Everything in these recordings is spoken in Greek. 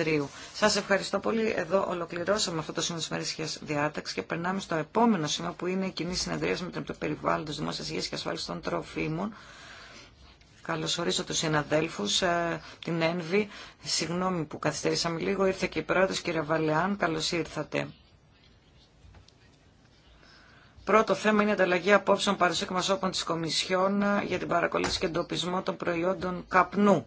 Σα Σας ευχαριστώ πολύ. Εδώ ολοκληρώσαμε αυτό το σημείο της διάταξη και περνάμε στο επόμενο σημείο που είναι η κοινή συνεδρία με το της δημόσιας υγείας και ασφάλισης των τροφίμων. ορίσω τους συναδέλφους, ε, την Ένβη. Συγγνώμη που καθυστερήσαμε λίγο. Ήρθε και η πρόεδρος, κύριε Βαλεάν. Καλώς ήρθατε. Πρώτο θέμα είναι η ανταλλαγή απόψεων παρουσία της Κομισιόν ε, για την παρακολούθηση και εντοπισμό των προϊόντων καπνού.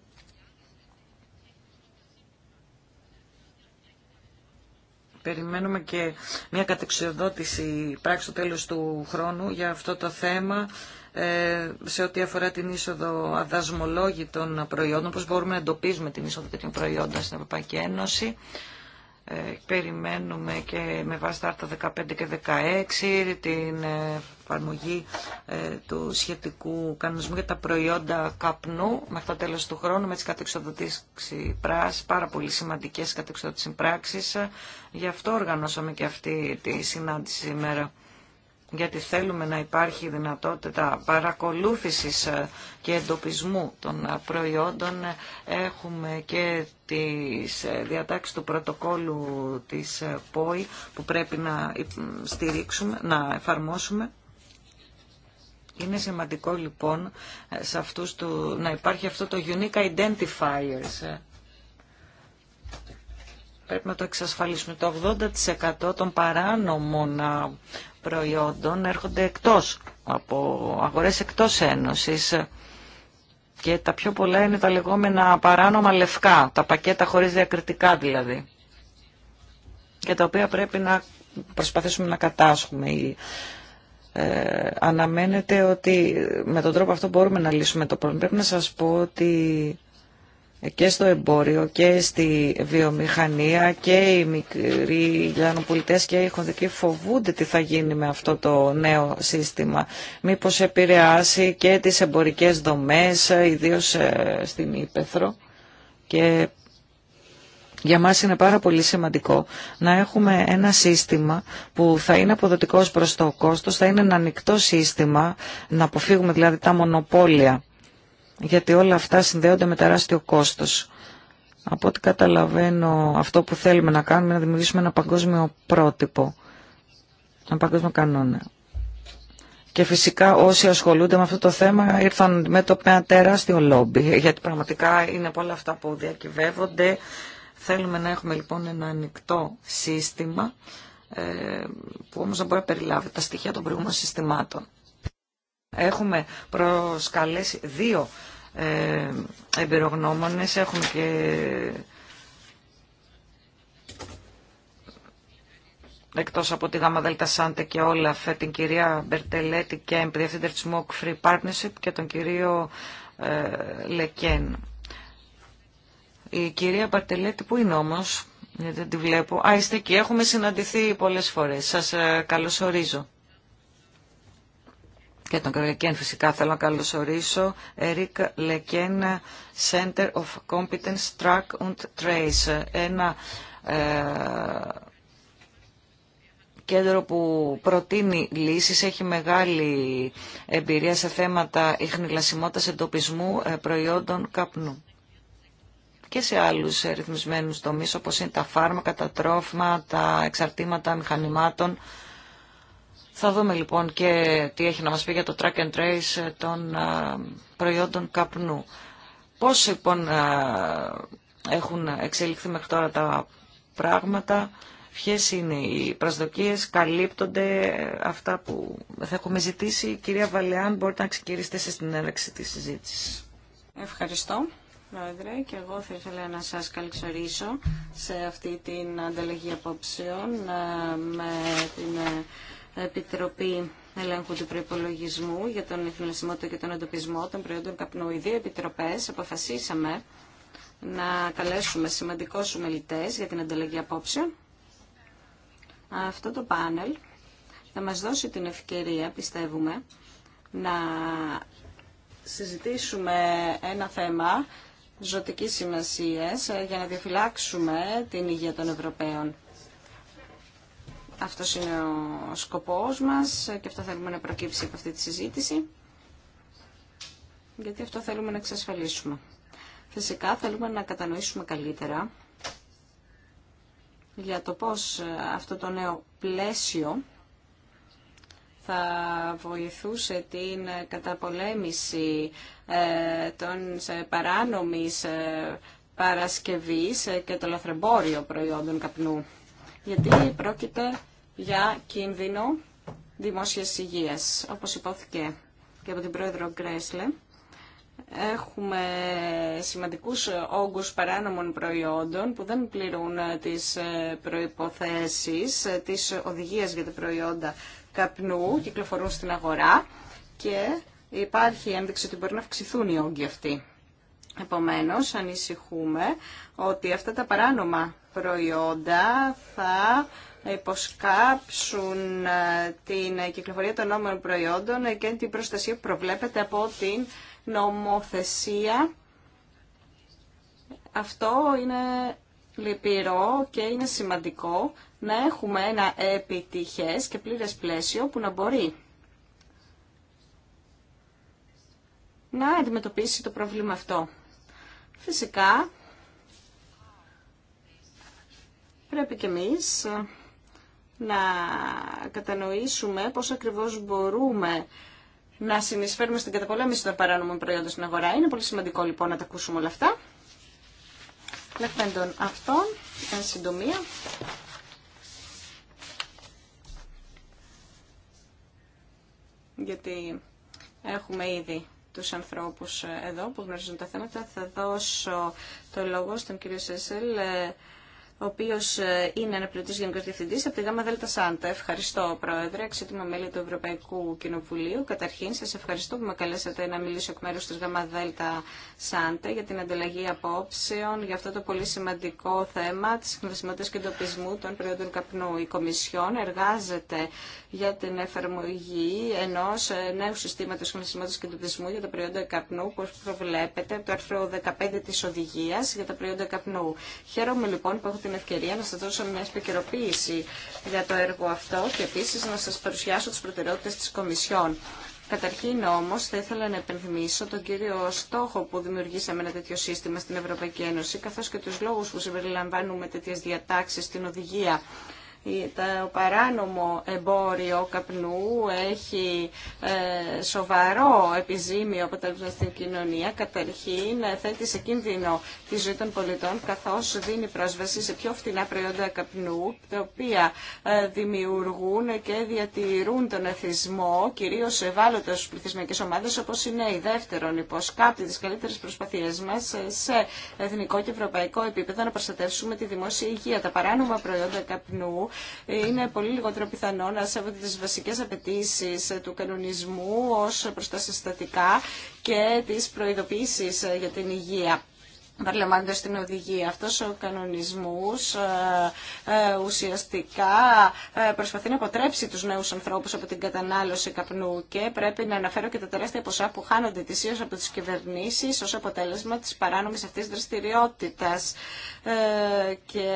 Περιμένουμε και μια κατεξοδότηση πράξη στο τέλος του χρόνου για αυτό το θέμα ε, σε ό,τι αφορά την είσοδο αδασμολόγητων προϊόντων, πώς μπορούμε να εντοπίζουμε την είσοδο τέτοιων προϊόντων στην Ευρωπαϊκή Ένωση. Ε, περιμένουμε και με βάση τα άρθρα 15 και 16 την ε, εφαρμογή ε, του σχετικού κανονισμού για τα προϊόντα καπνού μέχρι το τέλος του χρόνου με τις κατεξοδοτήσεις πράς, πάρα πολύ σημαντικές κατεξοδοτήσεις πράξεις. Γι' αυτό οργανώσαμε και αυτή τη συνάντηση σήμερα γιατί θέλουμε να υπάρχει δυνατότητα παρακολούθησης ε, και εντοπισμού των ε, προϊόντων. Έχουμε και τις ε, διατάξεις του πρωτοκόλου της ΠΟΗ που πρέπει να στηρίξουμε, να εφαρμόσουμε. Είναι σημαντικό λοιπόν σε αυτούς του, να υπάρχει αυτό το unique identifiers Πρέπει να το εξασφαλίσουμε. Το 80% των παράνομων προϊόντων έρχονται εκτός από αγορές εκτός Ένωσης και τα πιο πολλά είναι τα λεγόμενα παράνομα λευκά, τα πακέτα χωρίς διακριτικά δηλαδή και τα οποία πρέπει να προσπαθήσουμε να κατάσχουμε. Ε, αναμένεται ότι με τον τρόπο αυτό μπορούμε να λύσουμε το πρόβλημα. Πρέπει να σας πω ότι και στο εμπόριο και στη βιομηχανία και οι μικροί λιανοπολιτές και οι χονδικοί φοβούνται τι θα γίνει με αυτό το νέο σύστημα. Μήπως επηρεάσει και τις εμπορικές δομές, ε, ιδίως ε, στην Ήπεθρο. Και για μας είναι πάρα πολύ σημαντικό να έχουμε ένα σύστημα που θα είναι αποδοτικός προς το κόστος, θα είναι ένα ανοιχτό σύστημα, να αποφύγουμε δηλαδή τα μονοπόλια γιατί όλα αυτά συνδέονται με τεράστιο κόστος. Από ό,τι καταλαβαίνω αυτό που θέλουμε να κάνουμε είναι να δημιουργήσουμε ένα παγκόσμιο πρότυπο, ένα παγκόσμιο κανόνα. Και φυσικά όσοι ασχολούνται με αυτό το θέμα ήρθαν με το ένα τεράστιο λόμπι, γιατί πραγματικά είναι όλα αυτά που διακυβεύονται. Θέλουμε να έχουμε λοιπόν ένα ανοιχτό σύστημα, ε, που όμως δεν μπορεί να περιλάβει τα στοιχεία των προηγούμενων συστημάτων. Έχουμε προσκαλέσει δύο ε, εμπειρογνώμονες. Έχουμε και εκτός από τη ΓΑΜΑ ΔΕΛΤΑ ΣΑΝΤΕ και όλα την κυρία Μπερτελέτη και Διευθύντρια της Mock Free Partnership και τον κύριο ε, Λεκέν. Η κυρία Μπερτελέτη που είναι όμως, γιατί δεν τη βλέπω. Α, είστε έχουμε συναντηθεί πολλές φορές. Σας ε, καλωσορίζω και τον Λεκέν φυσικά θέλω να καλωσορίσω. Ερικ Λεκέν, Center of Competence Track and Trace. Ένα ε, κέντρο που προτείνει λύσεις, έχει μεγάλη εμπειρία σε θέματα ιχνηλασιμότητας εντοπισμού ε, προϊόντων καπνού και σε άλλους ρυθμισμένους τομείς όπως είναι τα φάρμακα, τα τρόφιμα, τα εξαρτήματα μηχανημάτων. Θα δούμε λοιπόν και τι έχει να μας πει για το track and trace των προϊόντων καπνού. Πώς λοιπόν έχουν εξελιχθεί μέχρι τώρα τα πράγματα, ποιες είναι οι προσδοκίες, καλύπτονται αυτά που θα έχουμε ζητήσει. κυρία Βαλεάν, μπορείτε να ξεκινήσετε στην την τη της συζήτησης. Ευχαριστώ. Πρόεδρε, και εγώ θα ήθελα να σας καλυξορίσω σε αυτή την ανταλλαγή απόψεων με την Επιτροπή Ελέγχου του Προπολογισμού για τον και τον Εντοπισμό των Προϊόντων Καπνού. Οι δύο επιτροπέ αποφασίσαμε να καλέσουμε σημαντικού ομιλητέ για την ανταλλαγή απόψεων. Αυτό το πάνελ θα μας δώσει την ευκαιρία, πιστεύουμε, να συζητήσουμε ένα θέμα ζωτικής σημασίας ε, για να διαφυλάξουμε την υγεία των Ευρωπαίων. Αυτό είναι ο σκοπός μας και αυτό θέλουμε να προκύψει από αυτή τη συζήτηση, γιατί αυτό θέλουμε να εξασφαλίσουμε. Φυσικά θέλουμε να κατανοήσουμε καλύτερα για το πώς αυτό το νέο πλαίσιο θα βοηθούσε την καταπολέμηση ε, των παράνομης ε, παρασκευής ε, και το λαθρεμπόριο προϊόντων καπνού. Γιατί πρόκειται για κίνδυνο δημόσιας υγείας, όπως υπόθηκε και από την πρόεδρο Γκρέσλε. Έχουμε σημαντικούς όγκους παράνομων προϊόντων που δεν πληρούν τις ε, προϋποθέσεις ε, της οδηγίας για τα προϊόντα καπνού, κυκλοφορούν στην αγορά και υπάρχει ένδειξη ότι μπορεί να αυξηθούν οι όγκοι αυτοί. Επομένως, ανησυχούμε ότι αυτά τα παράνομα προϊόντα θα υποσκάψουν ε, την κυκλοφορία των νόμων προϊόντων και την προστασία που προβλέπεται από την νομοθεσία. Αυτό είναι λυπηρό και είναι σημαντικό να έχουμε ένα επιτυχές και πλήρες πλαίσιο που να μπορεί να αντιμετωπίσει το πρόβλημα αυτό. Φυσικά, πρέπει και εμείς να κατανοήσουμε πώς ακριβώς μπορούμε να συνεισφέρουμε στην καταπολέμηση των παράνομων προϊόντων στην αγορά. Είναι πολύ σημαντικό λοιπόν να τα ακούσουμε όλα αυτά. Λεφτέντων αυτών, εν συντομία. Γιατί έχουμε ήδη τους ανθρώπους εδώ που γνωρίζουν τα θέματα. Θα δώσω το λόγο στον κύριο Σέσελ ε, ο οποίο ε, είναι αναπληρωτή Γενικό Διευθυντή από τη ΓΑΜΑ ΔΕΛΤΑ ΣΑΝΤΑ. Ευχαριστώ, Πρόεδρε, εξαιτήμα μέλη του Ευρωπαϊκού Κοινοβουλίου. Καταρχήν, σα ευχαριστώ που με καλέσατε να μιλήσω εκ μέρου τη ΓΑΜΑ ΔΕΛΤΑ ΣΑΝΤΑ για την ανταλλαγή απόψεων για αυτό το πολύ σημαντικό θέμα τη χρησιμότητα και εντοπισμού των προϊόντων καπνού. Η Κομισιόν εργάζεται για την εφαρμογή ενός νέου συστήματος χρησιμότητας και του για τα προϊόντα καπνού, όπως προβλέπετε από το άρθρο 15 της οδηγίας για τα προϊόντα καπνού. Χαίρομαι λοιπόν που έχω την ευκαιρία να σας δώσω μια επικαιροποίηση για το έργο αυτό και επίσης να σας παρουσιάσω τις προτεραιότητες της Κομισιόν. Καταρχήν όμω, θα ήθελα να επενθυμίσω τον κύριο στόχο που δημιουργήσαμε ένα τέτοιο σύστημα στην Ευρωπαϊκή Ένωση, καθώ και του λόγου που συμπεριλαμβάνουμε τέτοιε διατάξει στην οδηγία το παράνομο εμπόριο καπνού έχει ε, σοβαρό επιζήμιο αποτέλεσμα στην κοινωνία. Καταρχήν ε, θέτει σε κίνδυνο τη ζωή των πολιτών καθώς δίνει πρόσβαση σε πιο φτηνά προϊόντα καπνού τα οποία ε, δημιουργούν και διατηρούν τον εθισμό κυρίως σε ευάλωτες πληθυσμιακές ομάδες όπως είναι η δεύτερον υποσκάπτει τις καλύτερες προσπαθίες μας σε εθνικό και ευρωπαϊκό επίπεδο να προστατεύσουμε τη δημόσια υγεία. Τα παράνομα προϊόντα καπνού είναι πολύ λιγότερο πιθανό να σέβονται τις βασικές απαιτήσει ε, του κανονισμού ως προς τα συστατικά και τις προειδοποίησεις ε, για την υγεία. Βαρλεμάντος στην οδηγία. Αυτός ο κανονισμός ε, ε, ουσιαστικά ε, προσπαθεί να αποτρέψει τους νέους ανθρώπους από την κατανάλωση καπνού και πρέπει να αναφέρω και τα τεράστια ποσά που χάνονται ετησίως από τις κυβερνήσεις ως αποτέλεσμα της παράνομης αυτής δραστηριότητας. Και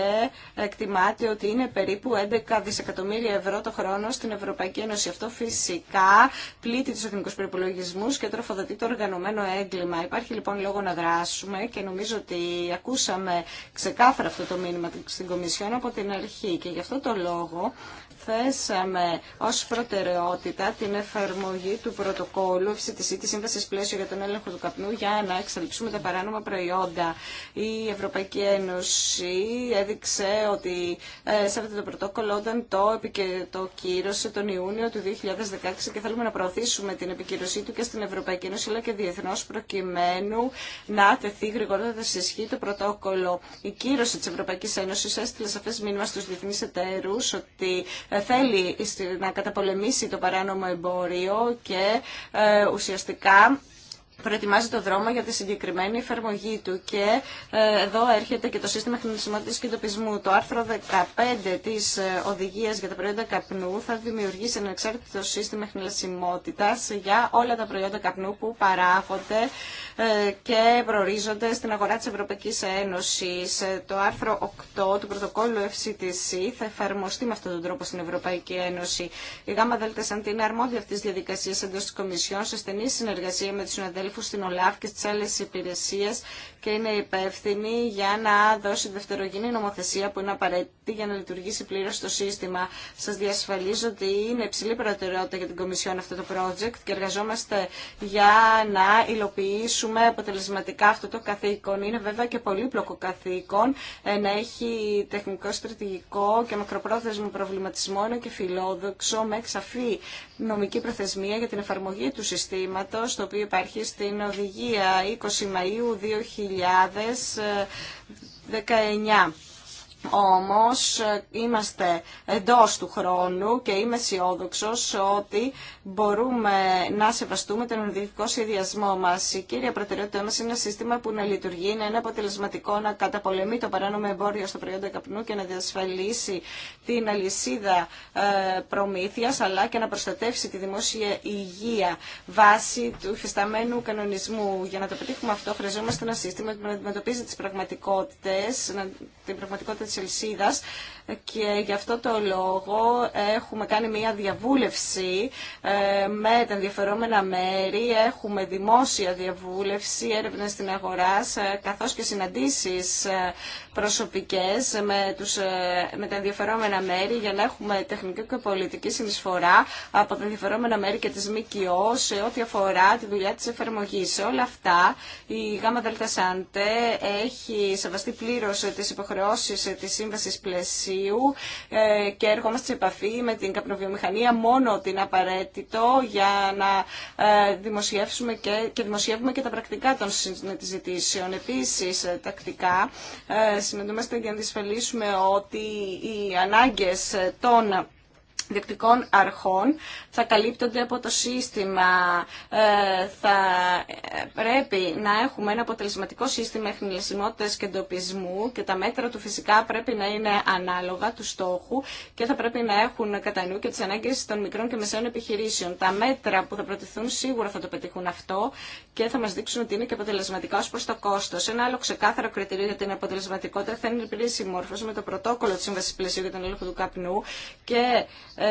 εκτιμάται ότι είναι περίπου 11 δισεκατομμύρια ευρώ το χρόνο στην Ευρωπαϊκή Ένωση. Αυτό φυσικά πλήττει τους εθνικούς προπολογισμού και τροφοδοτεί το οργανωμένο έγκλημα. Υπάρχει λοιπόν λόγο να δράσουμε και νομίζω ότι ακούσαμε ξεκάθαρα αυτό το μήνυμα στην Κομισιόν από την αρχή και γι' αυτό το λόγο θέσαμε ως προτεραιότητα την εφαρμογή του πρωτοκόλου FCTC της Σύμβασης Πλαίσιο για τον έλεγχο του καπνού για να εξαλειψούμε τα παράνομα προϊόντα. Η Ευρωπαϊκή Ένωση έδειξε ότι ε, σέβεται το πρωτόκολλο όταν το, το τον Ιούνιο του 2016 και θέλουμε να προωθήσουμε την επικύρωσή του και στην Ευρωπαϊκή Ένωση αλλά και διεθνώς προκειμένου να τεθεί γρηγορότερα σε ισχύ το πρωτόκολλο. Η κύρωση της Ευρωπαϊκής Ένωσης έστειλε σαφές μήνυμα στους διεθνεί εταίρους ότι ε, ε, θέλει να καταπολεμήσει το παράνομο εμπόριο και ε, ουσιαστικά προετοιμάζει το δρόμο για τη συγκεκριμένη εφαρμογή του. Και ε, εδώ έρχεται και το σύστημα χρηματισμότητας και εντοπισμού. Το άρθρο 15 της ε, οδηγίας για τα προϊόντα καπνού θα δημιουργήσει ένα εξάρτητο σύστημα χρηματισμότητας για όλα τα προϊόντα καπνού που παράγονται ε, και προορίζονται στην αγορά της Ευρωπαϊκής Ένωσης. Το άρθρο 8 του πρωτοκόλλου FCTC θα εφαρμοστεί με αυτόν τον τρόπο στην Ευρωπαϊκή Ένωση. Η ΓΑΜΑ είναι αρμόδια εντός της Κομισιόν σε στενή συνεργασία με τους συναδέλφους στην ΟΛΑΦ και στις άλλες υπηρεσίες και είναι υπεύθυνη για να δώσει δευτερογενή νομοθεσία που είναι απαραίτητη για να λειτουργήσει πλήρω το σύστημα. Σα διασφαλίζω ότι είναι υψηλή προτεραιότητα για την Κομισιόν αυτό το project και εργαζόμαστε για να υλοποιήσουμε αποτελεσματικά αυτό το καθήκον. Είναι βέβαια και πολύπλοκο καθήκον να έχει τεχνικό, στρατηγικό και μακροπρόθεσμο προβληματισμό, ένα και φιλόδοξο με εξαφή νομική προθεσμία για την εφαρμογή του συστήματο, το οποίο υπάρχει στην οδηγία 20 Μαου 2019. Όμως ε, είμαστε εντός του χρόνου και είμαι αισιόδοξο ότι μπορούμε να σεβαστούμε τον ενδυτικό σχεδιασμό μας. Η κύρια προτεραιότητά μα είναι ένα σύστημα που να λειτουργεί, να είναι αποτελεσματικό, να καταπολεμεί το παράνομο εμπόριο στο προϊόντα καπνού και να διασφαλίσει την αλυσίδα ε, προμήθειας, αλλά και να προστατεύσει τη δημόσια υγεία βάσει του υφισταμένου κανονισμού. Για να το πετύχουμε αυτό χρειαζόμαστε ένα σύστημα που να αντιμετωπίζει τις πραγματικότητες, την πραγματικότητα της και γι' αυτό το λόγο έχουμε κάνει μια διαβούλευση ε, με τα ενδιαφερόμενα μέρη, έχουμε δημόσια διαβούλευση, έρευνες στην αγορά, καθώς και συναντήσεις ε, προσωπικές με, τους, ε, με τα ενδιαφερόμενα μέρη για να έχουμε τεχνική και πολιτική συνεισφορά από τα ενδιαφερόμενα μέρη και της ΜΚΟ σε ό,τι αφορά τη δουλειά της εφαρμογής. Σε όλα αυτά η ΓΑΜΑ ΔΕΛΤΑ ΣΑΝΤΕ έχει σεβαστεί πλήρως τις υποχρεώσεις της Σύμβασης Πλαισίου ε, και έρχομαστε σε επαφή με την καπνοβιομηχανία μόνο την απαραίτητο για να ε, δημοσιεύσουμε και, δημοσιεύουμε και τα πρακτικά των συζητήσεων. Επίσης, ε, τακτικά συναντούμαστε για να διασφαλίσουμε ότι οι ανάγκες των Διεκτικών αρχών θα καλύπτονται από το σύστημα. Ε, θα ε, πρέπει να έχουμε ένα αποτελεσματικό σύστημα εχνηλεσιμότητας και εντοπισμού και τα μέτρα του φυσικά πρέπει να είναι ανάλογα του στόχου και θα πρέπει να έχουν κατά νου και τις ανάγκες των μικρών και μεσαίων επιχειρήσεων. Τα μέτρα που θα προτεθούν σίγουρα θα το πετύχουν αυτό και θα μα δείξουν ότι είναι και αποτελεσματικά ω προ το κόστο. Ένα άλλο ξεκάθαρο κριτήριο για την αποτελεσματικότητα θα είναι η πλήρη συμμόρφωση με το πρωτόκολλο τη Σύμβαση Πλαισίου για τον έλεγχο του καπνού και ε,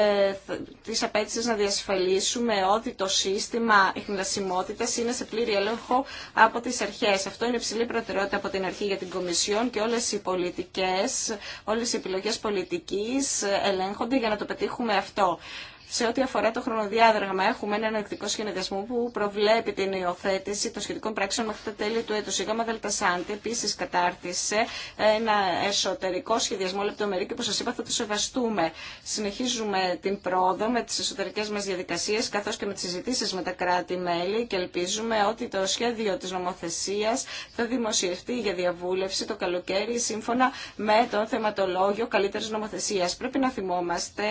τι απέτηση να διασφαλίσουμε ότι το σύστημα εχνηλασιμότητα είναι σε πλήρη έλεγχο από τι αρχέ. Αυτό είναι υψηλή προτεραιότητα από την αρχή για την Κομισιόν και όλε οι πολιτικέ, όλε οι επιλογέ πολιτική ελέγχονται για να το πετύχουμε αυτό. Σε ό,τι αφορά το χρονοδιάγραμμα, έχουμε ένα ενεργητικό σχεδιασμό που προβλέπει την υιοθέτηση των σχετικών πράξεων μέχρι τα τέλη του έτου. Η ΓΑΜΑ ΔΕΛΤΑΣΑΝΤΗ επίση κατάρτισε ένα εσωτερικό σχεδιασμό λεπτομερή και όπω σα είπα θα το σεβαστούμε. Συνεχίζουμε την πρόοδο με τι εσωτερικέ μα διαδικασίε καθώ και με τι συζητήσει με τα κράτη-μέλη και ελπίζουμε ότι το σχέδιο τη νομοθεσία θα δημοσιευτεί για διαβούλευση το καλοκαίρι σύμφωνα με το θεματολόγιο καλύτερη νομοθεσία. Πρέπει να θυμόμαστε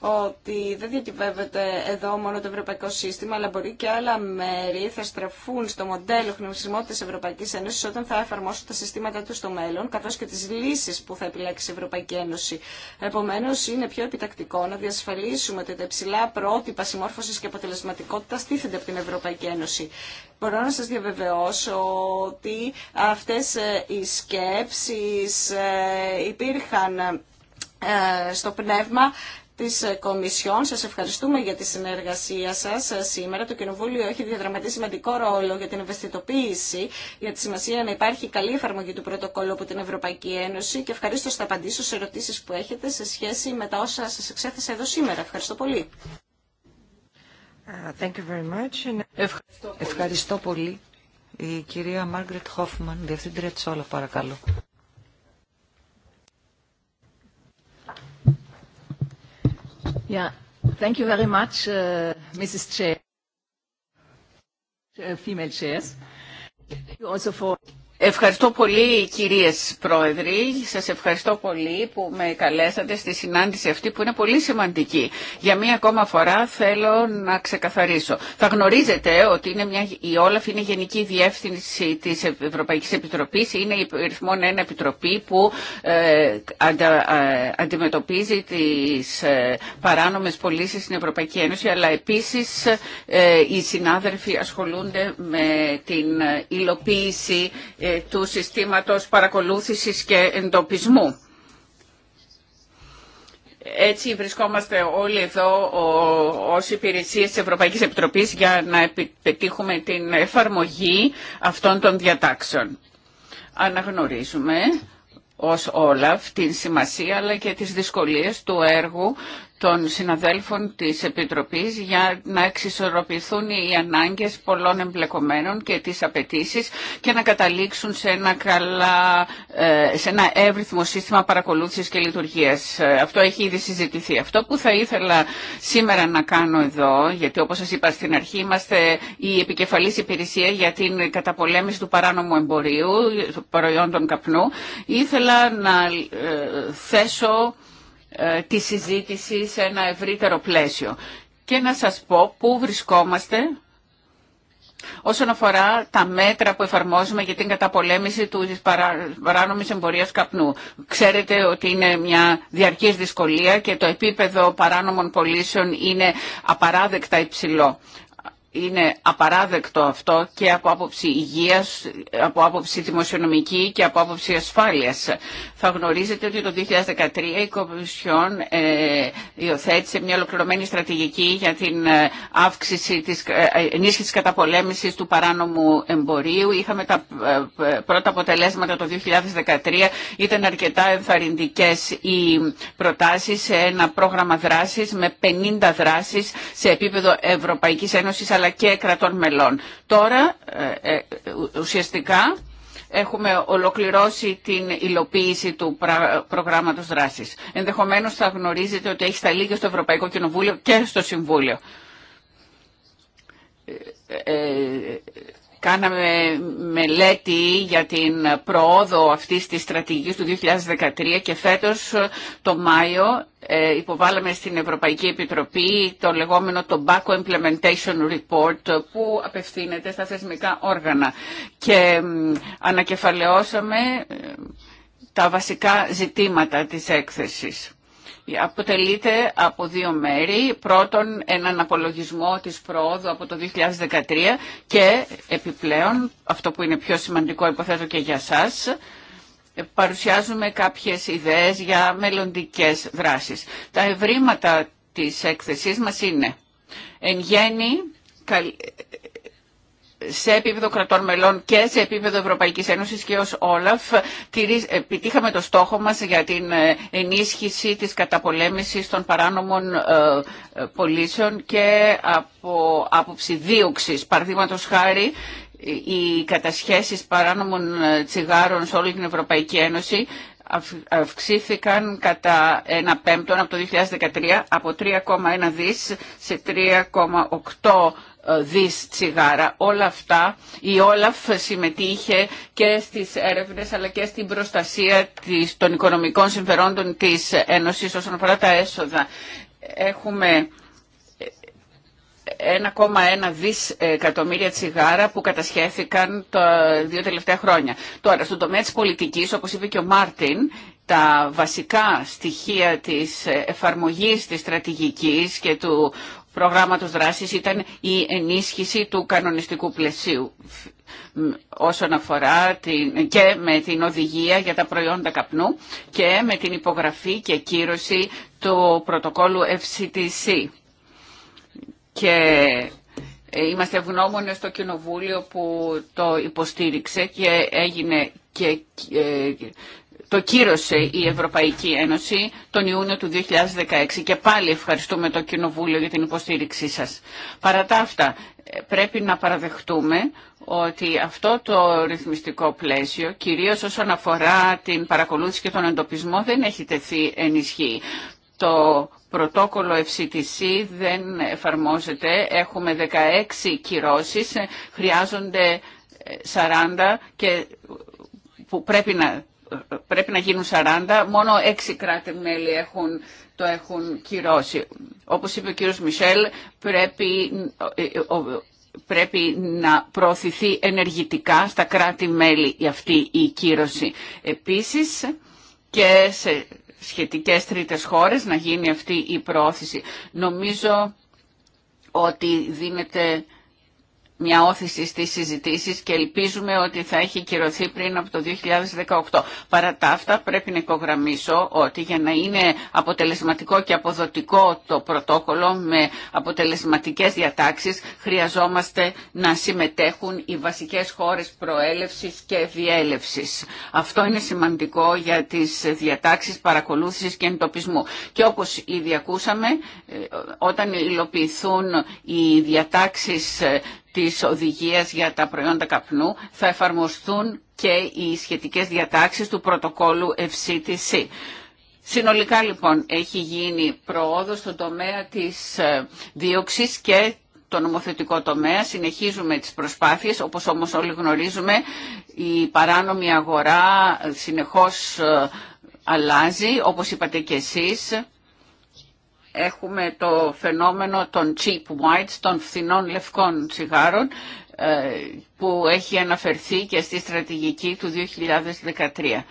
ότι δεν διακυβεύεται εδώ μόνο το ευρωπαϊκό σύστημα, αλλά μπορεί και άλλα μέρη θα στραφούν στο μοντέλο χρησιμότητας τη Ευρωπαϊκής Ένωσης όταν θα εφαρμόσουν τα συστήματα του στο μέλλον, καθώ και τι λύσει που θα επιλέξει η Ευρωπαϊκή Ένωση. Επομένω, είναι πιο επιτακτικό να διασφαλίσουμε ότι τα υψηλά πρότυπα συμμόρφωση και αποτελεσματικότητα στήθενται από την Ευρωπαϊκή Ένωση. Μπορώ να σας διαβεβαιώσω ότι αυτές ε, οι σκέψεις ε, υπήρχαν ε, στο πνεύμα της ε, Κομισιόν. Σας ευχαριστούμε για τη συνεργασία σας ε, σήμερα. Το Κοινοβούλιο έχει διαδραματίσει σημαντικό ρόλο για την ευαισθητοποίηση, για τη σημασία να υπάρχει καλή εφαρμογή του πρωτοκόλλου από την Ευρωπαϊκή Ένωση και ευχαρίστω στα απαντήσω σε ερωτήσεις που έχετε σε σχέση με τα όσα σας εξέθεσα εδώ σήμερα. Ευχαριστώ πολύ. Uh, ευχαριστώ πολύ. Η κυρία Μάργκρετ Χόφμαν, Διευθύντρια παρακαλώ. Yeah. Thank you very much, Mrs. Chair, female chairs. Thank You also for Ευχαριστώ πολύ κυρίες Πρόεδροι, σας ευχαριστώ πολύ που με καλέσατε στη συνάντηση αυτή που είναι πολύ σημαντική. Για μία ακόμα φορά θέλω να ξεκαθαρίσω. Θα γνωρίζετε ότι είναι μια, η Όλαφ είναι Γενική Διεύθυνση της Ευρωπαϊκής Επιτροπής, είναι η ρυθμόν ένα επιτροπή που ε, ε, αντιμετωπίζει τις ε, παράνομες πωλήσει στην Ευρωπαϊκή Ένωση, αλλά επίσης ε, οι συνάδελφοι ασχολούνται με την υλοποίηση του συστήματος παρακολούθησης και εντοπισμού. Έτσι βρισκόμαστε όλοι εδώ ως υπηρεσίες της Ευρωπαϊκής Επιτροπής για να πετύχουμε την εφαρμογή αυτών των διατάξεων. Αναγνωρίζουμε ως όλα την σημασία αλλά και τις δυσκολίες του έργου των συναδέλφων της Επιτροπής για να εξισορροπηθούν οι ανάγκες πολλών εμπλεκομένων και τις απαιτήσεις και να καταλήξουν σε ένα, καλά, ε, σε ένα εύρυθμο σύστημα παρακολούθησης και λειτουργίας. Ε, αυτό έχει ήδη συζητηθεί. Αυτό που θα ήθελα σήμερα να κάνω εδώ, γιατί όπως σας είπα στην αρχή είμαστε η επικεφαλής υπηρεσία για την καταπολέμηση του παράνομου εμπορίου, προϊόντων καπνού, ήθελα να ε, θέσω ε, τη συζήτηση σε ένα ευρύτερο πλαίσιο και να σας πω πού βρισκόμαστε όσον αφορά τα μέτρα που εφαρμόζουμε για την καταπολέμηση του παράνομης εμπορίας καπνού. Ξέρετε ότι είναι μια διαρκής δυσκολία και το επίπεδο παράνομων πωλήσεων είναι απαράδεκτα υψηλό είναι απαράδεκτο αυτό και από άποψη υγείας, από άποψη δημοσιονομική και από άποψη ασφάλειας. Θα γνωρίζετε ότι το 2013 η Κομισιόν ε, υιοθέτησε μια ολοκληρωμένη στρατηγική για την ε, αύξηση της ε, ε, ενίσχυσης καταπολέμησης του παράνομου εμπορίου. Είχαμε τα πρώτα αποτελέσματα το 2013. Ήταν αρκετά ενθαρρυντικές οι προτάσεις σε ένα πρόγραμμα δράσης με 50 δράσεις σε επίπεδο Ευρωπαϊκής Ένωσης αλλά και κρατών μελών. Τώρα ε, ε, ουσιαστικά έχουμε ολοκληρώσει την υλοποίηση του προγράμματος δράσης. Ενδεχομένως θα γνωρίζετε ότι έχει σταλεί και στο Ευρωπαϊκό Κοινοβούλιο και στο Συμβούλιο. Ε, Κάναμε μελέτη για την προόδο αυτής της στρατηγικής του 2013 και φέτος ε, το Μάιο ε, υποβάλαμε στην Ευρωπαϊκή Επιτροπή το λεγόμενο Tobacco Implementation Report που απευθύνεται στα θεσμικά όργανα και ανακεφαλαιώσαμε ε, τα βασικά ζητήματα της έκθεσης αποτελείται από δύο μέρη. Πρώτον, έναν απολογισμό της πρόοδου από το 2013 και επιπλέον, αυτό που είναι πιο σημαντικό υποθέτω και για σας, παρουσιάζουμε κάποιες ιδέες για μελλοντικές δράσεις. Τα ευρήματα της έκθεσής μας είναι εν σε επίπεδο κρατών μελών και σε επίπεδο Ευρωπαϊκής Ένωσης και ως Όλαφ ε, επιτύχαμε το στόχο μας για την ε, ενίσχυση της καταπολέμησης των παράνομων ε, πολίσεων και από άποψη δίωξης. Παραδείγματος χάρη οι κατασχέσεις παράνομων τσιγάρων σε όλη την Ευρωπαϊκή Ένωση αυξήθηκαν κατά ένα πέμπτο από το 2013 από 3,1 δις σε 3,8 ε, δις τσιγάρα. Όλα αυτά η Όλαφ συμμετείχε και στις έρευνες αλλά και στην προστασία των οικονομικών συμφερόντων της Ένωσης όσον αφορά τα έσοδα. Έχουμε 1,1 ε, δις εκατομμύρια τσιγάρα που κατασχέθηκαν τα δύο τελευταία χρόνια. Τώρα, στον τομέα της πολιτικής, όπως είπε και ο Μάρτιν, τα βασικά στοιχεία της εφαρμογής της στρατηγικής και του προγράμματος δράσης ήταν η ενίσχυση του κανονιστικού πλαισίου όσον αφορά και με την οδηγία για τα προϊόντα καπνού και με την υπογραφή και κύρωση του πρωτοκόλου FCTC. Και ε, είμαστε ευγνώμονες στο Κοινοβούλιο που το υποστήριξε και έγινε και ε, το κύρωσε η Ευρωπαϊκή Ένωση τον Ιούνιο του 2016 και πάλι ευχαριστούμε το Κοινοβούλιο για την υποστήριξή σας. Παρά τα αυτά, πρέπει να παραδεχτούμε ότι αυτό το ρυθμιστικό πλαίσιο, κυρίως όσον αφορά την παρακολούθηση και τον εντοπισμό, δεν έχει τεθεί ισχύ. Το πρωτόκολλο FCTC δεν εφαρμόζεται. Έχουμε 16 κυρώσεις, χρειάζονται 40 και που πρέπει να πρέπει να γίνουν 40, μόνο 6 κράτη-μέλη έχουν, το έχουν κυρώσει. Όπως είπε ο κύριος Μισελ, πρέπει, πρέπει να προωθηθεί ενεργητικά στα κράτη-μέλη αυτή η κύρωση. Επίσης και σε σχετικές τρίτες χώρες να γίνει αυτή η προώθηση. Νομίζω ότι δίνεται μια όθηση στις συζητήσεις και ελπίζουμε ότι θα έχει κυρωθεί πριν από το 2018. Παρά τα αυτά πρέπει να υπογραμμίσω ότι για να είναι αποτελεσματικό και αποδοτικό το πρωτόκολλο με αποτελεσματικές διατάξεις χρειαζόμαστε να συμμετέχουν οι βασικές χώρες προέλευσης και διέλευσης. Αυτό είναι σημαντικό για τις διατάξεις παρακολούθησης και εντοπισμού. Και όπως ήδη ακούσαμε, ε, όταν υλοποιηθούν οι διατάξεις ε, της οδηγίας για τα προϊόντα καπνού θα εφαρμοστούν και οι σχετικές διατάξεις του πρωτοκόλου FCTC. Συνολικά λοιπόν έχει γίνει προόδος στον τομέα της ε, δίωξης και το νομοθετικό τομέα. Συνεχίζουμε τις προσπάθειες, όπως όμως όλοι γνωρίζουμε, η παράνομη αγορά ε, συνεχώς ε, αλλάζει, όπως είπατε και εσείς έχουμε το φαινόμενο των cheap whites, των φθηνών λευκών τσιγάρων, ε, που έχει αναφερθεί και στη στρατηγική του 2013.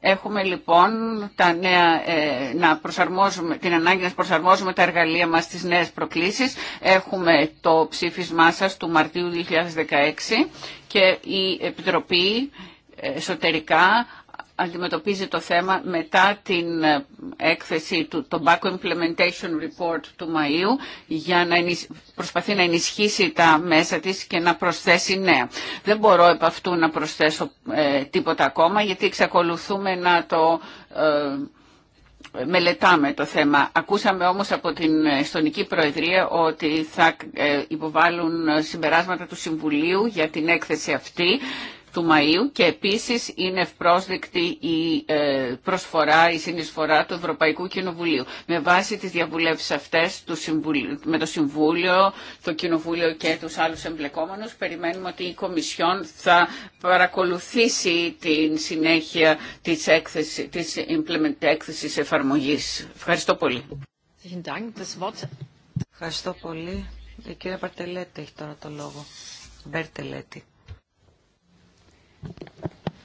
Έχουμε λοιπόν τα νέα, ε, να προσαρμόζουμε, την ανάγκη να προσαρμόζουμε τα εργαλεία μας στις νέες προκλήσεις. Έχουμε το ψήφισμά σας του Μαρτίου 2016 και η Επιτροπή ε, εσωτερικά αντιμετωπίζει το θέμα μετά την ε, έκθεση του Tobacco Implementation Report του Μαΐου για να προσπαθεί να ενισχύσει τα μέσα της και να προσθέσει νέα. Δεν μπορώ επ' αυτού να προσθέσω ε, τίποτα ακόμα γιατί εξακολουθούμε να το... Ε, μελετάμε το θέμα. Ακούσαμε όμως από την Εστονική Προεδρία ότι θα υποβάλουν συμπεράσματα του Συμβουλίου για την έκθεση αυτή του Μαΐου και επίσης είναι ευπρόσδεκτη η ε, προσφορά, η συνεισφορά του Ευρωπαϊκού Κοινοβουλίου. Με βάση τις διαβουλεύσεις αυτές του με το Συμβούλιο, το Κοινοβούλιο και τους άλλους εμπλεκόμενους περιμένουμε ότι η Κομισιόν θα παρακολουθήσει την συνέχεια της, έκθεση, της έκθεσης εφαρμογής. Ευχαριστώ πολύ. Ευχαριστώ πολύ. Η κυρία Παρτελέτη έχει τώρα το λόγο. Μπερτελέτη.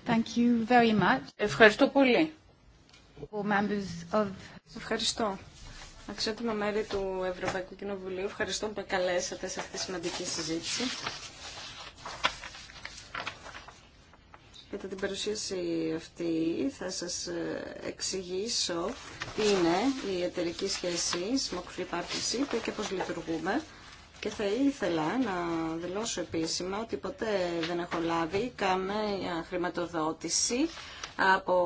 Thank you very much. Ευχαριστώ πολύ. Of... Ευχαριστώ. Αξιότιμα μέλη του Ευρωπαϊκού Κοινοβουλίου, ευχαριστώ που με καλέσατε σε αυτή τη σημαντική συζήτηση. Κατά την παρουσίαση αυτή θα σας ε, εξηγήσω τι είναι η εταιρική σχέση Smoke Free Partnership και πώς λειτουργούμε. Και θα ήθελα να δηλώσω επίσημα ότι ποτέ δεν έχω λάβει καμία χρηματοδότηση από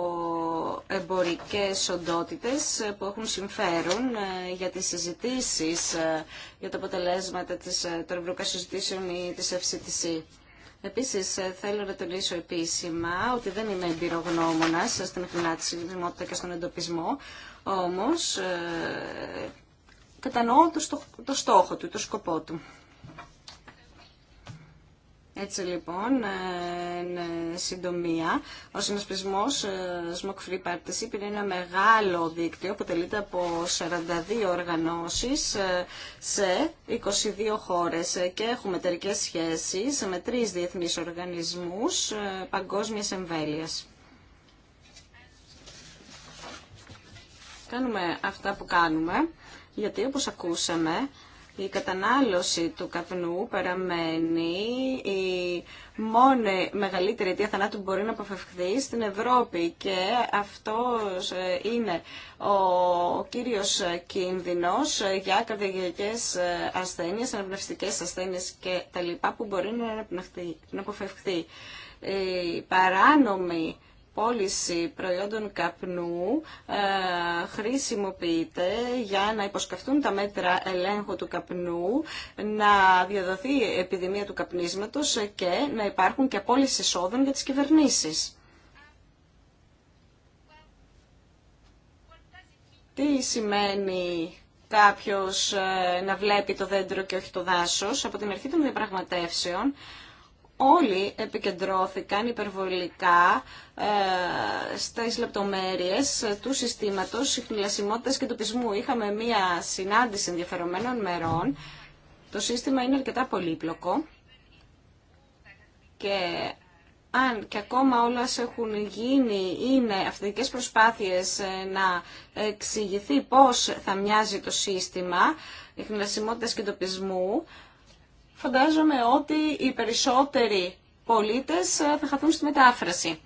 εμπορικές οντότητες που έχουν συμφέρον ε, για τις συζητήσεις, ε, για τα αποτελέσματα της, ε, των ευρωπαϊκών συζητήσεων ή της FCTC. Επίσης, θέλω να τονίσω επίσημα ότι δεν είμαι εμπειρογνώμονας στην τη της και στον εντοπισμό, όμως κατανοώ το, στόχο του, το σκοπό του. Έτσι λοιπόν, ε, ε, συντομία, ο συνασπισμό ε, Smoke Free Partnership είναι ένα μεγάλο δίκτυο που τελείται από 42 οργανώσεις σε 22 χώρες και έχουμε εταιρικέ σχέσεις με τρεις διεθνείς οργανισμούς παγκόσμιας εμβέλειας. Κάνουμε αυτά που κάνουμε γιατί όπως ακούσαμε η κατανάλωση του καπνού παραμένει η μόνη μεγαλύτερη αιτία θανάτου που μπορεί να αποφευχθεί στην Ευρώπη και αυτός ε, είναι ο κύριος κίνδυνος για καρδιακές ε, ασθένειες, αναπνευστικές ασθένειες και τα λοιπά που μπορεί να, να αποφευχθεί. παράνομη πώληση προϊόντων καπνού ε, χρησιμοποιείται για να υποσκαφτούν τα μέτρα ελέγχου του καπνού, να διαδοθεί η επιδημία του καπνίσματος και να υπάρχουν και πώληση εισόδων για τις κυβερνήσεις. Τι σημαίνει κάποιος ε, να βλέπει το δέντρο και όχι το δάσος από την αρχή των διαπραγματεύσεων όλοι επικεντρώθηκαν υπερβολικά ε, στις λεπτομέρειες του συστήματος συχνηλασιμότητας και τοπισμού. Είχαμε μία συνάντηση ενδιαφερομένων μερών. Το σύστημα είναι αρκετά πολύπλοκο και αν και ακόμα όλα έχουν γίνει είναι αυτές προσπάθειες ε, να εξηγηθεί πώς θα μοιάζει το σύστημα ειχνηλασιμότητας και τοπισμού, φαντάζομαι ότι οι περισσότεροι πολίτες ε, θα χαθούν στη μετάφραση.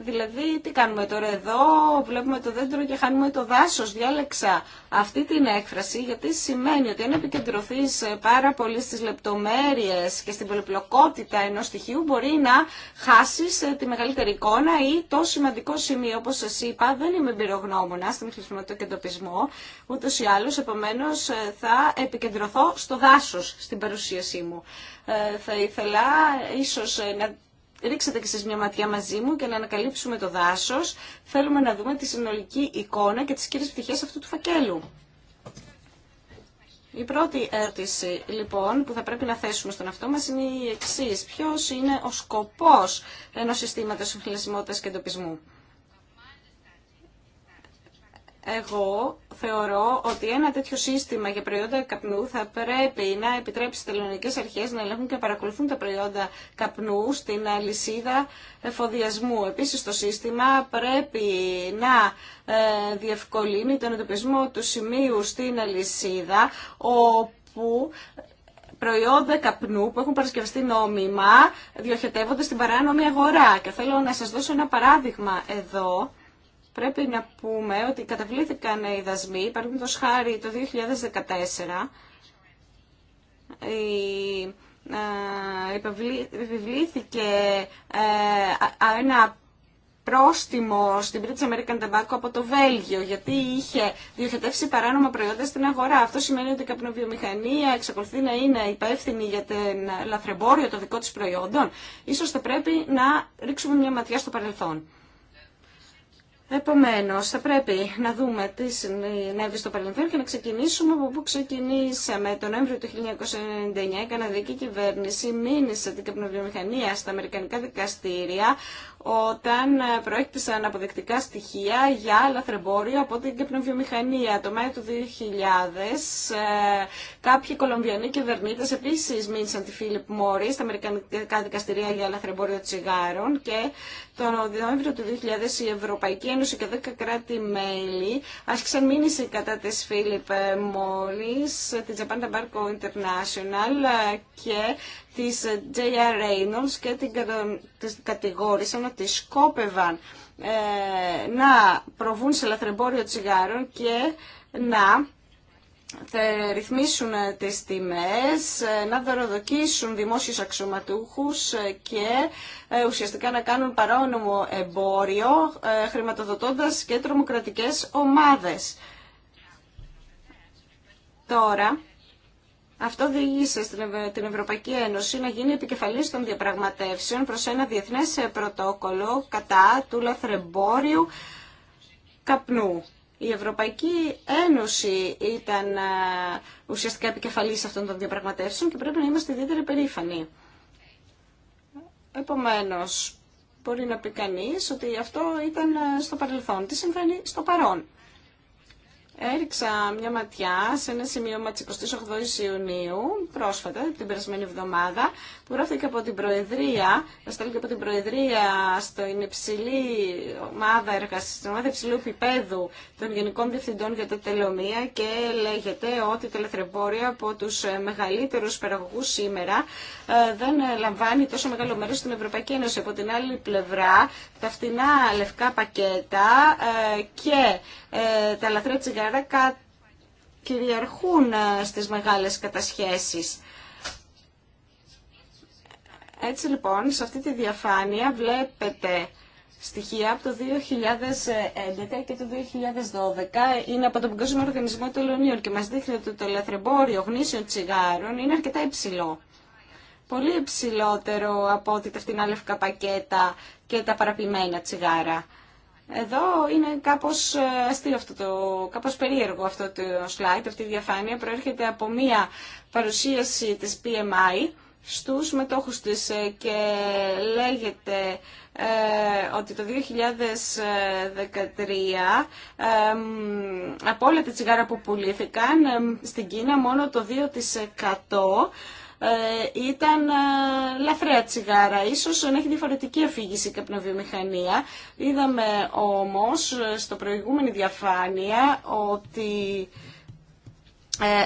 Δηλαδή, τι κάνουμε τώρα εδώ, βλέπουμε το δέντρο και χάνουμε το δάσος. Διάλεξα αυτή την έκφραση γιατί σημαίνει ότι αν επικεντρωθεί πάρα πολύ στις λεπτομέρειες και στην πολυπλοκότητα ενό στοιχείου μπορεί να χάσεις τη μεγαλύτερη εικόνα ή το σημαντικό σημείο. Όπως σα είπα, δεν είμαι εμπειρογνώμονα στην χρησιμοποιώ και εντοπισμό, Ούτω ή άλλως, επομένως ε, θα επικεντρωθώ στο δάσο, στην παρουσίασή μου. Ε, θα ήθελα ίσω ε, να Ρίξτε και εσείς μια ματιά μαζί μου και να ανακαλύψουμε το δάσος. Θέλουμε να δούμε τη συνολική εικόνα και τις κύριες πτυχές αυτού του φακέλου. Η πρώτη ερώτηση λοιπόν που θα πρέπει να θέσουμε στον αυτό μας είναι η εξής. Ποιος είναι ο σκοπός ενός συστήματος συμφιλεσιμότητας και εντοπισμού. Εγώ θεωρώ ότι ένα τέτοιο σύστημα για προϊόντα καπνού θα πρέπει να επιτρέψει στις ελληνικές αρχές να ελέγχουν και παρακολουθούν τα προϊόντα καπνού στην αλυσίδα εφοδιασμού. Επίσης το σύστημα πρέπει να ε, διευκολύνει τον εντοπισμό του σημείου στην αλυσίδα όπου προϊόντα καπνού που έχουν παρασκευαστεί νόμιμα διοχετεύονται στην παράνομη αγορά. Και θέλω να σας δώσω ένα παράδειγμα εδώ πρέπει να πούμε ότι καταβλήθηκαν οι δασμοί, παραδείγματο χάρη το 2014, η, ε, επιβλήθηκε ε, ένα πρόστιμο στην British American Tobacco από το Βέλγιο, γιατί είχε διοχετεύσει παράνομα προϊόντα στην αγορά. Αυτό σημαίνει ότι η καπνοβιομηχανία εξακολουθεί να είναι υπεύθυνη για την λαθρεμπόριο το δικό της προϊόντων. Ίσως θα πρέπει να ρίξουμε μια ματιά στο παρελθόν. Επομένως, θα πρέπει να δούμε τι συνέβη στο παρελθόν και να ξεκινήσουμε από πού ξεκινήσαμε. Τον Νοέμβριο του 1999 η Καναδική κυβέρνηση μήνυσε την καπνοβιομηχανία στα Αμερικανικά δικαστήρια όταν προέκτησαν αποδεκτικά στοιχεία για λαθρεμπόριο από την καπνοβιομηχανία. Το Μάιο του 2000 ε, κάποιοι κολομβιανοί κυβερνήτε επίση μήνυσαν τη Φίλιπ Μόρι στα Αμερικανικά δικαστήρια για λαθρεμπόριο τσιγάρων και τον Νοέμβριο του 2000 η Ευρωπαϊκή Ένωση και 10 κράτη-μέλη άσκησαν μήνυση κατά της Φίλιπ Μόλι, της Japan Tobacco International και της J.R. Reynolds και την κατηγόρησαν ότι σκόπευαν ε, να προβούν σε λαθρεμπόριο τσιγάρων και να θα ρυθμίσουν τις τιμές, να δωροδοκίσουν δημόσιους αξιωματούχους και ε, ουσιαστικά να κάνουν παράνομο εμπόριο, ε, χρηματοδοτώντας και τρομοκρατικές ομάδες. Τώρα, αυτό Ευ- την Ευρωπαϊκή Ένωση να γίνει επικεφαλής των διαπραγματεύσεων προς ένα διεθνές ε, πρωτόκολλο κατά του λαθρεμπόριου καπνού. Η Ευρωπαϊκή Ένωση ήταν ε, ουσιαστικά επικεφαλής αυτών των διαπραγματεύσεων και πρέπει να είμαστε ιδιαίτερα περήφανοι. Επομένως, μπορεί να πει κανεί ότι αυτό ήταν ε, στο παρελθόν. Τι συμβαίνει στο παρόν. Έριξα μια ματιά σε ένα σημείωμα τη 28η Ιουνίου, πρόσφατα, την περασμένη εβδομάδα, που γράφτηκε από την Προεδρία, στέλνει από την Προεδρία στην υψηλή ομάδα εργασία, στην ομάδα υψηλού επίπεδου των Γενικών Διευθυντών για τα Τελωμία και λέγεται ότι το ελευθερεμπόριο από του ε, μεγαλύτερου παραγωγού σήμερα ε, δεν λαμβάνει τόσο μεγάλο μέρο στην Ευρωπαϊκή Ένωση. Από την άλλη πλευρά, τα φτηνά λευκά πακέτα ε, και τα λαθρέα τσιγάρα σήμερα κυριαρχούν ε, στις μεγάλες κατασχέσεις. Έτσι λοιπόν, σε αυτή τη διαφάνεια βλέπετε στοιχεία από το 2011 και το 2012 είναι από τον Παγκόσμιο Οργανισμό Τελωνίων και μας δείχνει ότι το ελευθερμπόριο γνήσιων τσιγάρων είναι αρκετά υψηλό. Πολύ υψηλότερο από ό,τι τα φτηνά λευκά πακέτα και τα παραπημένα τσιγάρα. Εδώ είναι κάπως ε, αστείο αυτό το, κάπως περίεργο αυτό το slide, αυτή η διαφάνεια προέρχεται από μία παρουσίαση της PMI στους μετόχους της ε, και λέγεται ε, ότι το 2013 από όλα τα τσιγάρα που πουλήθηκαν στην Κίνα μόνο το 2% ε, ήταν ε, λαφρέα τσιγάρα. Ίσως να έχει διαφορετική αφήγηση η καπνοβιομηχανία. Είδαμε όμως ε, στο προηγούμενη διαφάνεια ότι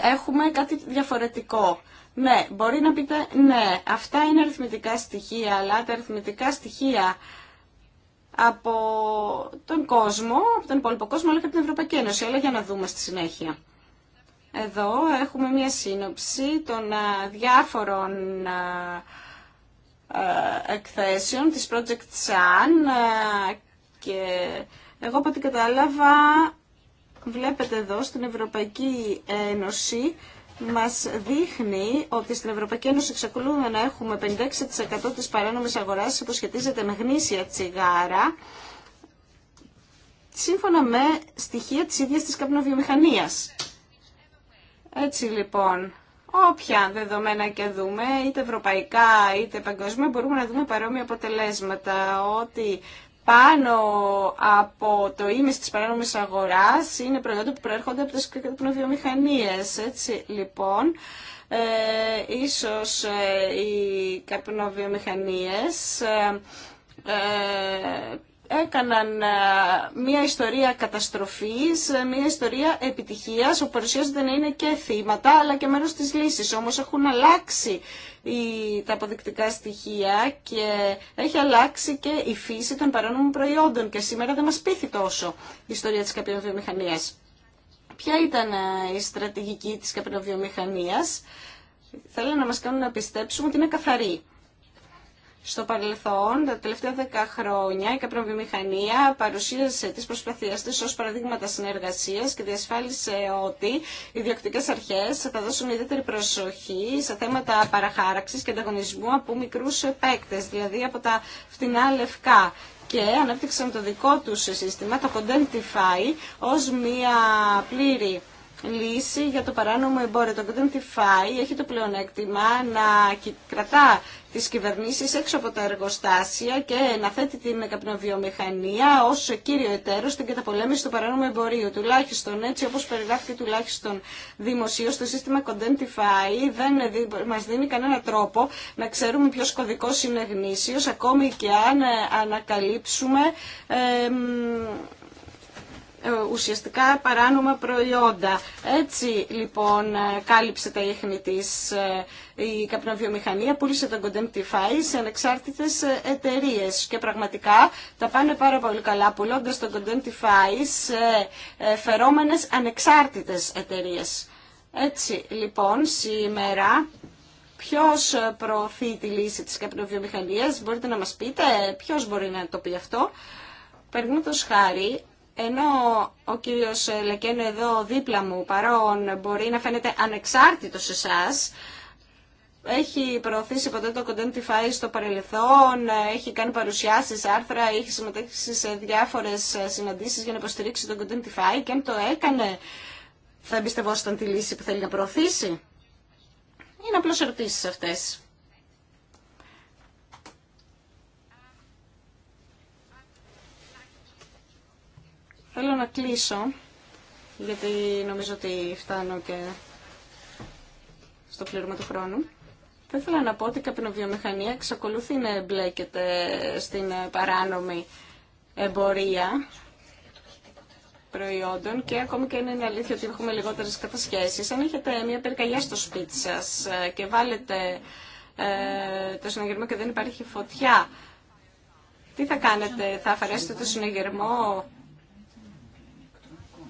έχουμε κάτι διαφορετικό. Ναι, μπορεί να πείτε ναι, αυτά είναι αριθμητικά στοιχεία, αλλά τα αριθμητικά στοιχεία από τον κόσμο, από τον υπόλοιπο κόσμο, αλλά και από την Ευρωπαϊκή Ένωση. Αλλά για να δούμε στη συνέχεια. Εδώ έχουμε μία σύνοψη των διάφορων εκθέσεων της Project Sun και εγώ από ό,τι κατάλαβα βλέπετε εδώ στην Ευρωπαϊκή Ένωση μας δείχνει ότι στην Ευρωπαϊκή Ένωση εξακολουθούμε να έχουμε 56% της παράνομης αγοράς που σχετίζεται με γνήσια τσιγάρα σύμφωνα με στοιχεία της ίδιας της καπνοβιομηχανίας. Έτσι λοιπόν, όποια δεδομένα και δούμε, είτε ευρωπαϊκά είτε παγκόσμια, μπορούμε να δούμε παρόμοια αποτελέσματα, ότι πάνω από το ίμιση της παράνομης αγοράς είναι προϊόντα που προέρχονται από τις καπνοβιομηχανίες. Έτσι λοιπόν, ε, ίσως ε, οι καπνοβιομηχανίες ε, ε έκαναν ε, μια ιστορία καταστροφής, ε, μια ιστορία επιτυχίας, όπου παρουσιάζονται να είναι και θύματα, αλλά και μέρος της λύσης. Όμως έχουν αλλάξει τα αποδεικτικά στοιχεία και έχει αλλάξει και η φύση των παράνομων προϊόντων και σήμερα δεν μας πείθει τόσο η ιστορία της καπνοβιομηχανίας. Ποια ήταν ε, η στρατηγική της καπνοβιομηχανίας, Θέλω να μας κάνουν να πιστέψουμε ότι είναι καθαρή στο παρελθόν, τα τελευταία δέκα χρόνια, η καπνοβιομηχανία παρουσίασε τις προσπαθίε τη ω παραδείγματα συνεργασία και διασφάλισε ότι οι διοκτικές αρχές θα δώσουν ιδιαίτερη προσοχή σε θέματα παραχάραξης και ανταγωνισμού από μικρούς παίκτε, δηλαδή από τα φτηνά λευκά και ανέπτυξαν το δικό τους σύστημα, το Contentify, ως μια πλήρη λύση για το παράνομο εμπόριο. Το Contentify έχει το πλεονέκτημα να κρατά Τη κυβερνήσεις έξω από τα εργοστάσια και να θέτει την καπνοβιομηχανία ω κύριο εταίρο στην καταπολέμηση του παράνομου εμπορίου. Τουλάχιστον έτσι όπω περιγράφηκε τουλάχιστον δημοσίω το σύστημα Contentify δεν μας δίνει κανένα τρόπο να ξέρουμε ποιο κωδικό είναι γνήσιο, ακόμη και αν ε, ανακαλύψουμε ε, ουσιαστικά παράνομα προϊόντα. Έτσι λοιπόν ε, κάλυψε τα ίχνη της ε, η καπνοβιομηχανία, πούλησε τον Contemptify σε ανεξάρτητες εταιρείε. και πραγματικά τα πάνε πάρα πολύ καλά πουλώντας τον Contemptify σε φερόμενες ανεξάρτητες εταιρείε. Έτσι λοιπόν σήμερα ποιος προωθεί τη λύση της καπνοβιομηχανίας, μπορείτε να μας πείτε ποιος μπορεί να το πει αυτό. Παραδείγματο χάρη, ενώ ο κύριος Λεκένο εδώ δίπλα μου παρόν μπορεί να φαίνεται ανεξάρτητος σε εσάς, έχει προωθήσει ποτέ το Contentify στο παρελθόν, έχει κάνει παρουσιάσεις, άρθρα, έχει συμμετέχει σε διάφορες συναντήσεις για να υποστηρίξει το Contentify και αν το έκανε θα εμπιστευόταν τη λύση που θέλει να προωθήσει. Είναι απλώς ερωτήσεις αυτές. Θέλω να κλείσω, γιατί νομίζω ότι φτάνω και στο πλήρωμα του χρόνου. Θα ήθελα να πω ότι η καπνοβιομηχανία εξακολουθεί να εμπλέκεται στην παράνομη εμπορία προϊόντων και ακόμη και είναι αλήθεια ότι έχουμε λιγότερες κατασχέσεις. Αν έχετε μια περικαλιά στο σπίτι σας και βάλετε ε, το συναγερμό και δεν υπάρχει φωτιά, τι θα κάνετε, θα αφαιρέσετε το συναγερμό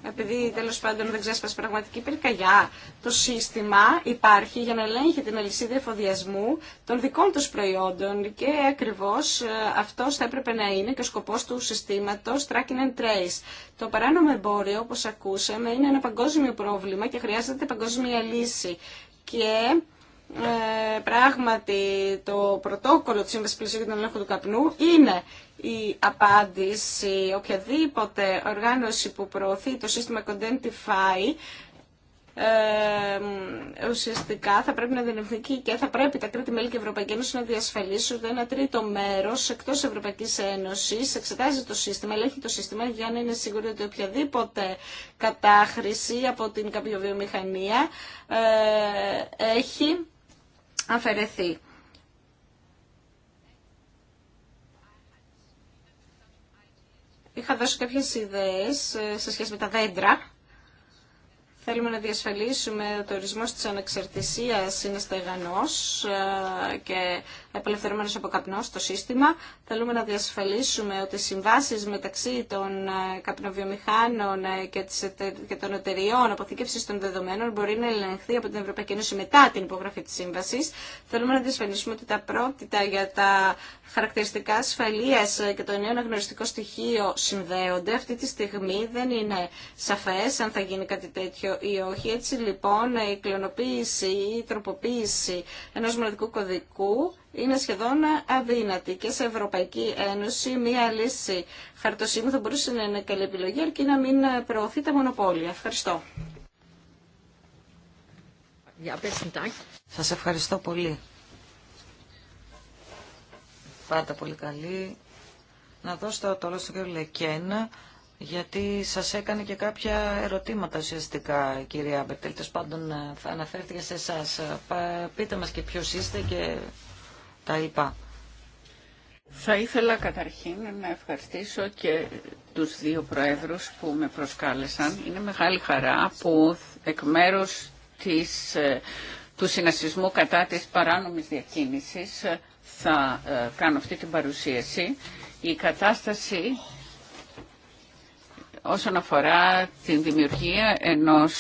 επειδή τέλος πάντων δεν ξέσπασε πραγματική πυρκαγιά, το σύστημα υπάρχει για να ελέγχει την αλυσίδα εφοδιασμού των δικών τους προϊόντων και ακριβώς ε, αυτό θα έπρεπε να είναι και ο σκοπός του συστήματος Tracking and Trace. Το παράνομο εμπόριο, όπως ακούσαμε, είναι ένα παγκόσμιο πρόβλημα και χρειάζεται παγκόσμια λύση. Και ε, πράγματι το πρωτόκολλο της Σύμβασης Πλησίου για τον Ελέγχο του Καπνού είναι η απάντηση, οποιαδήποτε οργάνωση που προωθεί το σύστημα Contentify ε, ουσιαστικά θα πρέπει να διενευνηθεί και θα πρέπει τα κράτη-μέλη και η Ευρωπαϊκή Ένωση να διασφαλίσουν ότι ένα τρίτο μέρο εκτό Ευρωπαϊκή Ένωση εξετάζει το σύστημα, ελέγχει το σύστημα για να είναι σίγουρο ότι οποιαδήποτε κατάχρηση από την καπιοβιομηχανία ε, έχει αφαιρεθεί. είχα δώσει κάποιες ιδέες ε, σε σχέση με τα δέντρα. Θέλουμε να διασφαλίσουμε ότι ο ορισμός της ανεξαρτησίας είναι στεγανός ε, και απελευθερωμένος από καπνό στο σύστημα. Θέλουμε να διασφαλίσουμε ότι οι συμβάσεις μεταξύ των ε, καπνοβιομηχάνων και των εταιριών αποθήκευσης των δεδομένων μπορεί να ελεγχθεί από την Ευρωπαϊκή Ένωση μετά την υπογραφή της σύμβασης. Θέλουμε να διασφαλίσουμε ότι τα πρότυπα για τα χαρακτηριστικά ασφαλείας και το νέο αναγνωριστικό στοιχείο συνδέονται. Αυτή τη στιγμή δεν είναι σαφές αν θα γίνει κάτι τέτοιο ή όχι. Έτσι λοιπόν η κλωνοποίηση ή η τροποποίηση ενός μοναδικού κωδικού είναι σχεδόν αδύνατη και σε Ευρωπαϊκή Ένωση μία λύση χαρτοσύμου θα μπορούσε να είναι καλή επιλογή αρκεί να μην προωθεί τα μονοπόλια. Ευχαριστώ. Σας ευχαριστώ πολύ. Πάντα πολύ καλή. Να δώσω το λόγο στον κύριο Λεκένα, γιατί σας έκανε και κάποια ερωτήματα ουσιαστικά, κυρία Μπερτέλ. Τέλο πάντων, ε, θα αναφέρθηκε σε εσά. Ε, πείτε μας και ποιος είστε και τα λοιπά. Θα ήθελα καταρχήν να ευχαριστήσω και τους δύο προέδρους που με προσκάλεσαν. Είναι μεγάλη χαρά που εκ μέρους της, ε, του συνασυσμού κατά της παράνομης διακίνησης θα ε, κάνω αυτή την παρουσίαση. Η κατάσταση όσον αφορά την δημιουργία ενός,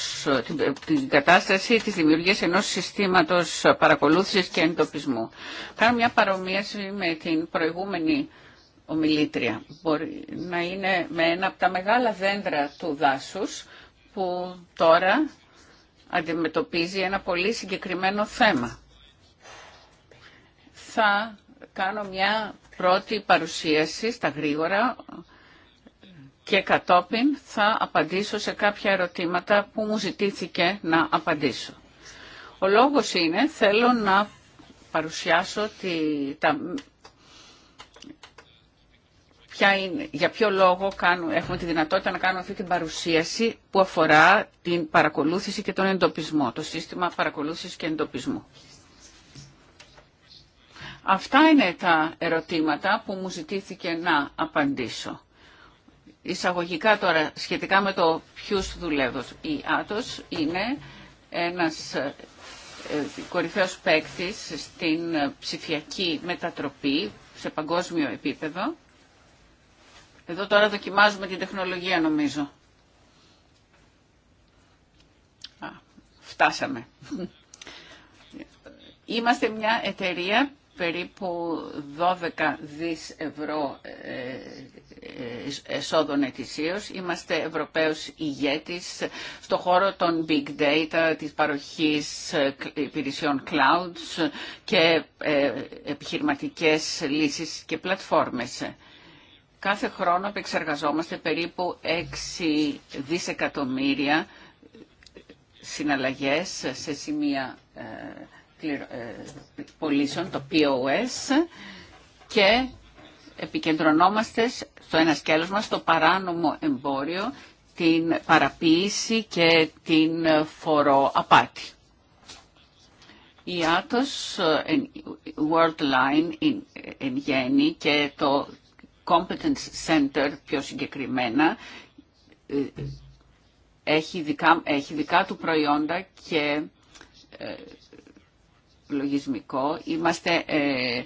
την, κατάσταση της δημιουργίας ενός συστήματος παρακολούθησης και εντοπισμού. Κάνω μια παρομοίαση με την προηγούμενη ομιλήτρια. Μπορεί να είναι με ένα από τα μεγάλα δέντρα του δάσους που τώρα αντιμετωπίζει ένα πολύ συγκεκριμένο θέμα θα κάνω μια πρώτη παρουσίαση στα γρήγορα και κατόπιν θα απαντήσω σε κάποια ερωτήματα που μου ζητήθηκε να απαντήσω. Ο λόγος είναι, θέλω να παρουσιάσω τη, για ποιο λόγο έχουμε τη δυνατότητα να κάνουμε αυτή την παρουσίαση που αφορά την παρακολούθηση και τον εντοπισμό, το σύστημα παρακολούθησης και εντοπισμού. Αυτά είναι τα ερωτήματα που μου ζητήθηκε να απαντήσω. Εισαγωγικά τώρα, σχετικά με το ποιους δουλεύω. Η Άτος είναι ένας ε, κορυφαίος παίκτη στην ψηφιακή μετατροπή σε παγκόσμιο επίπεδο. Εδώ τώρα δοκιμάζουμε την τεχνολογία νομίζω. φτάσαμε. Είμαστε μια εταιρεία περίπου 12 δις ευρώ ε, ε, εσόδων ετησίως. Είμαστε Ευρωπαίος ηγέτης στο χώρο των big data, της παροχής ε, υπηρεσιών clouds και επιχειρηματικές λύσεις και πλατφόρμες. Κάθε χρόνο επεξεργαζόμαστε περίπου 6 δισεκατομμύρια συναλλαγές σε σημεία ε, πωλήσεων, το POS, και επικεντρωνόμαστε στο ένα σκέλος μας, στο παράνομο εμπόριο, την παραποίηση και την φοροαπάτη. Η Atos ε, World Line εν γέννη και το Competence Center πιο συγκεκριμένα ε, έχει δικά, έχει δικά του προϊόντα και λογισμικό. Είμαστε ε, ε,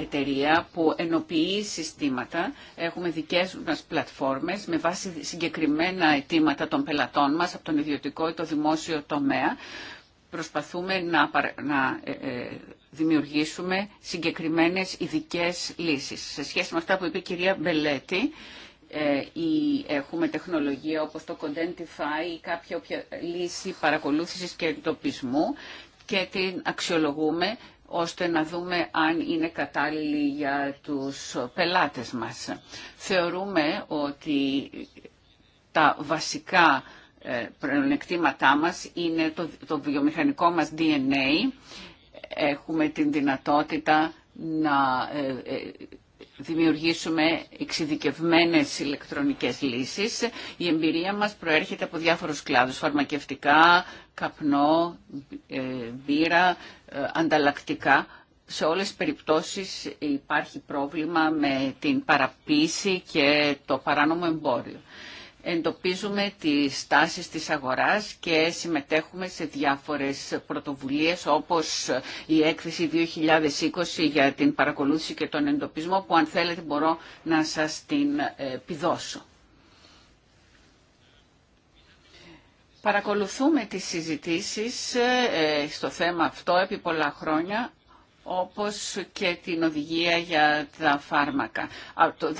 εταιρεία που ενοποιεί συστήματα. Έχουμε δικές μας πλατφόρμες με βάση συγκεκριμένα αιτήματα των πελατών μας από τον ιδιωτικό ή το δημόσιο τομέα. Προσπαθούμε να, να ε, δημιουργήσουμε συγκεκριμένες ειδικέ λύσεις. Σε σχέση με αυτά που είπε η κυρία Μπελέτη, ε, ή έχουμε τεχνολογία όπως το Contentify ή κάποια λύση παρακολούθησης και εντοπισμού και την αξιολογούμε ώστε να δούμε αν είναι κατάλληλη για τους πελάτες μας. Θεωρούμε ότι τα βασικά ε, πλεονεκτήματά μας είναι το, το βιομηχανικό μας DNA. Έχουμε την δυνατότητα να ε, δημιουργήσουμε εξειδικευμένε ηλεκτρονικές λύσεις. Η εμπειρία μα προέρχεται από διάφορους κλάδους, φαρμακευτικά, καπνό, ε, μπύρα, ε, ανταλλακτικά. Σε όλες τις περιπτώσεις υπάρχει πρόβλημα με την παραποίηση και το παράνομο εμπόριο εντοπίζουμε τις τάσεις της αγοράς και συμμετέχουμε σε διάφορες πρωτοβουλίες όπως η έκθεση 2020 για την παρακολούθηση και τον εντοπισμό που αν θέλετε μπορώ να σας την ε, επιδώσω. Παρακολουθούμε τις συζητήσεις ε, στο θέμα αυτό επί πολλά χρόνια όπως και την οδηγία για τα φάρμακα. Από το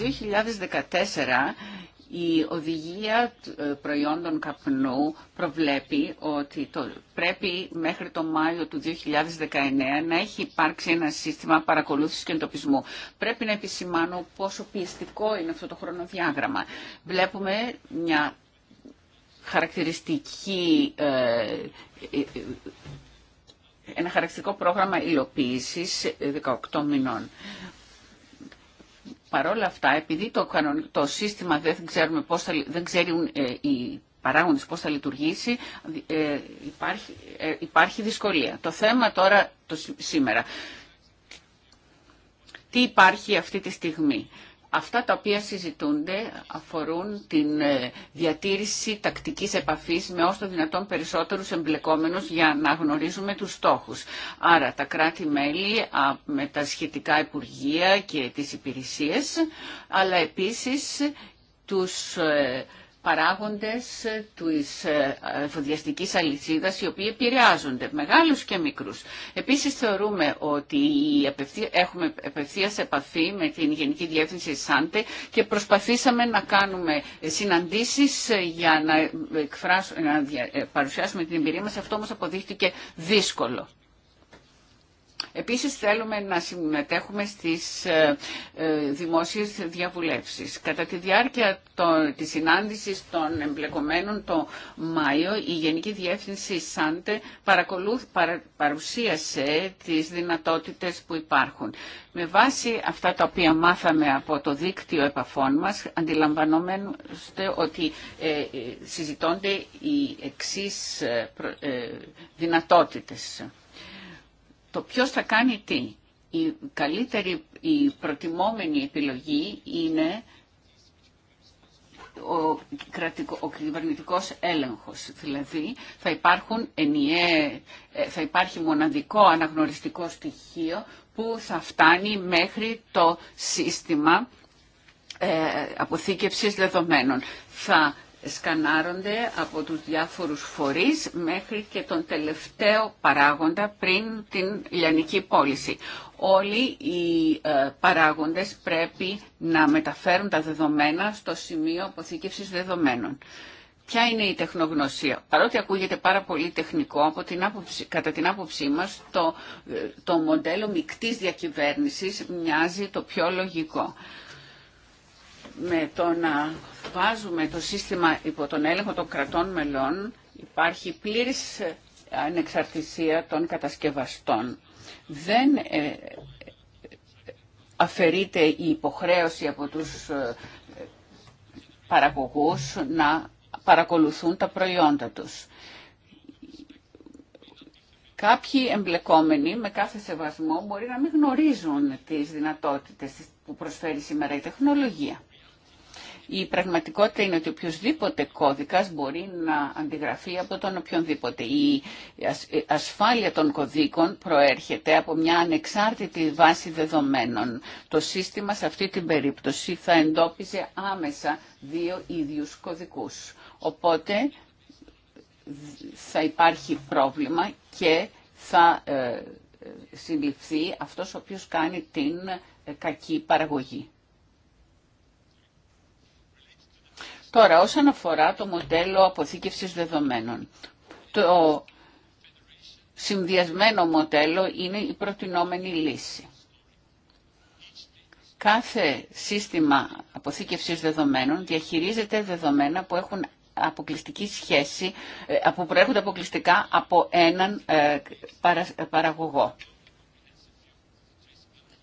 2014 η οδηγία ε, προϊόντων καπνού προβλέπει ότι το, πρέπει μέχρι το Μάιο του 2019 να έχει υπάρξει ένα σύστημα παρακολούθησης και εντοπισμού. Πρέπει να επισημάνω πόσο πιεστικό είναι αυτό το χρονοδιάγραμμα. Βλέπουμε μια χαρακτηριστική ε, ε, ένα χαρακτηριστικό πρόγραμμα υλοποίησης 18 μηνών παρόλα αυτά, επειδή το, το σύστημα δεν, ξέρουμε πώς θα, δεν ξέρει οι παράγοντες πώς θα λειτουργήσει, ε, υπάρχει, ε, υπάρχει δυσκολία. Το θέμα τώρα το, σήμερα. Τι υπάρχει αυτή τη στιγμή. Αυτά τα οποία συζητούνται αφορούν την ε, διατήρηση τακτικής επαφής με όσο δυνατόν περισσότερους εμπλεκόμενους για να γνωρίζουμε τους στόχους. Άρα τα κράτη-μέλη με τα σχετικά υπουργεία και τις υπηρεσίες, αλλά επίσης τους ε, παράγοντες της ε, εφοδιαστικής αλυσίδας οι οποίοι επηρεάζονται, μεγάλους και μικρούς. Επίσης θεωρούμε ότι έχουμε σε επαφή με την Γενική Διεύθυνση ΣΑΝΤΕ και προσπαθήσαμε να κάνουμε συναντήσεις για να, εκφράσουμε, να ε, παρουσιάσουμε την εμπειρία μας. Αυτό όμως αποδείχτηκε δύσκολο. Επίσης θέλουμε να συμμετέχουμε στις ε, ε, δημόσιες διαβουλεύσεις. Κατά τη διάρκεια της συνάντησης των εμπλεκομένων το Μάιο, η Γενική Διεύθυνση ΣΑΝΤΕ παρα, παρουσίασε τις δυνατότητες που υπάρχουν. Με βάση αυτά τα οποία μάθαμε από το δίκτυο επαφών μας, αντιλαμβανόμαστε ότι ε, ε συζητώνται οι εξής δυνατότητες το ποιος θα κάνει τι. Η καλύτερη, η προτιμόμενη επιλογή είναι ο, κρατικό, ο κυβερνητικός έλεγχος. Δηλαδή θα, υπάρχουν ε, θα υπάρχει μοναδικό αναγνωριστικό στοιχείο που θα φτάνει μέχρι το σύστημα ε, αποθήκευσης δεδομένων. Θα σκανάρονται από τους διάφορους φορείς μέχρι και τον τελευταίο παράγοντα πριν την λιανική πώληση. Όλοι οι ε, παράγοντες πρέπει να μεταφέρουν τα δεδομένα στο σημείο αποθήκευσης δεδομένων. Ποια είναι η τεχνογνωσία. Παρότι ακούγεται πάρα πολύ τεχνικό, από την κατά την άποψή μας το, ε, το μοντέλο μικτής διακυβέρνησης μοιάζει το πιο λογικό με το να βάζουμε το σύστημα υπό τον έλεγχο των κρατών μελών υπάρχει πλήρης ανεξαρτησία των κατασκευαστών. Δεν ε, αφαιρείται η υποχρέωση από τους ε, παραγωγούς να παρακολουθούν τα προϊόντα τους. Κάποιοι εμπλεκόμενοι με κάθε σεβασμό μπορεί να μην γνωρίζουν τις δυνατότητες που προσφέρει σήμερα η τεχνολογία. Η πραγματικότητα είναι ότι οποιοδήποτε κώδικας μπορεί να αντιγραφεί από τον οποιονδήποτε. Η ασφάλεια των κωδίκων προέρχεται από μια ανεξάρτητη βάση δεδομένων. Το σύστημα σε αυτή την περίπτωση θα εντόπιζε άμεσα δύο ίδιους κωδικούς. Οπότε θα υπάρχει πρόβλημα και θα ε, ε, συλληφθεί αυτός ο οποίος κάνει την ε, κακή παραγωγή. Τώρα, όσον αφορά το μοντέλο αποθήκευσης δεδομένων, το συνδυασμένο μοντέλο είναι η προτινόμενη λύση. Κάθε σύστημα αποθήκευσης δεδομένων διαχειρίζεται δεδομένα που έχουν αποκλειστική σχέση, ε, που προέρχονται αποκλειστικά από έναν ε, παραγωγό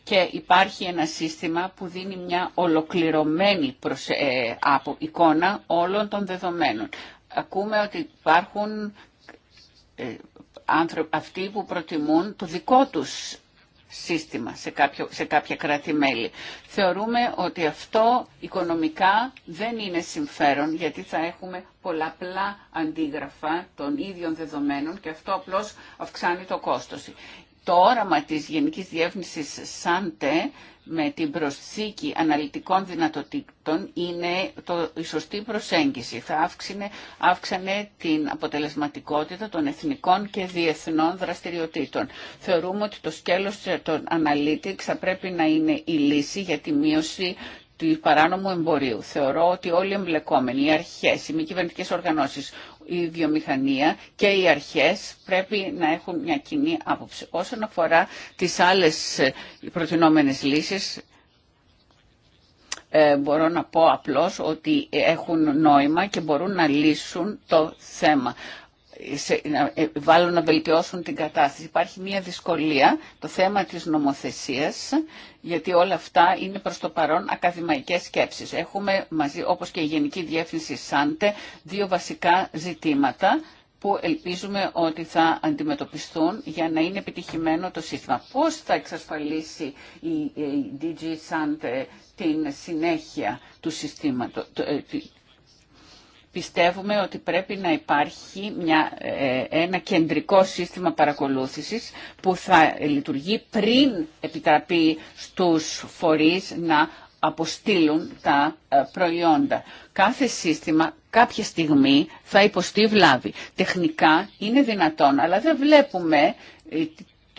και υπάρχει ένα σύστημα που δίνει μια ολοκληρωμένη προσε... Ε, από εικόνα όλων των δεδομένων. Ακούμε ότι υπάρχουν ε, αυτοί που προτιμούν το δικό τους σύστημα σε, κάποιο, σε κάποια κράτη-μέλη. Θεωρούμε ότι αυτό οικονομικά δεν είναι συμφέρον γιατί θα έχουμε πολλαπλά αντίγραφα των ίδιων δεδομένων και αυτό απλώς αυξάνει το κόστος το όραμα της Γενικής Διεύθυνσης ΣΑΝΤΕ με την προσθήκη αναλυτικών δυνατοτήτων είναι το, η σωστή προσέγγιση. Θα αύξηνε, αύξανε την αποτελεσματικότητα των εθνικών και διεθνών δραστηριοτήτων. Θεωρούμε ότι το σκέλος των analytics θα πρέπει να είναι η λύση για τη μείωση του παράνομου εμπορίου. Θεωρώ ότι όλοι οι εμπλεκόμενοι, οι αρχέ, οι μη κυβερνητικέ οργανώσει, η βιομηχανία και οι αρχές πρέπει να έχουν μια κοινή άποψη. Όσον αφορά τις άλλες ε, προτινόμενες λύσεις, ε, μπορώ να πω απλώς ότι έχουν νόημα και μπορούν να λύσουν το θέμα να ε, βάλουν να βελτιώσουν την κατάσταση. Υπάρχει μια δυσκολία, το θέμα της νομοθεσίας, γιατί όλα αυτά είναι προς το παρόν ακαδημαϊκές σκέψεις. Έχουμε μαζί, όπως και η Γενική Διεύθυνση ΣΑΝΤΕ, δύο βασικά ζητήματα που ελπίζουμε ότι θα αντιμετωπιστούν για να είναι επιτυχημένο το σύστημα. Πώς θα εξασφαλίσει η DG Σάντε την συνέχεια του συστήματος, ε, πιστεύουμε ότι πρέπει να υπάρχει μια, ε, ένα κεντρικό σύστημα παρακολούθησης που θα λειτουργεί πριν επιτραπεί στους φορείς να αποστείλουν τα ε, προϊόντα. Κάθε σύστημα κάποια στιγμή θα υποστεί βλάβη. Τεχνικά είναι δυνατόν, αλλά δεν βλέπουμε ε,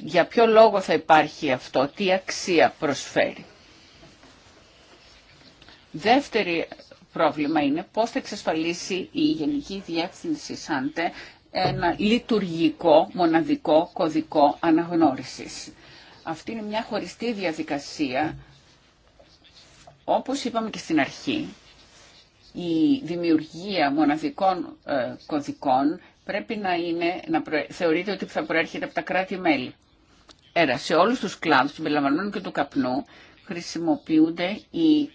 για ποιο λόγο θα υπάρχει αυτό, τι αξία προσφέρει. Δεύτερη πρόβλημα είναι πώς θα εξασφαλίσει η Γενική Διεύθυνση ΣΑΝΤΕ ένα λειτουργικό, μοναδικό κωδικό αναγνώρισης. Αυτή είναι μια χωριστή διαδικασία. Όπως είπαμε και στην αρχή, η δημιουργία μοναδικών ε, κωδικών πρέπει να, είναι, να θεωρείται ότι θα προέρχεται από τα κράτη-μέλη. Έρα, σε όλους τους κλάδους, συμπεριλαμβανομένου και του καπνού, χρησιμοποιούνται οι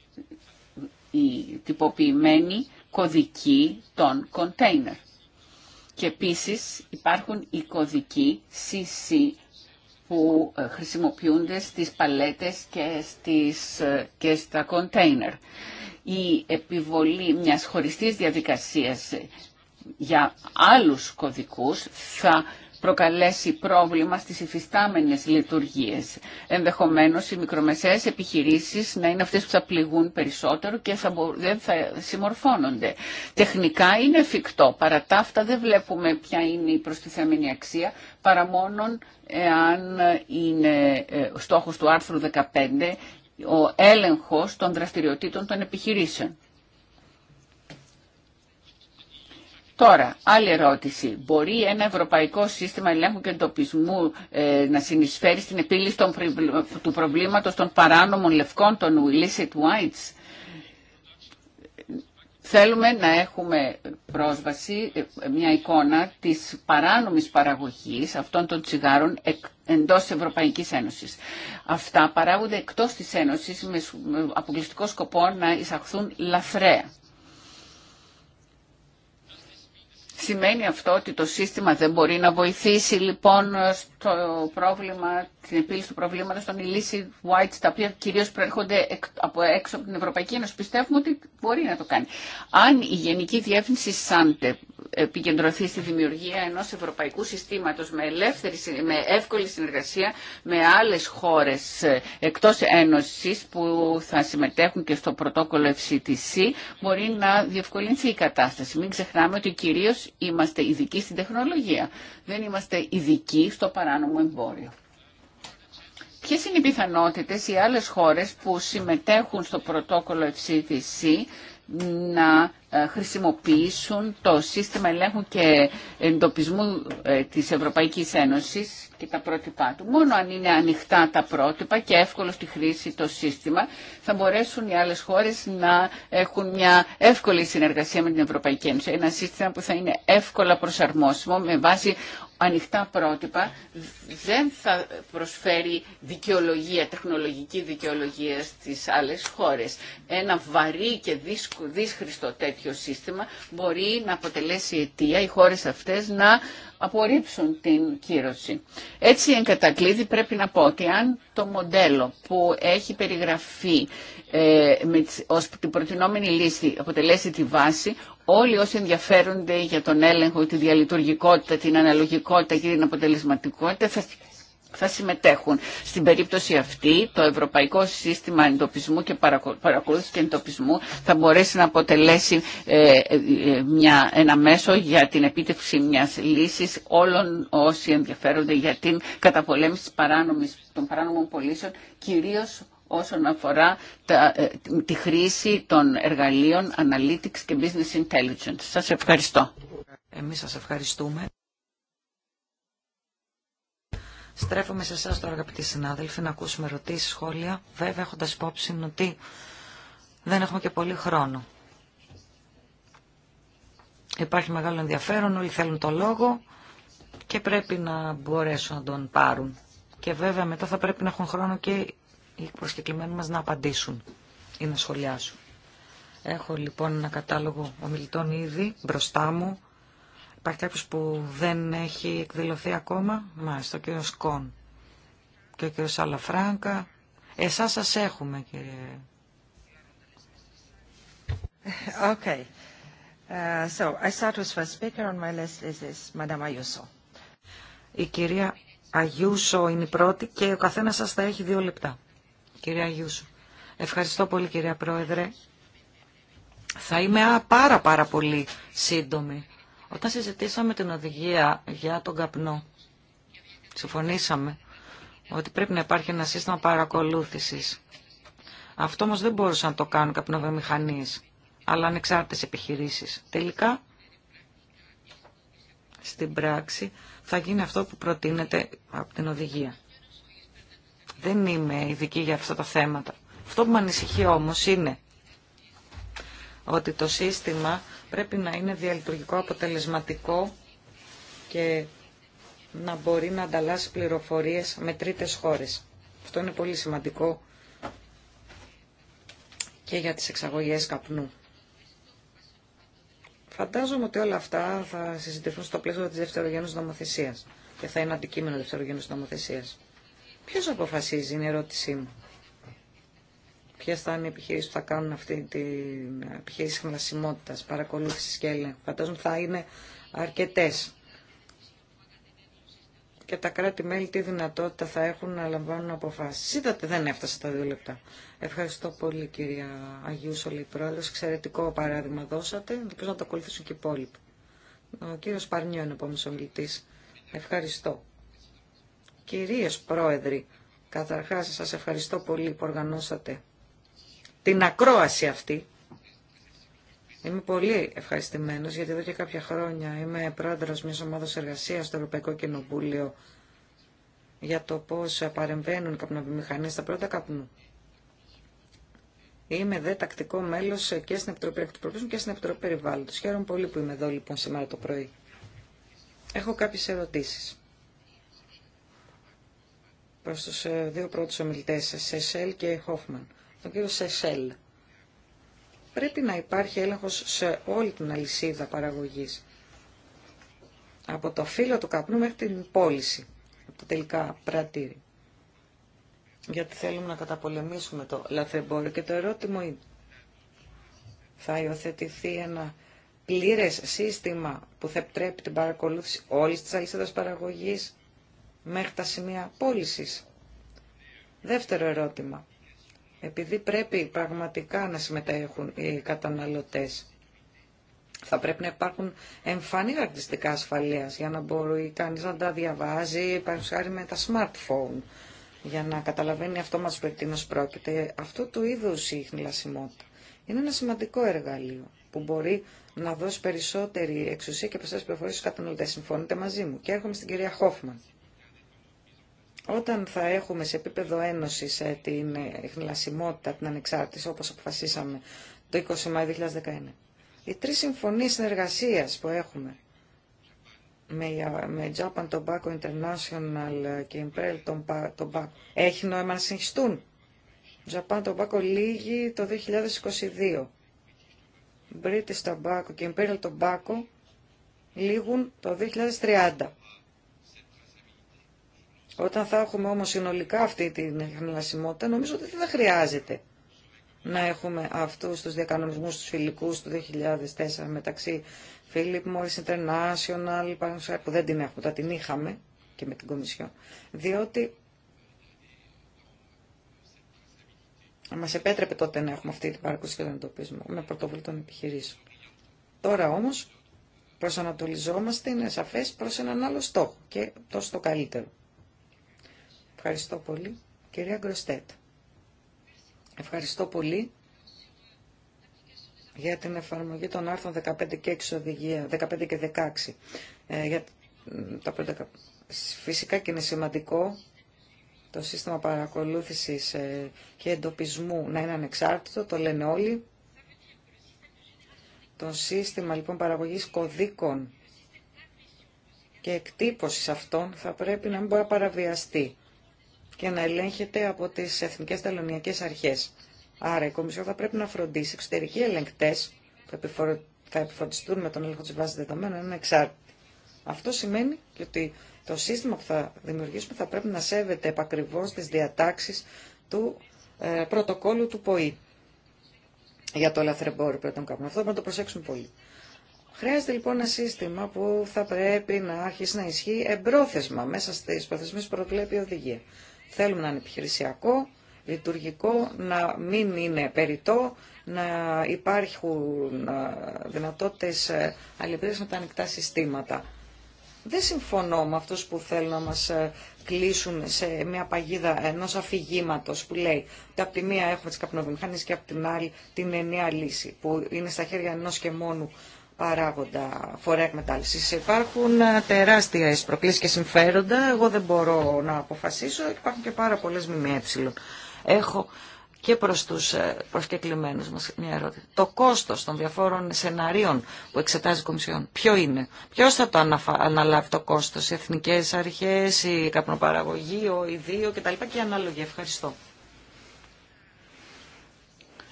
οι τυποποιημένοι κωδικοί των κοντέινερ. Και επίσης υπάρχουν οι κωδικοί CC που ε, χρησιμοποιούνται στις παλέτες και, ε, και στα κοντέινερ. Η επιβολή μιας χωριστής διαδικασίας για άλλους κωδικούς θα προκαλέσει πρόβλημα στις υφιστάμενες λειτουργίες. Ενδεχομένως οι μικρομεσαίες επιχειρήσεις να είναι αυτές που θα πληγούν περισσότερο και θα δεν θα συμμορφώνονται. Τεχνικά είναι εφικτό. Παρά τα αυτά δεν βλέπουμε ποια είναι η προστιθέμενη αξία παρά μόνον εάν είναι ε, ο στόχος του άρθρου 15 ο έλεγχος των δραστηριοτήτων των επιχειρήσεων. Τώρα, άλλη ερώτηση. Μπορεί ένα ευρωπαϊκό σύστημα ελέγχου και εντοπισμού ε, να συνεισφέρει στην επίλυση των, του προβλήματος των παράνομων λευκών, των illicit whites. Θέλουμε να έχουμε πρόσβαση, ε, μια εικόνα της παράνομης παραγωγής αυτών των τσιγάρων εντός Ευρωπαϊκής Ένωσης. Αυτά παράγονται εκτός της Ένωσης με αποκλειστικό σκοπό να εισαχθούν λαθρέα. Σημαίνει αυτό ότι το σύστημα δεν μπορεί να βοηθήσει λοιπόν στο πρόβλημα, την επίλυση του προβλήματο των illicit whites, τα οποία κυρίως προέρχονται από έξω από την Ευρωπαϊκή Ένωση. Πιστεύουμε ότι μπορεί να το κάνει. Αν η Γενική Διεύθυνση ΣΑΝΤΕ επικεντρωθεί στη δημιουργία ενός ευρωπαϊκού συστήματος με, με εύκολη συνεργασία με άλλες χώρες ε, εκτός Ένωσης που θα συμμετέχουν και στο πρωτόκολλο FCTC, μπορεί να διευκολυνθεί η κατάσταση. Μην ξεχνάμε ότι κυρίω είμαστε ειδικοί στην τεχνολογία. Δεν είμαστε ειδικοί στο παράνομο εμπόριο. Ποιε είναι οι πιθανότητε οι άλλε χώρε που συμμετέχουν στο πρωτόκολλο FCTC να ε, χρησιμοποιήσουν το σύστημα ελέγχου και εντοπισμού ε, της Ευρωπαϊκής Ένωσης και τα πρότυπά του. Μόνο αν είναι ανοιχτά τα πρότυπα και εύκολο στη χρήση το σύστημα θα μπορέσουν οι άλλες χώρες να έχουν μια εύκολη συνεργασία με την Ευρωπαϊκή Ένωση. Ένα σύστημα που θα είναι εύκολα προσαρμόσιμο με βάση ανοιχτά πρότυπα δεν θα προσφέρει δικαιολογία, τεχνολογική δικαιολογία στις άλλες χώρες. Ένα βαρύ και δύσχριστο τέτοιο σύστημα μπορεί να αποτελέσει αιτία οι χώρες αυτές να απορρίψουν την κύρωση. Έτσι εν κατακλείδη πρέπει να πω ότι αν το μοντέλο που έχει περιγραφεί ε, με, ως την προτινόμενη λύση αποτελέσει τη βάση, όλοι όσοι ενδιαφέρονται για τον έλεγχο, τη διαλειτουργικότητα, την αναλογικότητα και την αποτελεσματικότητα θα, συμμετέχουν. Στην περίπτωση αυτή, το Ευρωπαϊκό Σύστημα Εντοπισμού και Παρακολούθηση και Εντοπισμού θα μπορέσει να αποτελέσει ε, ε, μια, ένα μέσο για την επίτευξη μιας λύσης όλων όσοι ενδιαφέρονται για την καταπολέμηση των παράνομων πωλήσεων, κυρίως όσον αφορά ε, τη χρήση των εργαλείων Analytics και Business Intelligence. Σας ευχαριστώ. Εμείς σας ευχαριστούμε. Στρέφομαι σε εσά τώρα αγαπητοί συνάδελφοι να ακούσουμε ερωτήσεις, σχόλια, βέβαια έχοντας υπόψη ότι δεν έχουμε και πολύ χρόνο. Υπάρχει μεγάλο ενδιαφέρον, όλοι θέλουν το λόγο και πρέπει να μπορέσουν να τον πάρουν. Και βέβαια μετά θα πρέπει να έχουν χρόνο και οι προσκεκλημένοι μας να απαντήσουν ή να σχολιάσουν. Έχω λοιπόν ένα κατάλογο ομιλητών ήδη μπροστά μου. Υπάρχει κάποιο που δεν έχει εκδηλωθεί ακόμα. Μάλιστα, ο κύριο Κον και ο κύριο Αλαφράγκα. Εσά σα έχουμε κύριε. Okay. Uh, so I speaker on my is Ayuso. Η κυρία Αγιούσο είναι η πρώτη και ο καθένας σας θα έχει δύο λεπτά. Κυρία Γιούσου. Ευχαριστώ πολύ κυρία Πρόεδρε. Θα είμαι πάρα πάρα πολύ σύντομη. Όταν συζητήσαμε την οδηγία για τον καπνό, συμφωνήσαμε ότι πρέπει να υπάρχει ένα σύστημα παρακολούθησης. Αυτό όμως δεν μπορούσαν να το κάνουν καπνοβιομηχανίες, αλλά ανεξάρτητες επιχειρήσεις. Τελικά, στην πράξη, θα γίνει αυτό που προτείνεται από την οδηγία. Δεν είμαι ειδική για αυτά τα θέματα. Αυτό που με ανησυχεί όμως είναι ότι το σύστημα πρέπει να είναι διαλειτουργικό, αποτελεσματικό και να μπορεί να ανταλλάσσει πληροφορίες με τρίτες χώρες. Αυτό είναι πολύ σημαντικό και για τις εξαγωγές καπνού. Φαντάζομαι ότι όλα αυτά θα συζητηθούν στο πλαίσιο της δευτερογενούς νομοθεσίας και θα είναι αντικείμενο δευτερογενούς νομοθεσίας. Ποιος αποφασίζει είναι η ερώτησή μου. Ποιε θα είναι οι επιχειρήσει που θα κάνουν αυτή την επιχείρηση χρησιμότητα, παρακολούθηση και έλεγχου. Φαντάζομαι θα είναι αρκετέ. Και τα κράτη-μέλη τι δυνατότητα θα έχουν να λαμβάνουν αποφάσει. Είδατε, δεν έφτασα τα δύο λεπτά. Ευχαριστώ πολύ, κυρία Αγίου Σολή Πρόεδρο. Εξαιρετικό παράδειγμα δώσατε. Ελπίζω να το ακολουθήσουν και οι υπόλοιποι. Ο κύριο Παρνιό είναι ο επόμενο ομιλητή. Ευχαριστώ. Κυρίες Πρόεδροι, καταρχάς σας ευχαριστώ πολύ που οργανώσατε την ακρόαση αυτή. Είμαι πολύ ευχαριστημένος γιατί εδώ και κάποια χρόνια είμαι πρόεδρος μιας ομάδας εργασίας στο Ευρωπαϊκό Κοινοβούλιο για το πώς παρεμβαίνουν οι καπνοβιομηχανίες στα πρώτα καπνού. Είμαι δε τακτικό μέλος και στην Επιτροπή Εκτροπής και στην Επιτροπή Περιβάλλοντος. Χαίρομαι πολύ που είμαι εδώ λοιπόν σήμερα το πρωί. Έχω κάποιες ερωτήσεις προς τους ε, δύο πρώτους ομιλητές, Σεσέλ και Χόφμαν. Τον κύριο Σεσέλ. Πρέπει να υπάρχει έλεγχος σε όλη την αλυσίδα παραγωγής. Από το φύλλο του καπνού μέχρι την πώληση, από το τελικά πρατήρι. Γιατί θέλουμε να καταπολεμήσουμε το λαθρεμπόριο. Και το ερώτημα είναι, θα υιοθετηθεί ένα πλήρες σύστημα που θα επιτρέπει την παρακολούθηση όλης της αλυσίδας παραγωγής μέχρι τα σημεία πώλησης. Δεύτερο ερώτημα. Επειδή πρέπει πραγματικά να συμμετέχουν οι καταναλωτές, θα πρέπει να υπάρχουν εμφανή αρτιστικά ασφαλείας για να μπορεί κανείς να τα διαβάζει, παρουσιάρει με τα smartphone, για να καταλαβαίνει αυτό μας που πρόκειται. Αυτό του είδους η χνηλασιμότητα είναι ένα σημαντικό εργαλείο που μπορεί να δώσει περισσότερη εξουσία και περισσότερες πληροφορίες στους καταναλωτές. Συμφωνείτε μαζί μου. Και έρχομαι στην κυρία Χόφμαν. Όταν θα έχουμε σε επίπεδο ένωσης ε, την εχνηλασιμότητα, την ανεξάρτηση, όπως αποφασίσαμε το 20 Μαΐου 2019, οι τρεις συμφωνίες συνεργασίας που έχουμε με, Japan Tobacco International και Imperial Tobacco έχει νόημα να συγχυστούν. Japan Tobacco λύγει το 2022. British Tobacco και Imperial Tobacco λύγουν το 2030. Όταν θα έχουμε όμως συνολικά αυτή την χνηλασιμότητα, νομίζω ότι δεν χρειάζεται να έχουμε αυτούς τους διακανονισμούς τους φιλικούς του 2004 μεταξύ Philip Morris International, που δεν την έχουμε, τα την είχαμε και με την Κομισιό, διότι μας επέτρεπε τότε να έχουμε αυτή την παρακολουθία και τον εντοπισμό με πρωτοβουλία των επιχειρήσεων. Τώρα όμως προσανατολιζόμαστε, είναι σαφές, προς έναν άλλο στόχο και τόσο το καλύτερο. Ευχαριστώ πολύ. Κυρία Γκροστέτ. Ευχαριστώ πολύ για την εφαρμογή των άρθρων 15 και 6 οδηγία, 15 και 16. Ε, για τα πρώτα. Φυσικά και είναι σημαντικό το σύστημα παρακολούθησης ε, και εντοπισμού να είναι ανεξάρτητο, το λένε όλοι. Το σύστημα λοιπόν παραγωγής κωδίκων και εκτύπωσης αυτών θα πρέπει να μην μπορεί να παραβιαστεί και να ελέγχεται από τις εθνικές τελωνιακέ αρχές. Άρα η Κομισιόν θα πρέπει να φροντίσει εξωτερικοί ελεγκτές που θα επιφορτιστούν με τον έλεγχο της βάσης δεδομένων είναι εξάρτητοι. Αυτό σημαίνει και ότι το σύστημα που θα δημιουργήσουμε θα πρέπει να σέβεται επακριβώς τις διατάξεις του ε, πρωτοκόλου του ΠΟΗ για το λαθρεμπόριο πρώτων καπνών. Αυτό πρέπει να το προσέξουμε πολύ. Χρειάζεται λοιπόν ένα σύστημα που θα πρέπει να αρχίσει να ισχύει εμπρόθεσμα μέσα στις προθεσμίες που προβλέπει η οδηγία. Θέλουμε να είναι επιχειρησιακό, λειτουργικό, να μην είναι περιττό, να υπάρχουν ε, δυνατότητες ε, αλληλεπίδευσης με τα ανοιχτά συστήματα. Δεν συμφωνώ με αυτούς που θέλουν να μας ε, κλείσουν σε μια παγίδα ενός αφηγήματο που λέει ότι από τη μία έχουμε τις καπνοβιομηχανίες και από την άλλη την ενιαία λύση που είναι στα χέρια ενός και μόνου παράγοντα φορέα εκμετάλλευση. Υπάρχουν ε, τεράστια προκλήσει και συμφέροντα. Εγώ δεν μπορώ να αποφασίσω. Υπάρχουν και πάρα πολλέ ΜΜΕ. Έχω και προς τους ε, προσκεκλημένους μας μια ερώτηση. Το κόστος των διαφόρων σεναρίων που εξετάζει η Κομισιόν, ποιο είναι, ποιος θα το αναλάβει το κόστος, οι εθνικές αρχές, η καπνοπαραγωγή, ο ιδίο κτλ. και ανάλογη. Ευχαριστώ.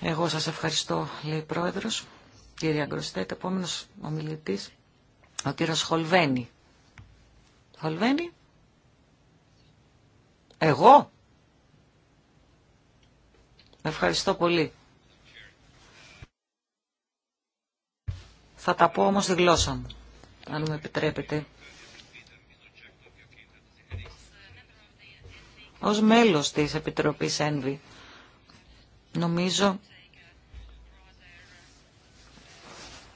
Εγώ σας ευχαριστώ, λέει η Πρόεδρος. Κύριε Αγκροστέτ, επόμενο ομιλητή. ο κύριο Χολβένη. Χολβένη. Εγώ. Ευχαριστώ πολύ. Θα τα πω όμως τη γλώσσα μου, αν μου επιτρέπετε. Ως μέλος της Επιτροπής ΕΝΒΗ, νομίζω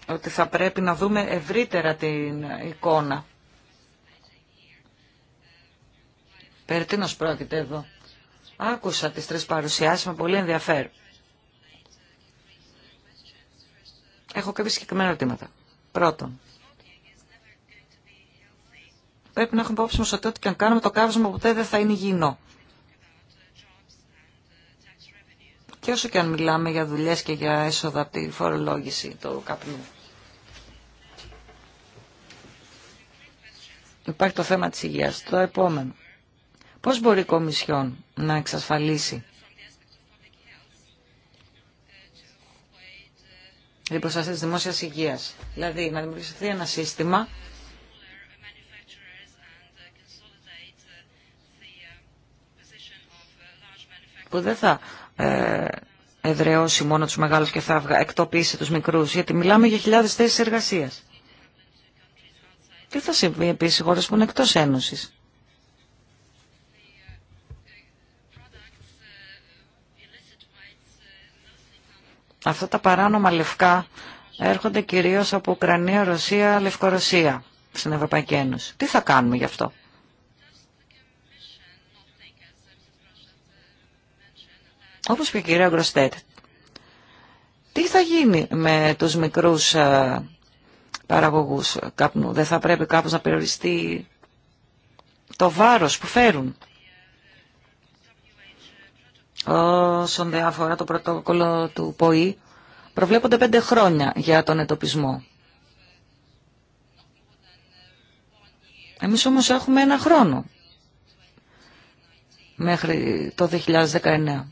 ότι θα πρέπει να δούμε ευρύτερα την εικόνα. Περί τίνος πρόκειται εδώ. Άκουσα τις τρεις παρουσιάσεις με πολύ ενδιαφέρον. Έχω κάποια συγκεκριμένα ερωτήματα. Πρώτον, πρέπει να έχουμε υπόψη μας ότι ό,τι και αν κάνουμε το κάψιμο ποτέ δεν θα είναι υγιεινό. Και όσο και αν μιλάμε για δουλειές και για έσοδα από τη φορολόγηση του καπνού. υπάρχει το θέμα της υγείας. Το επόμενο. Πώς μπορεί η Κομισιόν να εξασφαλίσει την προστασία της δημόσιας υγείας. Δηλαδή να δημιουργηθεί ένα σύστημα που δεν θα ε, μόνο τους μεγάλους και θα εκτοπίσει τους μικρούς, γιατί μιλάμε για χιλιάδες θέσεις εργασίας. Τι θα συμβεί επίσης χώρες που είναι εκτός Ένωσης. Αυτά τα παράνομα λευκά έρχονται κυρίως από Ουκρανία, Ρωσία, Λευκορωσία στην Ευρωπαϊκή Ένωση. Τι θα κάνουμε γι' αυτό. Όπως και η κυρία Γκροστέτ, τι θα γίνει με τους μικρούς ε, παραγωγούς καπνού. Δεν θα πρέπει κάπως να περιοριστεί το βάρος που φέρουν. Όσον δε αφορά το πρωτόκολλο του ΠΟΗ, προβλέπονται πέντε χρόνια για τον ετοπισμό. Εμείς όμως έχουμε ένα χρόνο μέχρι το 2019.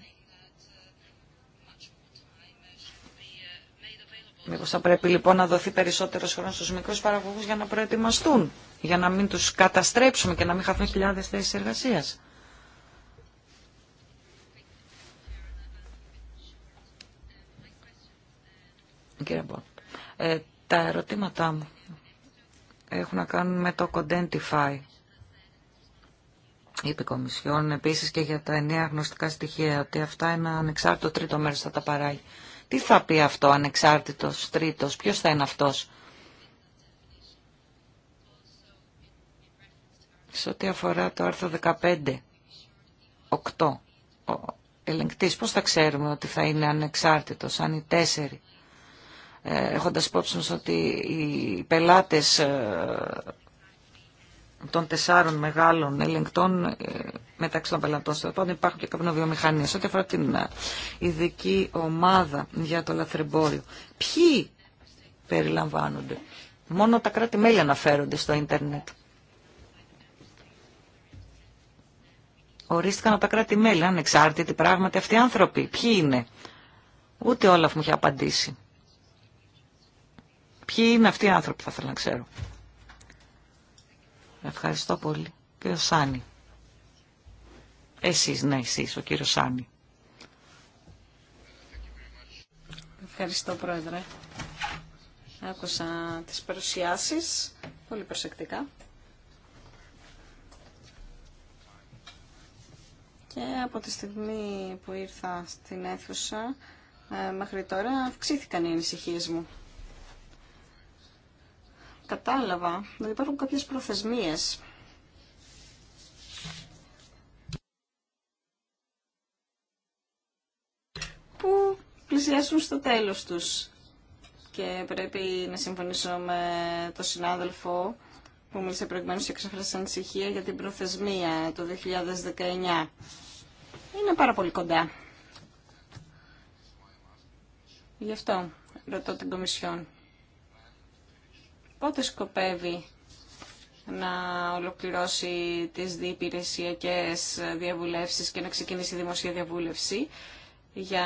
Μήπως θα πρέπει λοιπόν να δοθεί περισσότερο χρόνο στους μικρούς παραγωγούς για να προετοιμαστούν, για να μην τους καταστρέψουμε και να μην χαθούν χιλιάδες θέσεις εργασίας. Κύριε Μπον, ε, τα ερωτήματά μου έχουν να κάνουν με το CODENTIFY Είπε η Κομισιόν επίσης και για τα εννέα γνωστικά στοιχεία, ότι αυτά είναι ανεξάρτητο τρίτο μέρος θα τα παράγει. Τι θα πει αυτό ανεξάρτητος τρίτος, ποιος θα είναι αυτός. Σε ό,τι αφορά το άρθρο 15, 8, ελεγκτής, πώς θα ξέρουμε ότι θα είναι ανεξάρτητος, αν οι τέσσερι, ε, έχοντας υπόψη μας ότι οι πελάτες ε, των τεσσάρων μεγάλων ελεγκτών ε, μεταξύ των πελατών στο υπάρχουν και καπνοβιομηχανίες. Ό,τι αφορά την ε, ειδική ομάδα για το λαθρεμπόριο, ποιοι περιλαμβάνονται. Μόνο τα κράτη-μέλη αναφέρονται στο ίντερνετ. Ορίστηκαν από τα κράτη-μέλη, ανεξάρτητοι πράγματι αυτοί οι άνθρωποι. Ποιοι είναι. Ούτε όλα μου είχε απαντήσει. Ποιοι είναι αυτοί οι άνθρωποι, θα ήθελα να ξέρω. Ευχαριστώ πολύ. Κύριο Σάνι. Εσείς, ναι, εσείς, ο κύριος Σάνι. Ευχαριστώ, Πρόεδρε. Άκουσα τις παρουσιάσεις πολύ προσεκτικά. Και από τη στιγμή που ήρθα στην αίθουσα ε, μέχρι τώρα αυξήθηκαν οι ανησυχίες μου κατάλαβα ότι δηλαδή υπάρχουν κάποιες προθεσμίες που πλησιάσουν στο τέλος τους. Και πρέπει να συμφωνήσω με τον συνάδελφο που μίλησε προηγουμένως και εξέφρασε ανησυχία για την προθεσμία το 2019. Είναι πάρα πολύ κοντά. Γι' αυτό ρωτώ την Κομισιόν πότε σκοπεύει να ολοκληρώσει τις διεπηρεσιακές διαβουλεύσεις και να ξεκινήσει η δημοσία διαβούλευση για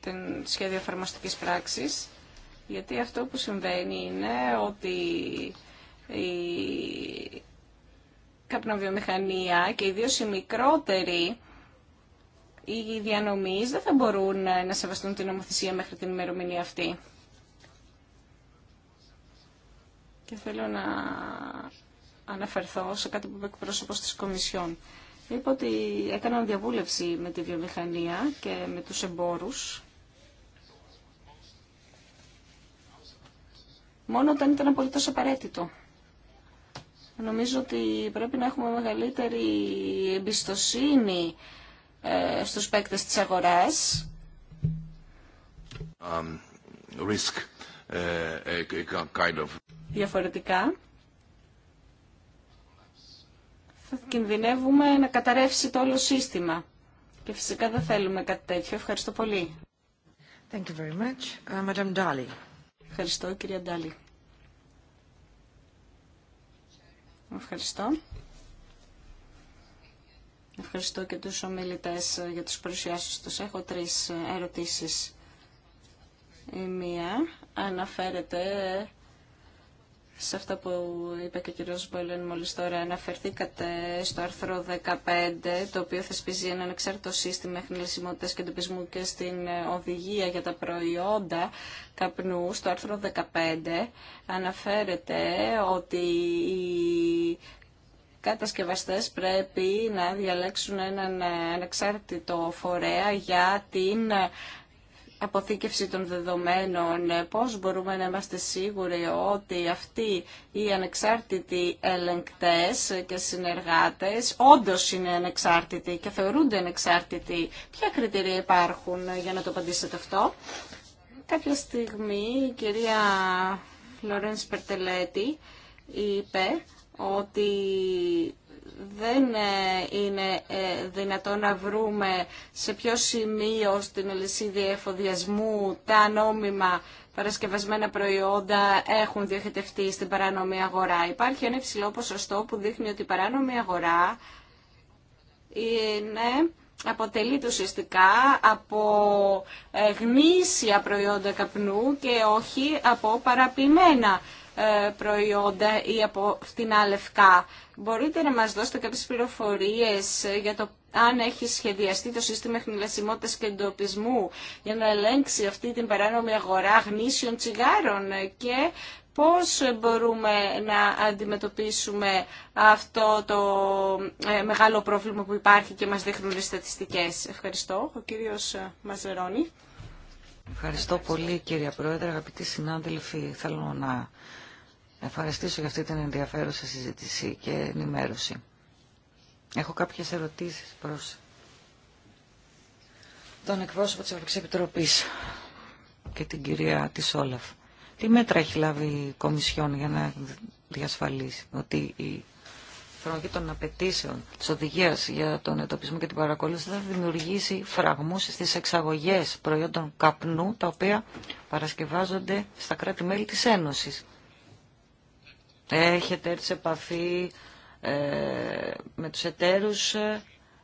την σχέδιο εφαρμοστικής πράξης. Γιατί αυτό που συμβαίνει είναι ότι η καπνοβιομηχανία και ιδίω οι μικρότεροι οι διανομείς δεν θα μπορούν να σεβαστούν την νομοθεσία μέχρι την ημερομηνία αυτή. και θέλω να αναφερθώ σε κάτι που είπε εκπρόσωπος της Κομισιόν. Είπα ότι έκαναν διαβούλευση με τη βιομηχανία και με τους εμπόρους. Μόνο όταν ήταν απολύτως απαραίτητο. Νομίζω ότι πρέπει να έχουμε μεγαλύτερη εμπιστοσύνη ε, στους παίκτες της αγοράς. Um, ε, ε, Διαφορετικά, θα κινδυνεύουμε να καταρρεύσει το όλο σύστημα. Και φυσικά δεν θέλουμε κάτι τέτοιο. Ευχαριστώ πολύ. Thank you very much. Uh, Ευχαριστώ, κυρία Ντάλη. Ευχαριστώ. Ευχαριστώ και τους ομιλητές ε, για τους παρουσιάσεις τους. Έχω τρεις ερωτήσεις. Η μία αναφέρεται σε αυτά που είπε και ο κ. Μπολέν μόλις τώρα, αναφερθήκατε στο άρθρο 15, το οποίο θεσπίζει ένα ανεξάρτητο σύστημα εχνηλασιμότητας και εντοπισμού και στην οδηγία για τα προϊόντα καπνού. Στο άρθρο 15 αναφέρεται ότι οι κατασκευαστές πρέπει να διαλέξουν έναν ανεξάρτητο φορέα για την αποθήκευση των δεδομένων, πώς μπορούμε να είμαστε σίγουροι ότι αυτοί οι ανεξάρτητοι ελεγκτές και συνεργάτες όντως είναι ανεξάρτητοι και θεωρούνται ανεξάρτητοι. Ποια κριτήρια υπάρχουν για να το απαντήσετε αυτό. Κάποια στιγμή η κυρία Λορένς Περτελέτη είπε ότι δεν ε, είναι ε, δυνατόν να βρούμε σε ποιο σημείο στην ελισίδη εφοδιασμού τα νόμιμα παρασκευασμένα προϊόντα έχουν διοχετευτεί στην παράνομη αγορά. Υπάρχει ένα υψηλό ποσοστό που δείχνει ότι η παράνομη αγορά είναι αποτελείται ουσιαστικά από ε, γνήσια προϊόντα καπνού και όχι από παραπημένα ε, προϊόντα ή από φτηνά λευκά. Μπορείτε να μας δώσετε κάποιες πληροφορίες για το αν έχει σχεδιαστεί το σύστημα εχνηλασιμότητας και εντοπισμού για να ελέγξει αυτή την παράνομη αγορά γνήσιων τσιγάρων και πώς μπορούμε να αντιμετωπίσουμε αυτό το ε, μεγάλο πρόβλημα που υπάρχει και μας δείχνουν οι στατιστικές. Ευχαριστώ. Ο κύριος ε, Μαζερόνη. Ευχαριστώ πολύ κύριε Πρόεδρε, αγαπητοί συνάδελφοι. Θέλω να ευχαριστήσω για αυτή την ενδιαφέρουσα συζήτηση και ενημέρωση. Έχω κάποιες ερωτήσεις προς τον εκπρόσωπο της Ευρωπαϊκής Επιτροπής και την κυρία της Όλαφ. Τι μέτρα έχει λάβει η Κομισιόν για να διασφαλίσει ότι η εφαρμογή των απαιτήσεων της οδηγίας για τον εντοπισμό και την παρακολούθηση θα δημιουργήσει φραγμούς στις εξαγωγές προϊόντων καπνού τα οποία παρασκευάζονται στα κράτη-μέλη της Ένωσης έχετε έρθει σε επαφή ε, με τους εταίρους ή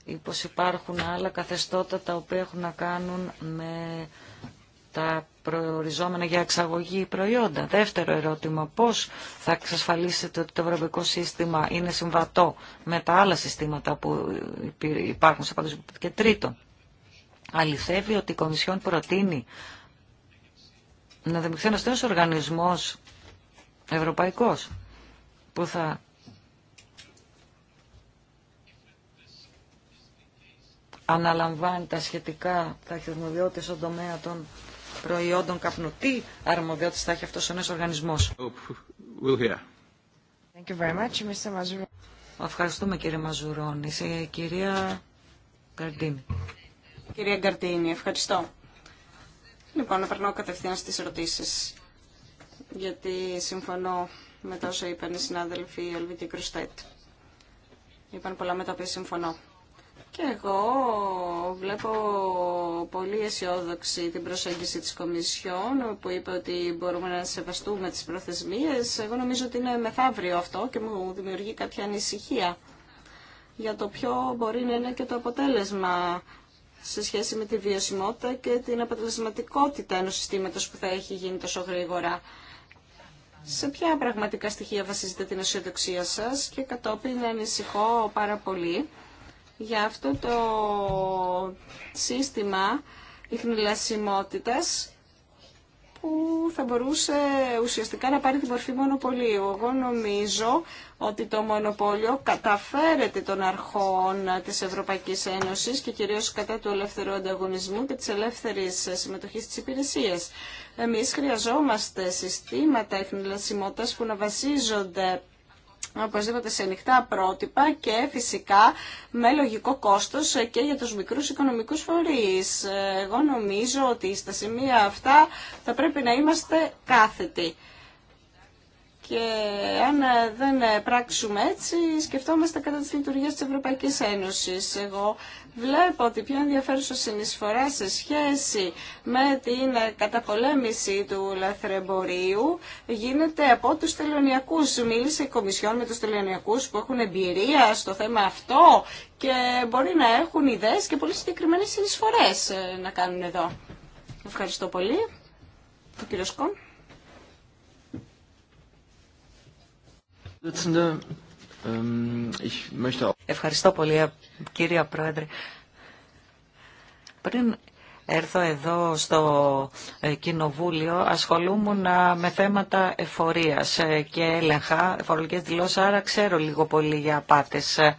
ε, πως υπάρχουν άλλα καθεστώτα τα οποία έχουν να κάνουν με τα προοριζόμενα για εξαγωγή προϊόντα. Δεύτερο ερώτημα, πώς θα εξασφαλίσετε ότι το ευρωπαϊκό σύστημα είναι συμβατό με τα άλλα συστήματα που υπάρχουν σε παγκόσμιο και τρίτον. Αληθεύει ότι η Κομισιόν προτείνει να δημιουργηθεί ένα οργανισμός ευρωπαϊκός που θα αναλαμβάνει τα σχετικά τα στον τομέα των προϊόντων καπνού. Τι αρμοδιότητες θα έχει αυτός ο νέος οργανισμός. Ευχαριστούμε κύριε Μαζουρόνη. Σε κυρία Γκαρτίνη. Κυρία Γκαρτίνη, ευχαριστώ. Λοιπόν, να περνώ κατευθείαν στις ερωτήσεις, γιατί συμφωνώ με όσα είπαν οι συνάδελφοι η και Κρουστέτ. Είπαν πολλά με τα οποία συμφωνώ. Και εγώ βλέπω πολύ αισιόδοξη την προσέγγιση της Κομισιόν που είπε ότι μπορούμε να σεβαστούμε τις προθεσμίες. Εγώ νομίζω ότι είναι μεθαύριο αυτό και μου δημιουργεί κάποια ανησυχία για το ποιο μπορεί να είναι και το αποτέλεσμα σε σχέση με τη βιωσιμότητα και την αποτελεσματικότητα ενός συστήματος που θα έχει γίνει τόσο γρήγορα σε ποια πραγματικά στοιχεία βασίζεται την αισιοδοξία σας και κατόπιν ανησυχώ πάρα πολύ για αυτό το σύστημα ιχνηλασιμότητας που θα μπορούσε ουσιαστικά να πάρει την μορφή μονοπωλίου. Εγώ νομίζω ότι το μονοπόλιο καταφέρεται των αρχών της Ευρωπαϊκής Ένωσης και κυρίως κατά του ελεύθερου ανταγωνισμού και της ελεύθερης συμμετοχής της υπηρεσίας. Εμείς χρειαζόμαστε συστήματα εχνηλασιμότητας που να βασίζονται οπωσδήποτε σε ανοιχτά πρότυπα και φυσικά με λογικό κόστος και για τους μικρούς οικονομικούς φορείς. Εγώ νομίζω ότι στα σημεία αυτά θα πρέπει να είμαστε κάθετοι. Και αν δεν πράξουμε έτσι, σκεφτόμαστε κατά τη λειτουργία τη Ευρωπαϊκή Ένωση. Εγώ βλέπω ότι πιο ενδιαφέρουσα συνεισφορά σε σχέση με την καταπολέμηση του λαθρεμπορίου γίνεται από του τελωνιακού. Μίλησε η Κομισιόν με του τελωνιακού που έχουν εμπειρία στο θέμα αυτό και μπορεί να έχουν ιδέε και πολύ συγκεκριμένε συνεισφορέ ε, να κάνουν εδώ. Ευχαριστώ πολύ. Το κύριο Ähm, Ευχαριστώ πολύ, κύριε Πρόεδρε. Πριν έρθω εδώ στο ε, Κοινοβούλιο, ασχολούμουν με θέματα εφορίας ε, και έλεγχα, εφορολογικές δηλώσεις, άρα ξέρω λίγο πολύ για απάτες. Ε,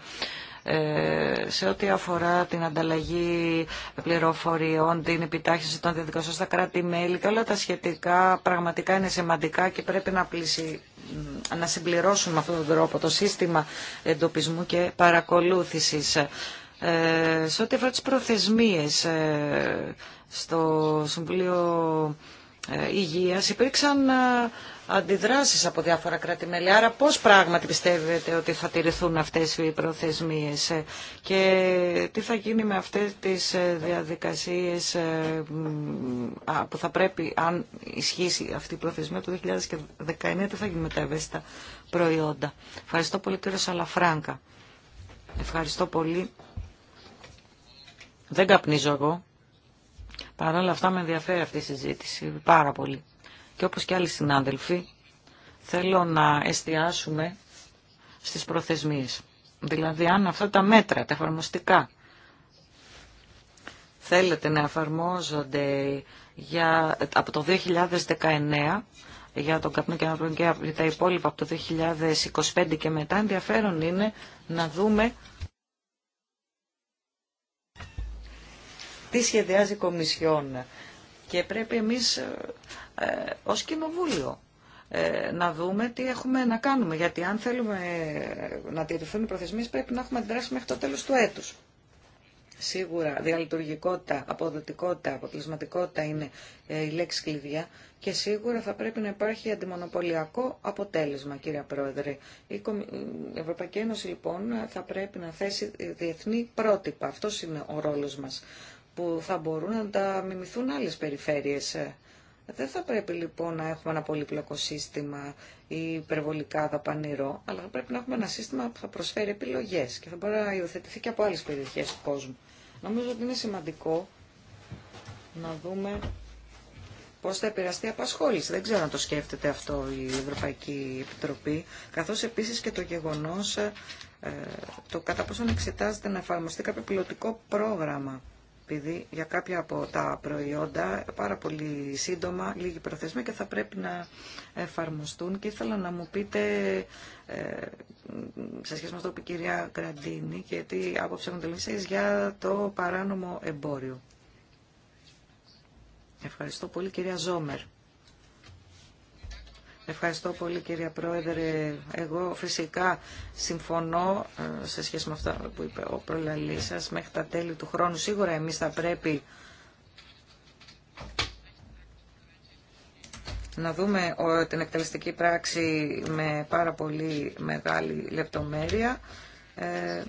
ε, σε ό,τι αφορά την ανταλλαγή πληροφοριών, την επιτάχυνση των διαδικασιών στα κράτη-μέλη και όλα τα σχετικά πραγματικά είναι σημαντικά και πρέπει να, πλησι... να συμπληρώσουμε με αυτόν τον τρόπο το σύστημα εντοπισμού και παρακολούθησης. Ε, σε ό,τι αφορά τις προθεσμίες ε, στο Συμβουλίο Υγείας υπήρξαν αντιδράσεις από διάφορα κράτη-μέλη. Άρα πώς πράγματι πιστεύετε ότι θα τηρηθούν αυτές οι προθεσμίες ε, και τι θα γίνει με αυτές τις ε, διαδικασίες ε, που θα πρέπει, αν ισχύσει αυτή η προθεσμία του 2019, τι θα γίνει με τα ευαίσθητα προϊόντα. Ευχαριστώ πολύ κύριο Σαλαφράγκα. Ευχαριστώ πολύ. Δεν καπνίζω εγώ. Παρ' όλα αυτά με ενδιαφέρει αυτή η συζήτηση πάρα πολύ και όπως και άλλοι συνάδελφοι θέλω να εστιάσουμε στις προθεσμίες. Δηλαδή αν αυτά τα μέτρα, τα εφαρμοστικά, θέλετε να εφαρμόζονται για, από το 2019 για τον καπνό και για τα υπόλοιπα από το 2025 και μετά, ενδιαφέρον είναι να δούμε τι σχεδιάζει η Κομισιόν. Και πρέπει εμείς ε, ως κοινοβούλιο ε, να δούμε τι έχουμε να κάνουμε. Γιατί αν θέλουμε ε, να τηρηθούν οι προθεσμίες πρέπει να έχουμε αντιδράσει μέχρι το τέλος του έτους. Σίγουρα διαλειτουργικότητα, αποδοτικότητα, αποτελεσματικότητα είναι η λέξη κλειδιά και σίγουρα θα πρέπει να υπάρχει αντιμονοπολιακό αποτέλεσμα, κύριε Πρόεδρε. Η Ευρωπαϊκή Ένωση λοιπόν θα πρέπει να θέσει διεθνή πρότυπα. Αυτός είναι ο ρόλος μας που θα μπορούν να τα μιμηθούν άλλες περιφέρειες δεν θα πρέπει λοιπόν να έχουμε ένα πολύπλοκο σύστημα ή υπερβολικά δαπανηρό, αλλά θα πρέπει να έχουμε ένα σύστημα που θα προσφέρει επιλογές και θα μπορεί να υιοθετηθεί και από άλλες περιοχέ του κόσμου. Νομίζω ότι είναι σημαντικό να δούμε πώ θα επηρεαστεί η απασχόληση. Δεν ξέρω αν το σκέφτεται αυτό η Ευρωπαϊκή Επιτροπή, καθώ επίση και το γεγονό ε, το κατά πόσο εξετάζεται να εφαρμοστεί κάποιο πιλωτικό πρόγραμμα επειδή για κάποια από τα προϊόντα πάρα πολύ σύντομα, λίγη προθεσμία και θα πρέπει να εφαρμοστούν. Και ήθελα να μου πείτε, ε, σε σχέση με αυτό που η κυρία Γκραντίνη, και τι άποψη έχουν τελειώσει για το παράνομο εμπόριο. Ευχαριστώ πολύ κυρία Ζόμερ. Ευχαριστώ πολύ κύριε Πρόεδρε. Εγώ φυσικά συμφωνώ ε, σε σχέση με αυτά που είπε ο προλαλής σας. Μέχρι τα τέλη του χρόνου σίγουρα εμείς θα πρέπει να δούμε την εκτελεστική πράξη με πάρα πολύ μεγάλη λεπτομέρεια. Ε,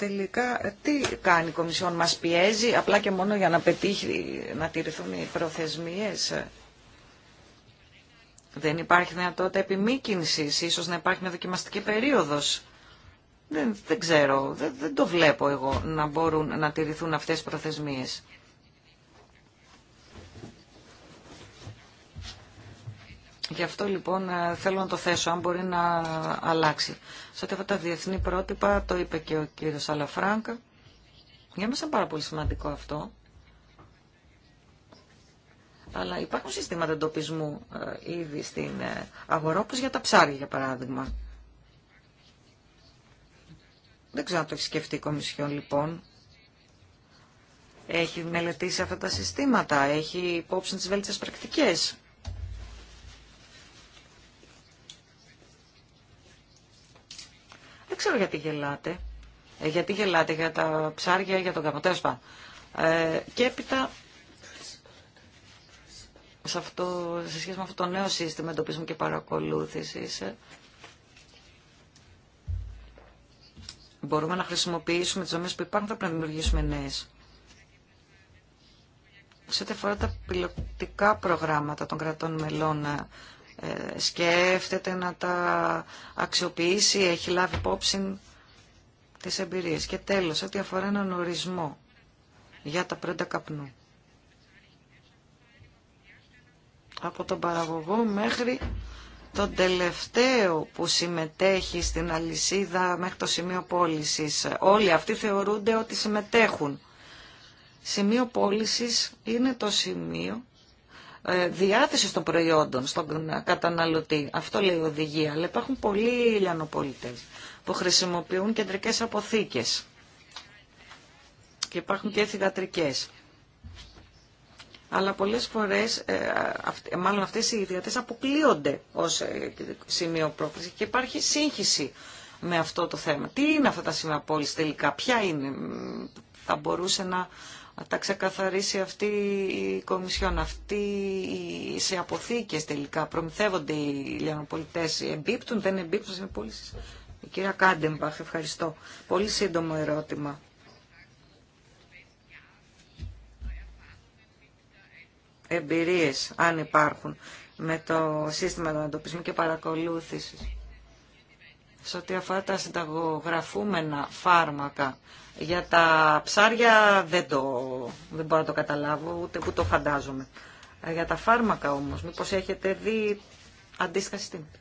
τελικά τι κάνει η Κομισιόν, μας πιέζει απλά και μόνο για να πετύχει να τηρηθούν οι προθεσμίες. Δεν υπάρχει τότε επιμήκυνσης, ίσως να υπάρχει μια δοκιμαστική περίοδος. Δεν, δεν ξέρω, δεν, δεν το βλέπω εγώ να μπορούν να τηρηθούν αυτές οι προθεσμίες. Γι' αυτό λοιπόν ε, θέλω να το θέσω, αν μπορεί να αλλάξει. Σε ό,τι αυτά τα διεθνή πρότυπα, το είπε και ο κύριος Αλαφράγκα, για μας είναι πάρα πολύ σημαντικό αυτό. Αλλά υπάρχουν συστήματα εντοπισμού ε, ήδη στην ε, αγορά, όπως για τα ψάρια για παράδειγμα. Δεν ξέρω αν το έχει σκεφτεί η Κομισιόν λοιπόν. Έχει μελετήσει αυτά τα συστήματα, έχει υπόψη τις βέλτιστες πρακτικές. ξέρω γιατί γελάτε. Ε, γιατί γελάτε για τα ψάρια, για τον καμποτέσπα. Ε, και έπειτα σε, αυτό, σε σχέση με αυτό το νέο σύστημα εντοπισμού και παρακολούθησης ε, μπορούμε να χρησιμοποιήσουμε τις δομές που υπάρχουν, θα πρέπει να δημιουργήσουμε νέες. Σε ό,τι αφορά τα πιλωτικά προγράμματα των κρατών μελών ε, ε, σκέφτεται να τα αξιοποιήσει, έχει λάβει υπόψη τις εμπειρίες. Και τέλος, ό,τι αφορά έναν ορισμό για τα πρώτα καπνού. Από τον παραγωγό μέχρι τον τελευταίο που συμμετέχει στην αλυσίδα μέχρι το σημείο πώλησης. Όλοι αυτοί θεωρούνται ότι συμμετέχουν. Σημείο πώλησης είναι το σημείο ε, διάθεση των προϊόντων στον καταναλωτή. Αυτό λέει η οδηγία. Αλλά υπάρχουν πολλοί λιανοπολιτές που χρησιμοποιούν κεντρικέ αποθήκες και υπάρχουν και θηγατρικέ. Αλλά πολλές φορές, ε, μάλλον αυτές οι ιδιωτέ αποκλείονται ως ε, σημείο πρόκληση και υπάρχει σύγχυση με αυτό το θέμα. Τι είναι αυτά τα σημεία τελικά, ποια είναι, θα μπορούσε να τα ξεκαθαρίσει αυτή η Κομισιόν. Αυτή σε αποθήκες τελικά προμηθεύονται οι λιανοπολιτές. Εμπίπτουν, δεν εμπίπτουν, είναι πολύ... Η κυρία Κάντεμπαχ, ευχαριστώ. Πολύ σύντομο ερώτημα. Εμπειρίες, αν υπάρχουν, με το σύστημα αντιμετωπισμού και παρακολούθησης. Σε ό,τι αφορά τα συνταγογραφούμενα φάρμακα, για τα ψάρια δεν, το, δεν μπορώ να το καταλάβω, ούτε που το φαντάζομαι. Ε, για τα φάρμακα όμως, μήπως έχετε δει αντίσταση. συστήματα.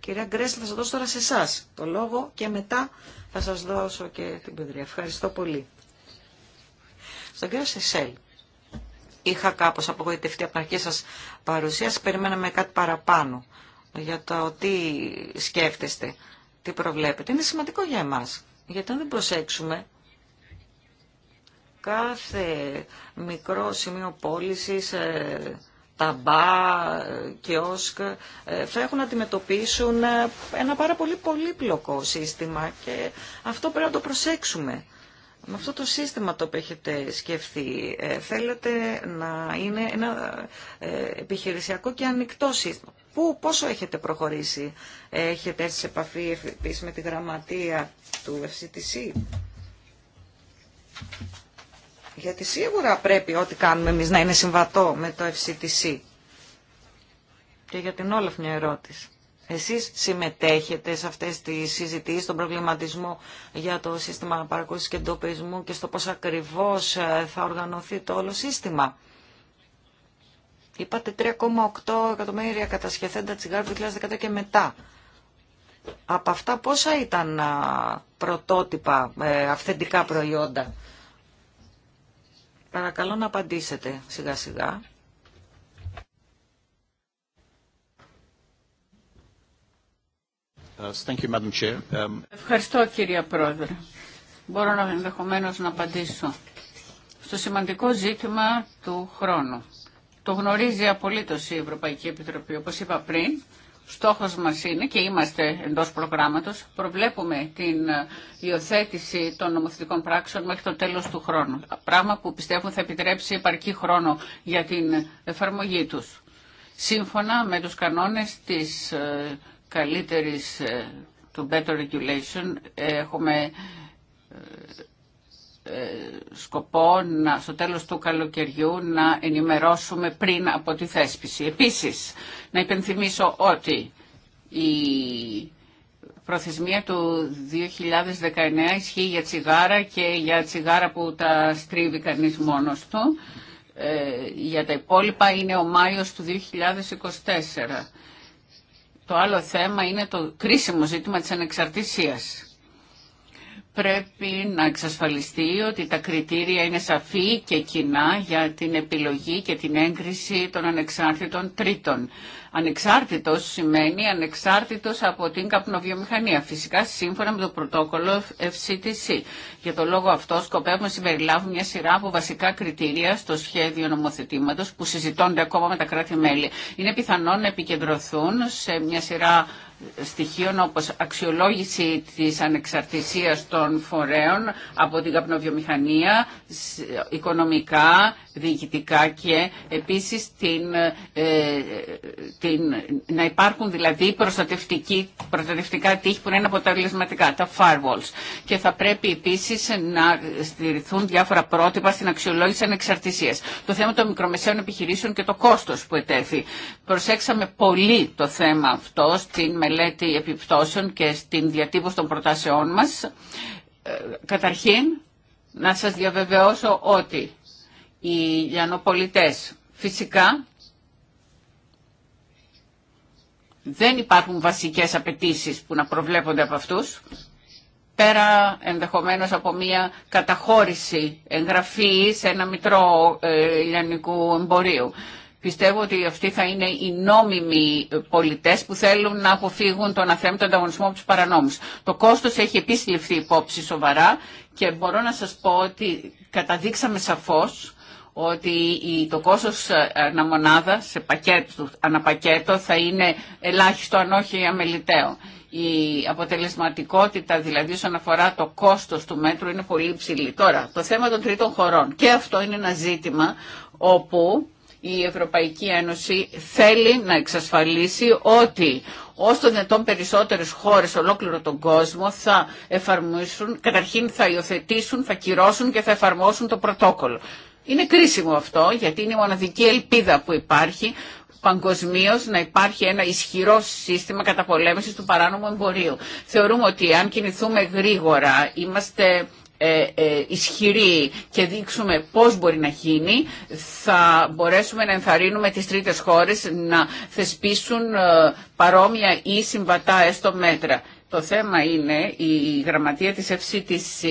Κυρία Γκρέσλη, θα σας δώσω τώρα σε εσά το λόγο και μετά θα σας δώσω και την παιδρία. Ευχαριστώ πολύ. Στον κύριο Σεσέλ, είχα κάπως απογοητευτεί από την αρχή σας παρουσίαση, περιμέναμε κάτι παραπάνω για το τι σκέφτεστε, τι προβλέπετε. Είναι σημαντικό για εμάς. Γιατί αν δεν προσέξουμε, κάθε μικρό σημείο πώλησης, ε, ταμπά, ε, κιόσκ, ε, θα έχουν να αντιμετωπίσουν ένα πάρα πολύ πολύπλοκο σύστημα και αυτό πρέπει να το προσέξουμε με αυτό το σύστημα το οποίο έχετε σκεφτεί, ε, θέλετε να είναι ένα ε, επιχειρησιακό και ανοιχτό σύστημα. Πού, πόσο έχετε προχωρήσει, έχετε έρθει σε επαφή επίσης με τη γραμματεία του FCTC. Γιατί σίγουρα πρέπει ό,τι κάνουμε εμείς να είναι συμβατό με το FCTC. Και για την όλα μια ερώτηση. Εσείς συμμετέχετε σε αυτές τις συζητήσεις, στον προβληματισμό για το σύστημα παρακολούθησης και εντοπισμού και στο πώς ακριβώς ε, θα οργανωθεί το όλο σύστημα. Είπατε 3,8 εκατομμύρια τσιγάρ τσιγάρου 2010 και μετά. Από αυτά πόσα ήταν πρωτότυπα, ε, αυθεντικά προϊόντα. Παρακαλώ να απαντήσετε σιγά σιγά. Um, Ευχαριστώ κύριε Πρόεδρε. Μπορώ να ενδεχομένω να απαντήσω στο σημαντικό ζήτημα του χρόνου. Το γνωρίζει απολύτως η Ευρωπαϊκή Επιτροπή. Όπως είπα πριν, στόχος μας είναι και είμαστε εντός προγράμματος, προβλέπουμε την ε, υιοθέτηση των νομοθετικών πράξεων μέχρι το τέλος του χρόνου. Πράγμα που πιστεύουν θα επιτρέψει επαρκή χρόνο για την εφαρμογή τους. Σύμφωνα με τους κανόνες της ε, καλύτερης, ε, του better regulation, έχουμε ε, ε, σκοπό να, στο τέλος του καλοκαιριού να ενημερώσουμε πριν από τη θέσπιση. Επίσης, να υπενθυμίσω ότι η προθεσμία του 2019 ισχύει για τσιγάρα και για τσιγάρα που τα στρίβει κανείς μόνος του. για τα υπόλοιπα είναι ο Μάιος του 2024. Το άλλο θέμα είναι το κρίσιμο ζήτημα της ανεξαρτησίας πρέπει να εξασφαλιστεί ότι τα κριτήρια είναι σαφή και κοινά για την επιλογή και την έγκριση των ανεξάρτητων τρίτων. Ανεξάρτητος σημαίνει ανεξάρτητος από την καπνοβιομηχανία, φυσικά σύμφωνα με το πρωτόκολλο FCTC. Για τον λόγο αυτό σκοπεύουμε να συμπεριλάβουμε μια σειρά από βασικά κριτήρια στο σχέδιο νομοθετήματος που συζητώνται ακόμα με τα κράτη-μέλη. Είναι πιθανόν να επικεντρωθούν σε μια σειρά στοιχείων όπως αξιολόγηση της ανεξαρτησίας των φορέων από την καπνοβιομηχανία, οικονομικά, διοικητικά και επίσης την, ε, ε, την, να υπάρχουν δηλαδή προστατευτικά τείχη που να είναι αποτελεσματικά, τα firewalls. Και θα πρέπει επίσης να στηριχθούν διάφορα πρότυπα στην αξιολόγηση ανεξαρτησίας. Το θέμα των μικρομεσαίων επιχειρήσεων και το κόστος που ετέθη. Προσέξαμε πολύ το θέμα αυτό στην μελέτη επιπτώσεων και στην διατύπωση των προτάσεών μας. Ε, καταρχήν, να σας διαβεβαιώσω ότι οι λιανοπολιτές. Φυσικά δεν υπάρχουν βασικές απαιτήσει που να προβλέπονται από αυτούς, πέρα ενδεχομένως από μια καταχώρηση εγγραφή σε ένα μητρό ε, λιανικού εμπορίου. Πιστεύω ότι αυτοί θα είναι οι νόμιμοι πολιτές που θέλουν να αποφύγουν τον αθέμητο ανταγωνισμό από του παρανόμου. Το κόστος έχει επίσης ληφθεί υπόψη σοβαρά και μπορώ να σα πω ότι καταδείξαμε σαφώς ότι το κόστος ε, αναμονάδα σε πακέτο, αναπακέτο θα είναι ελάχιστο αν όχι αμεληταίο. Η αποτελεσματικότητα δηλαδή όσον αφορά το κόστος του μέτρου είναι πολύ υψηλή. Τώρα, το θέμα των τρίτων χωρών και αυτό είναι ένα ζήτημα όπου η Ευρωπαϊκή Ένωση θέλει να εξασφαλίσει ότι όσο το δυνατόν περισσότερες χώρες ολόκληρο τον κόσμο θα εφαρμόσουν, καταρχήν θα υιοθετήσουν, θα κυρώσουν και θα εφαρμόσουν το πρωτόκολλο. Είναι κρίσιμο αυτό γιατί είναι η μοναδική ελπίδα που υπάρχει παγκοσμίω να υπάρχει ένα ισχυρό σύστημα καταπολέμησης του παράνομου εμπορίου. Θεωρούμε ότι αν κινηθούμε γρήγορα είμαστε ε, ε, ισχυροί και δείξουμε πώς μπορεί να γίνει, θα μπορέσουμε να ενθαρρύνουμε τις τρίτες χώρες να θεσπίσουν ε, παρόμοια ή συμβατά έστω μέτρα. Το θέμα είναι η Γραμματεία της FCTC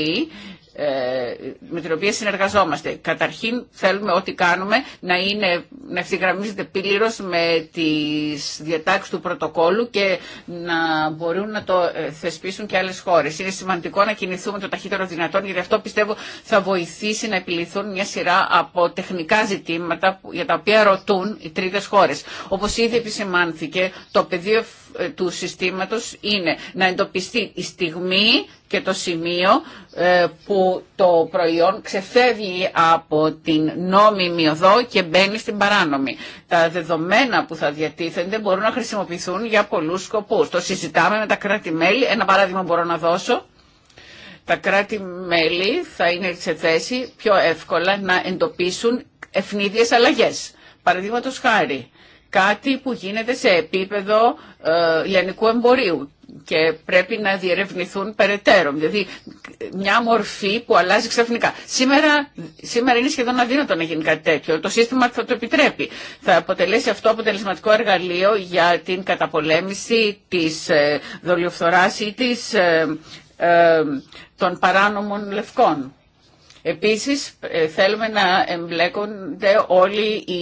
ε, με την οποία συνεργαζόμαστε. Καταρχήν θέλουμε ό,τι κάνουμε να, είναι, να ευθυγραμμίζεται πλήρω με τις διατάξεις του πρωτοκόλου και να μπορούν να το ε, θεσπίσουν και άλλες χώρες. Είναι σημαντικό να κινηθούμε το ταχύτερο δυνατόν γιατί αυτό πιστεύω θα βοηθήσει να επιληθούν μια σειρά από τεχνικά ζητήματα για τα οποία ρωτούν οι τρίτες χώρες. Όπως ήδη επισημάνθηκε το πεδίο ε, του συστήματος είναι να εντοπιστεί η στιγμή και το σημείο ε, που το προϊόν ξεφεύγει από την νόμιμη οδό και μπαίνει στην παράνομη. Τα δεδομένα που θα διατίθενται μπορούν να χρησιμοποιηθούν για πολλούς σκοπούς. Το συζητάμε με τα κράτη-μέλη. Ένα παράδειγμα μπορώ να δώσω. Τα κράτη-μέλη θα είναι σε θέση πιο εύκολα να εντοπίσουν ευνίδιες αλλαγές. Παραδείγματος χάρη, κάτι που γίνεται σε επίπεδο ε, λιανικού εμπορίου και πρέπει να διερευνηθούν περαιτέρω. Δηλαδή μια μορφή που αλλάζει ξαφνικά. Σήμερα, σήμερα είναι σχεδόν αδύνατο να γίνει κάτι τέτοιο. Το σύστημα θα το επιτρέπει. Θα αποτελέσει αυτό αποτελεσματικό εργαλείο για την καταπολέμηση της ε, δολιοφθοράς ή της, ε, ε, των παράνομων λευκών. Επίσης θέλουμε να εμπλέκονται όλοι οι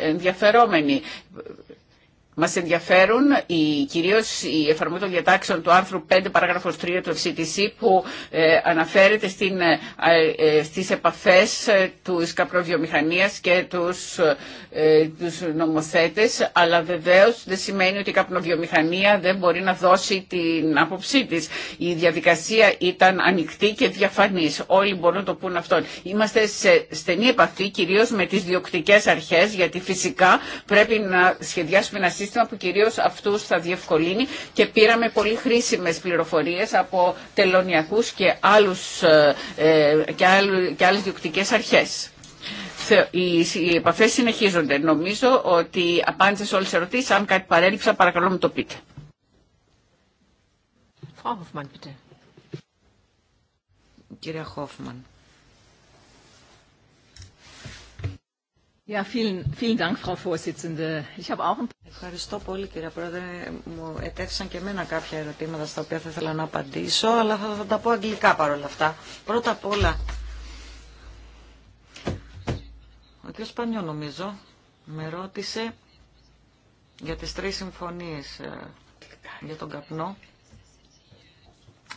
ενδιαφερόμενοι Μα ενδιαφέρουν οι, κυρίως η εφαρμογή των διατάξεων του άρθρου 5 παράγραφος 3 του FCTC που ε, αναφέρεται στην, ε, ε στις επαφές ε, του καπνοβιομηχανίας και τους, ε, τους νομοθέτες αλλά βεβαίως δεν σημαίνει ότι η καπνοβιομηχανία δεν μπορεί να δώσει την άποψή της. Η διαδικασία ήταν ανοιχτή και διαφανής. Όλοι μπορούν να το πούν αυτόν. Είμαστε σε στενή επαφή κυρίως με τις διοκτικές αρχές γιατί φυσικά πρέπει να σχεδιάσουμε ένα σύστημα σύστημα που κυρίως αυτούς θα διευκολύνει και πήραμε πολύ χρήσιμες πληροφορίες από τελωνιακούς και, άλλους, ε, ε, και, αρχέ. και άλλες διοκτικές αρχές. Οι επαφέ συνεχίζονται. Νομίζω ότι απάντησε σε όλε τι ερωτήσει. Αν κάτι παρέλειψα, παρακαλώ μου το πείτε. Χόφμαν. Ευχαριστώ πολύ κύριε Πρόεδρε. Μου ετέθησαν και εμένα κάποια ερωτήματα στα οποία θα ήθελα να απαντήσω, αλλά θα, θα τα πω αγγλικά παρόλα αυτά. Πρώτα απ' όλα, ο κ. Σπανιό νομίζω με ρώτησε για τις τρεις συμφωνίες ε, για τον καπνό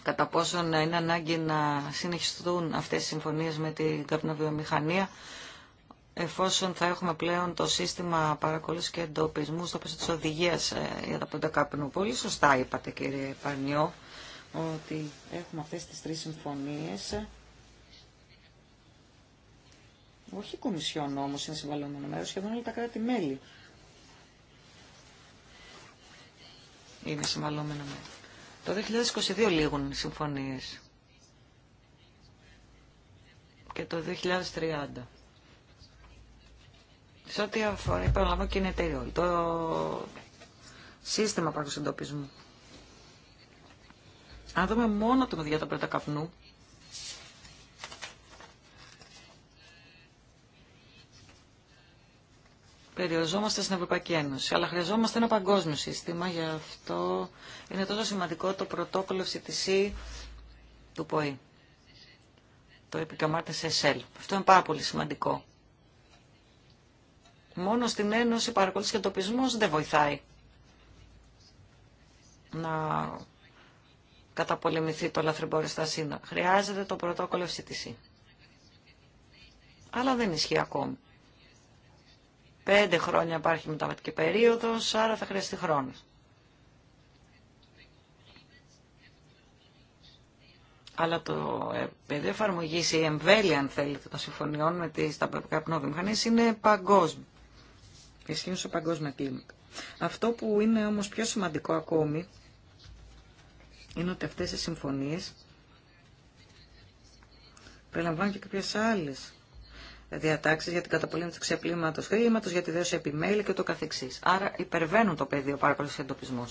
κατά πόσο είναι ανάγκη να συνεχιστούν αυτές οι συμφωνίες με την καπνοβιομηχανία εφόσον θα έχουμε πλέον το σύστημα παρακολούθησης και εντοπισμού στο πλαίσιο τη οδηγία ε, για τα πόντα καπνού. Πολύ σωστά είπατε κύριε Πανιό ότι έχουμε αυτές τις τρει συμφωνίε. Όχι η Κομισιόν όμως είναι συμβαλλόμενο μέρο. σχεδόν όλα τα κράτη-μέλη. Είναι συμβαλλόμενο μέρο. Το 2022 λήγουν οι συμφωνίες. Και το 2030. Σε ό,τι αφορά, επαναλαμβάνω και είναι τέλειο, το σύστημα παγκοσυντοπισμού. Αν δούμε μόνο τον του καπνού, περιοριζόμαστε στην Ευρωπαϊκή Ένωση, αλλά χρειαζόμαστε ένα παγκόσμιο σύστημα, γι' αυτό είναι τόσο σημαντικό το πρωτόκολλο FCTC του ΠΟΗ, το επικαμάρτες ΕΣΕΛ. Αυτό είναι πάρα πολύ σημαντικό. Μόνο στην Ένωση παρακολούθηση και τοπισμός δεν βοηθάει να καταπολεμηθεί το λαθρεμπόριο στα σύνορα. Χρειάζεται το πρωτόκολλο ευσύτηση. Αλλά δεν ισχύει ακόμη. Πέντε χρόνια υπάρχει μεταβατική περίοδος, άρα θα χρειαστεί χρόνος. αλλά το ε, πεδίο εφαρμογή, η εμβέλεια, αν θέλετε, των συμφωνιών με τι ταπεμπικά είναι παγκόσμιο ισχύουν στο παγκόσμια κλίμακα. Αυτό που είναι όμως πιο σημαντικό ακόμη είναι ότι αυτές οι συμφωνίες περιλαμβάνουν και κάποιες άλλες διατάξεις για την καταπολέμηση του ξεπλήματος χρήματος, για τη δέωση επιμέλεια και το καθεξής. Άρα υπερβαίνουν το πεδίο πολύ εντοπισμό.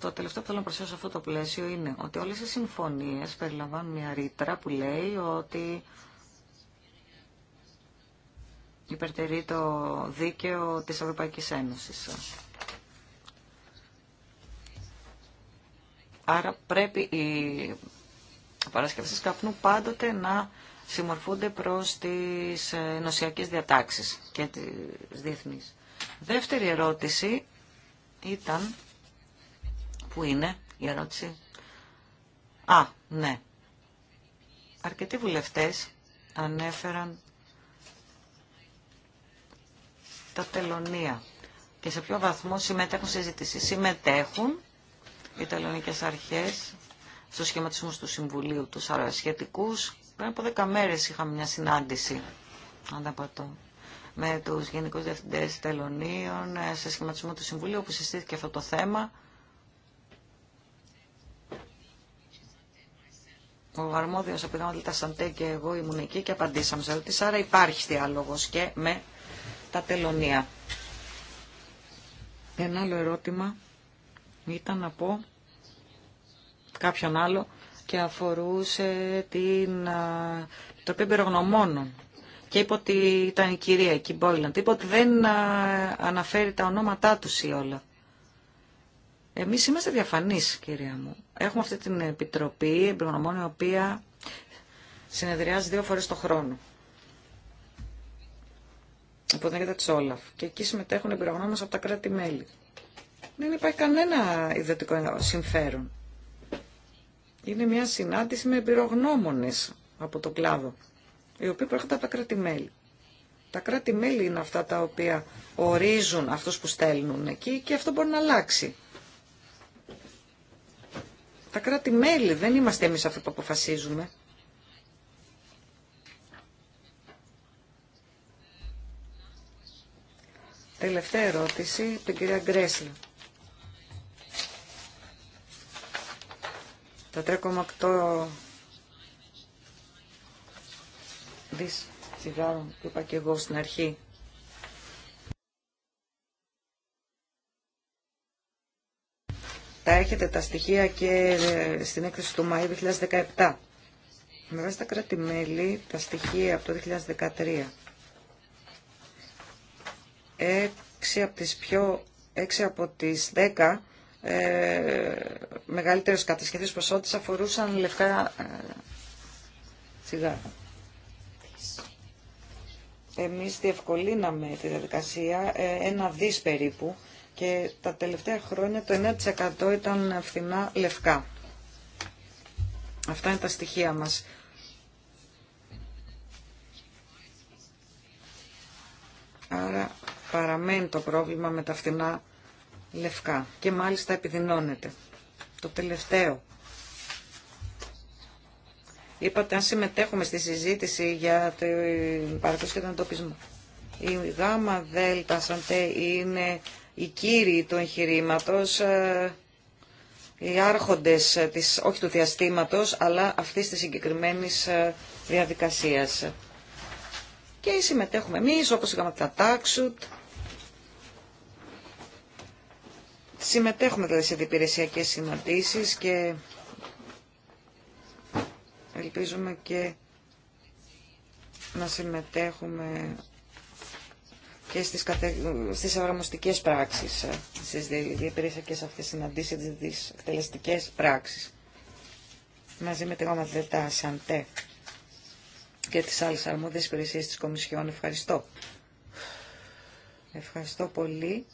Το τελευταίο που θέλω να προσθέσω σε αυτό το πλαίσιο είναι ότι όλες οι συμφωνίες περιλαμβάνουν μια ρήτρα που λέει ότι υπερτερεί το δίκαιο της Ευρωπαϊκής Ένωσης. Άρα πρέπει οι παρασκευαστές καπνού πάντοτε να συμμορφούνται προς τις ε, νοσιακές διατάξεις και τις διεθνείς. Δεύτερη ερώτηση ήταν, που είναι η ερώτηση, α, ναι, αρκετοί βουλευτές ανέφεραν τα τελωνία και σε ποιο βαθμό συμμετέχουν σε συζήτηση. Συμμετέχουν οι τελωνικές αρχές στο σχηματισμούς του Συμβουλίου του Σχετικούς. Πριν από δέκα μέρες είχαμε μια συνάντηση το, με τους Γενικούς Διευθυντές Τελωνίων ε, σε σχηματισμό του Συμβουλίου που συστήθηκε αυτό το θέμα. Ο αρμόδιος τα Σαντέ και εγώ ήμουν εκεί και απαντήσαμε σε ερωτήσει. Άρα υπάρχει διάλογος και με τα τελωνία. Ένα άλλο ερώτημα ήταν να πω κάποιον άλλο και αφορούσε την Επιτροπή Εμπειρογνωμόνων. Και είπε ότι ήταν η κυρία εκεί, Είπε ότι δεν αναφέρει τα ονόματά τους ή όλα. Εμείς είμαστε διαφανείς, κυρία μου. Έχουμε αυτή την Επιτροπή Εμπειρογνωμόνων, η οποία συνεδριάζει δύο φορές το χρόνο από την και εκεί συμμετέχουν εμπειρογνώμες από τα κράτη-μέλη. Δεν υπάρχει κανένα ιδιωτικό συμφέρον. Είναι μια συνάντηση με εμπειρογνώμονες από τον κλάδο, οι οποίοι προέρχονται από τα κράτη-μέλη. Τα κράτη-μέλη είναι αυτά τα οποία ορίζουν αυτούς που στέλνουν εκεί και αυτό μπορεί να αλλάξει. Τα κράτη-μέλη δεν είμαστε εμείς αυτοί που αποφασίζουμε. Τελευταία ερώτηση από την κυρία Γκρέσλα. Τα 3,8 δις τσιγάρων που είπα και εγώ στην αρχή. Τα έχετε τα στοιχεία και ε, στην έκθεση του Μαΐου 2017. Με βάση τα κράτη-μέλη, τα στοιχεία από το 2013 Έξι από τις, πιο, έξι από τις δέκα ε, μεγαλύτερες κατασκευές ποσότητες αφορούσαν λευκά ε, σιγά Εμείς διευκολύναμε τη διαδικασία ε, ένα δις περίπου και τα τελευταία χρόνια το 9% ήταν φθηνά λευκά. Αυτά είναι τα στοιχεία μας. Άρα παραμένει το πρόβλημα με τα φθηνά λευκά και μάλιστα επιδεινώνεται. Το τελευταίο. Είπατε αν συμμετέχουμε στη συζήτηση για την παρακολουθήση και τον Η γάμα δέλτα σαντέ είναι η κύριοι του εγχειρήματο, ε, οι άρχοντες της, όχι του διαστήματος, αλλά αυτής της συγκεκριμένης ε, διαδικασίας. Και συμμετέχουμε εμείς, όπως είχαμε τα τάξουτ, Συμμετέχουμε δηλαδή σε διπηρεσιακές συναντήσεις και ελπίζουμε και να συμμετέχουμε και στις, κατε... στις αγραμμοστικές πράξεις, ε, στις συναντήσει αυτές συναντήσεις, στις εκτελεστικές πράξεις. Μαζί με τη γόμα ΣΑΝΤΕ και τις άλλες αρμόδιες υπηρεσίες της Κομισιόν. Ευχαριστώ. Ευχαριστώ πολύ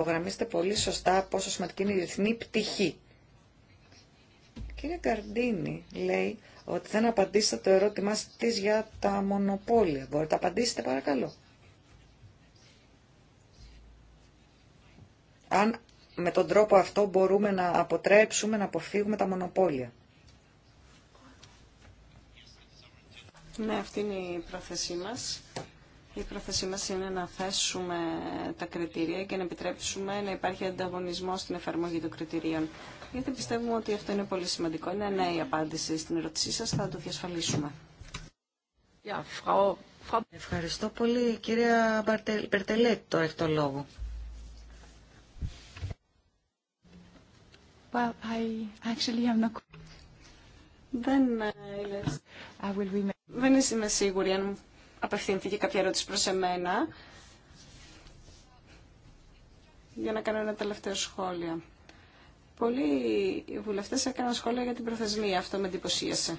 υπογραμμίζετε πολύ σωστά πόσο σημαντική είναι η διεθνή πτυχή. Κύριε Καρντίνη λέει ότι δεν απαντήσατε το ερώτημά της για τα μονοπόλια. Μπορείτε να απαντήσετε παρακαλώ. Αν με τον τρόπο αυτό μπορούμε να αποτρέψουμε, να αποφύγουμε τα μονοπόλια. Ναι, αυτή είναι η πρόθεσή μας. Η πρόθεσή μας είναι να θέσουμε τα κριτήρια και να επιτρέψουμε να υπάρχει ανταγωνισμό στην εφαρμογή των κριτηρίων. Γιατί πιστεύουμε ότι αυτό είναι πολύ σημαντικό. Είναι ναι η απάντηση στην ερώτησή σας, θα το διασφαλίσουμε. Ευχαριστώ πολύ. Κυρία Μπερτελέτη, το έχει το λόγο. actually not... Δεν, ε, I will... είμαι σίγουρη αν απευθύνθηκε κάποια ερώτηση προς εμένα για να κάνω ένα τελευταίο σχόλιο. Πολλοί βουλευτέ έκαναν σχόλια για την προθεσμία. Αυτό με εντυπωσίασε.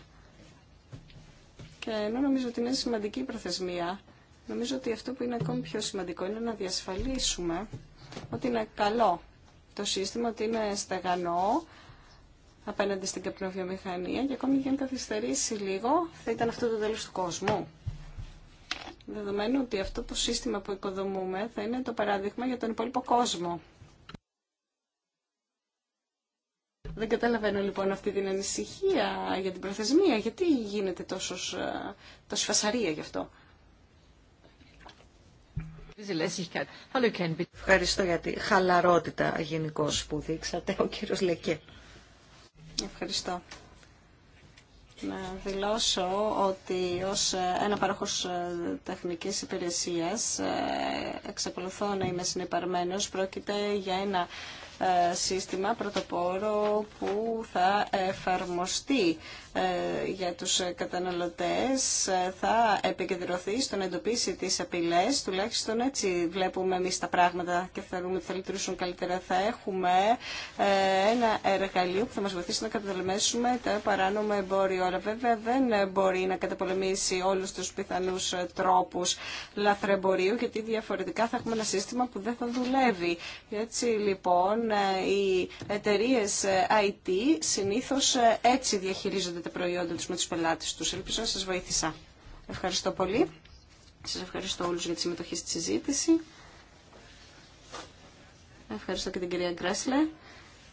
Και ενώ νομίζω ότι είναι σημαντική η προθεσμία, νομίζω ότι αυτό που είναι ακόμη πιο σημαντικό είναι να διασφαλίσουμε ότι είναι καλό το σύστημα, ότι είναι στεγανό απέναντι στην καπνοβιομηχανία και ακόμη και αν καθυστερήσει λίγο θα ήταν αυτό το τέλος του κόσμου δεδομένου ότι αυτό το σύστημα που οικοδομούμε θα είναι το παράδειγμα για τον υπόλοιπο κόσμο. Δεν καταλαβαίνω λοιπόν αυτή την ανησυχία για την προθεσμία. Γιατί γίνεται τόσο, ε, τόσο φασαρία γι' αυτό. Ευχαριστώ για τη χαλαρότητα γενικώ που δείξατε, ο κύριος Λεκέ. Ευχαριστώ να δηλώσω ότι ως ένα παρόχος ε, τεχνικής υπηρεσίας ε, εξακολουθώ να είμαι συνεπαρμένος. Πρόκειται για ένα ε, σύστημα πρωτοπόρο που θα εφαρμοστεί ε, για τους καταναλωτές ε, θα επικεντρωθεί στο να εντοπίσει τις απειλές, τουλάχιστον έτσι βλέπουμε εμείς τα πράγματα και θεωρούμε ότι θα λειτουργήσουν καλύτερα. Θα έχουμε ένα εργαλείο που θα μας βοηθήσει να καταπολεμήσουμε το παράνομα εμπόριο. Αλλά βέβαια δεν μπορεί να καταπολεμήσει όλους τους πιθανούς τρόπους λαθρεμπορίου, γιατί διαφορετικά θα έχουμε ένα σύστημα που δεν θα δουλεύει. Έτσι λοιπόν ε, οι εταιρείε ε, IT συνήθως ε, έτσι διαχειρίζονται τα προϊόντα τους με τους πελάτες τους. Ελπίζω να σας βοήθησα. Ευχαριστώ πολύ. Σας ευχαριστώ όλους για τη συμμετοχή στη συζήτηση. Ευχαριστώ και την κυρία Γκρέσλε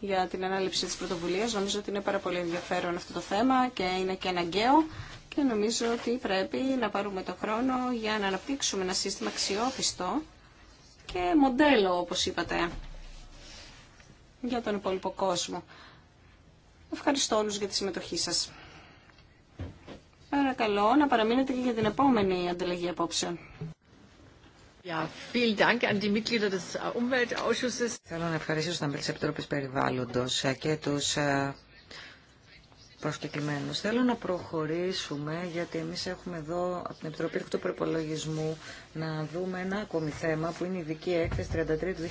για την ανάληψη της πρωτοβουλίας. Νομίζω ότι είναι πάρα πολύ ενδιαφέρον αυτό το θέμα και είναι και αναγκαίο και νομίζω ότι πρέπει να πάρουμε το χρόνο για να αναπτύξουμε ένα σύστημα αξιόπιστο και μοντέλο όπως είπατε για τον υπόλοιπο κόσμο. Ευχαριστώ όλους για τη συμμετοχή σας. Παρακαλώ να παραμείνετε και για την επόμενη ανταλλαγή απόψεων. Θέλω να ευχαριστήσω στα μέλη της Επιτροπής Περιβάλλοντος ε, και τους ε, προσκεκλημένους. Θέλω να προχωρήσουμε, γιατί εμείς έχουμε εδώ από την Επιτροπή του Προπολογισμού να δούμε ένα ακόμη θέμα που είναι η ειδική έκθεση 33 του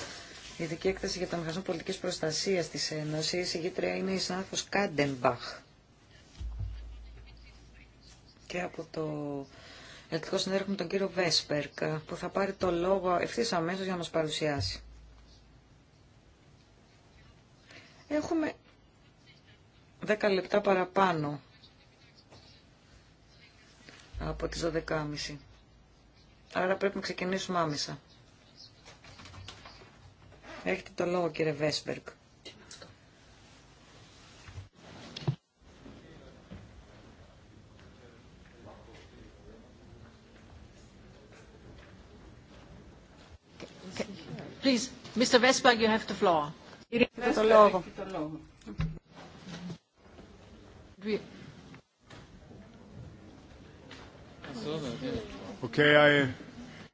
2016 η ειδική έκταση για τον μηχανισμό πολιτικής προστασίας της Ένωσης, η γήτρια είναι η συνάδελφο Κάντεμπαχ. Και από το Ελληνικό Συνέδριο με τον κύριο Βέσπερκ, που θα πάρει το λόγο ευθύ αμέσω για να μας παρουσιάσει. Έχουμε 10 λεπτά παραπάνω από τις 12.30. Άρα πρέπει να ξεκινήσουμε άμεσα. Έχετε το λόγο κύριε Βέσπεργκ. Please, Mr. Vesberg, you have the floor. Κύριε το λόγο. Okay, I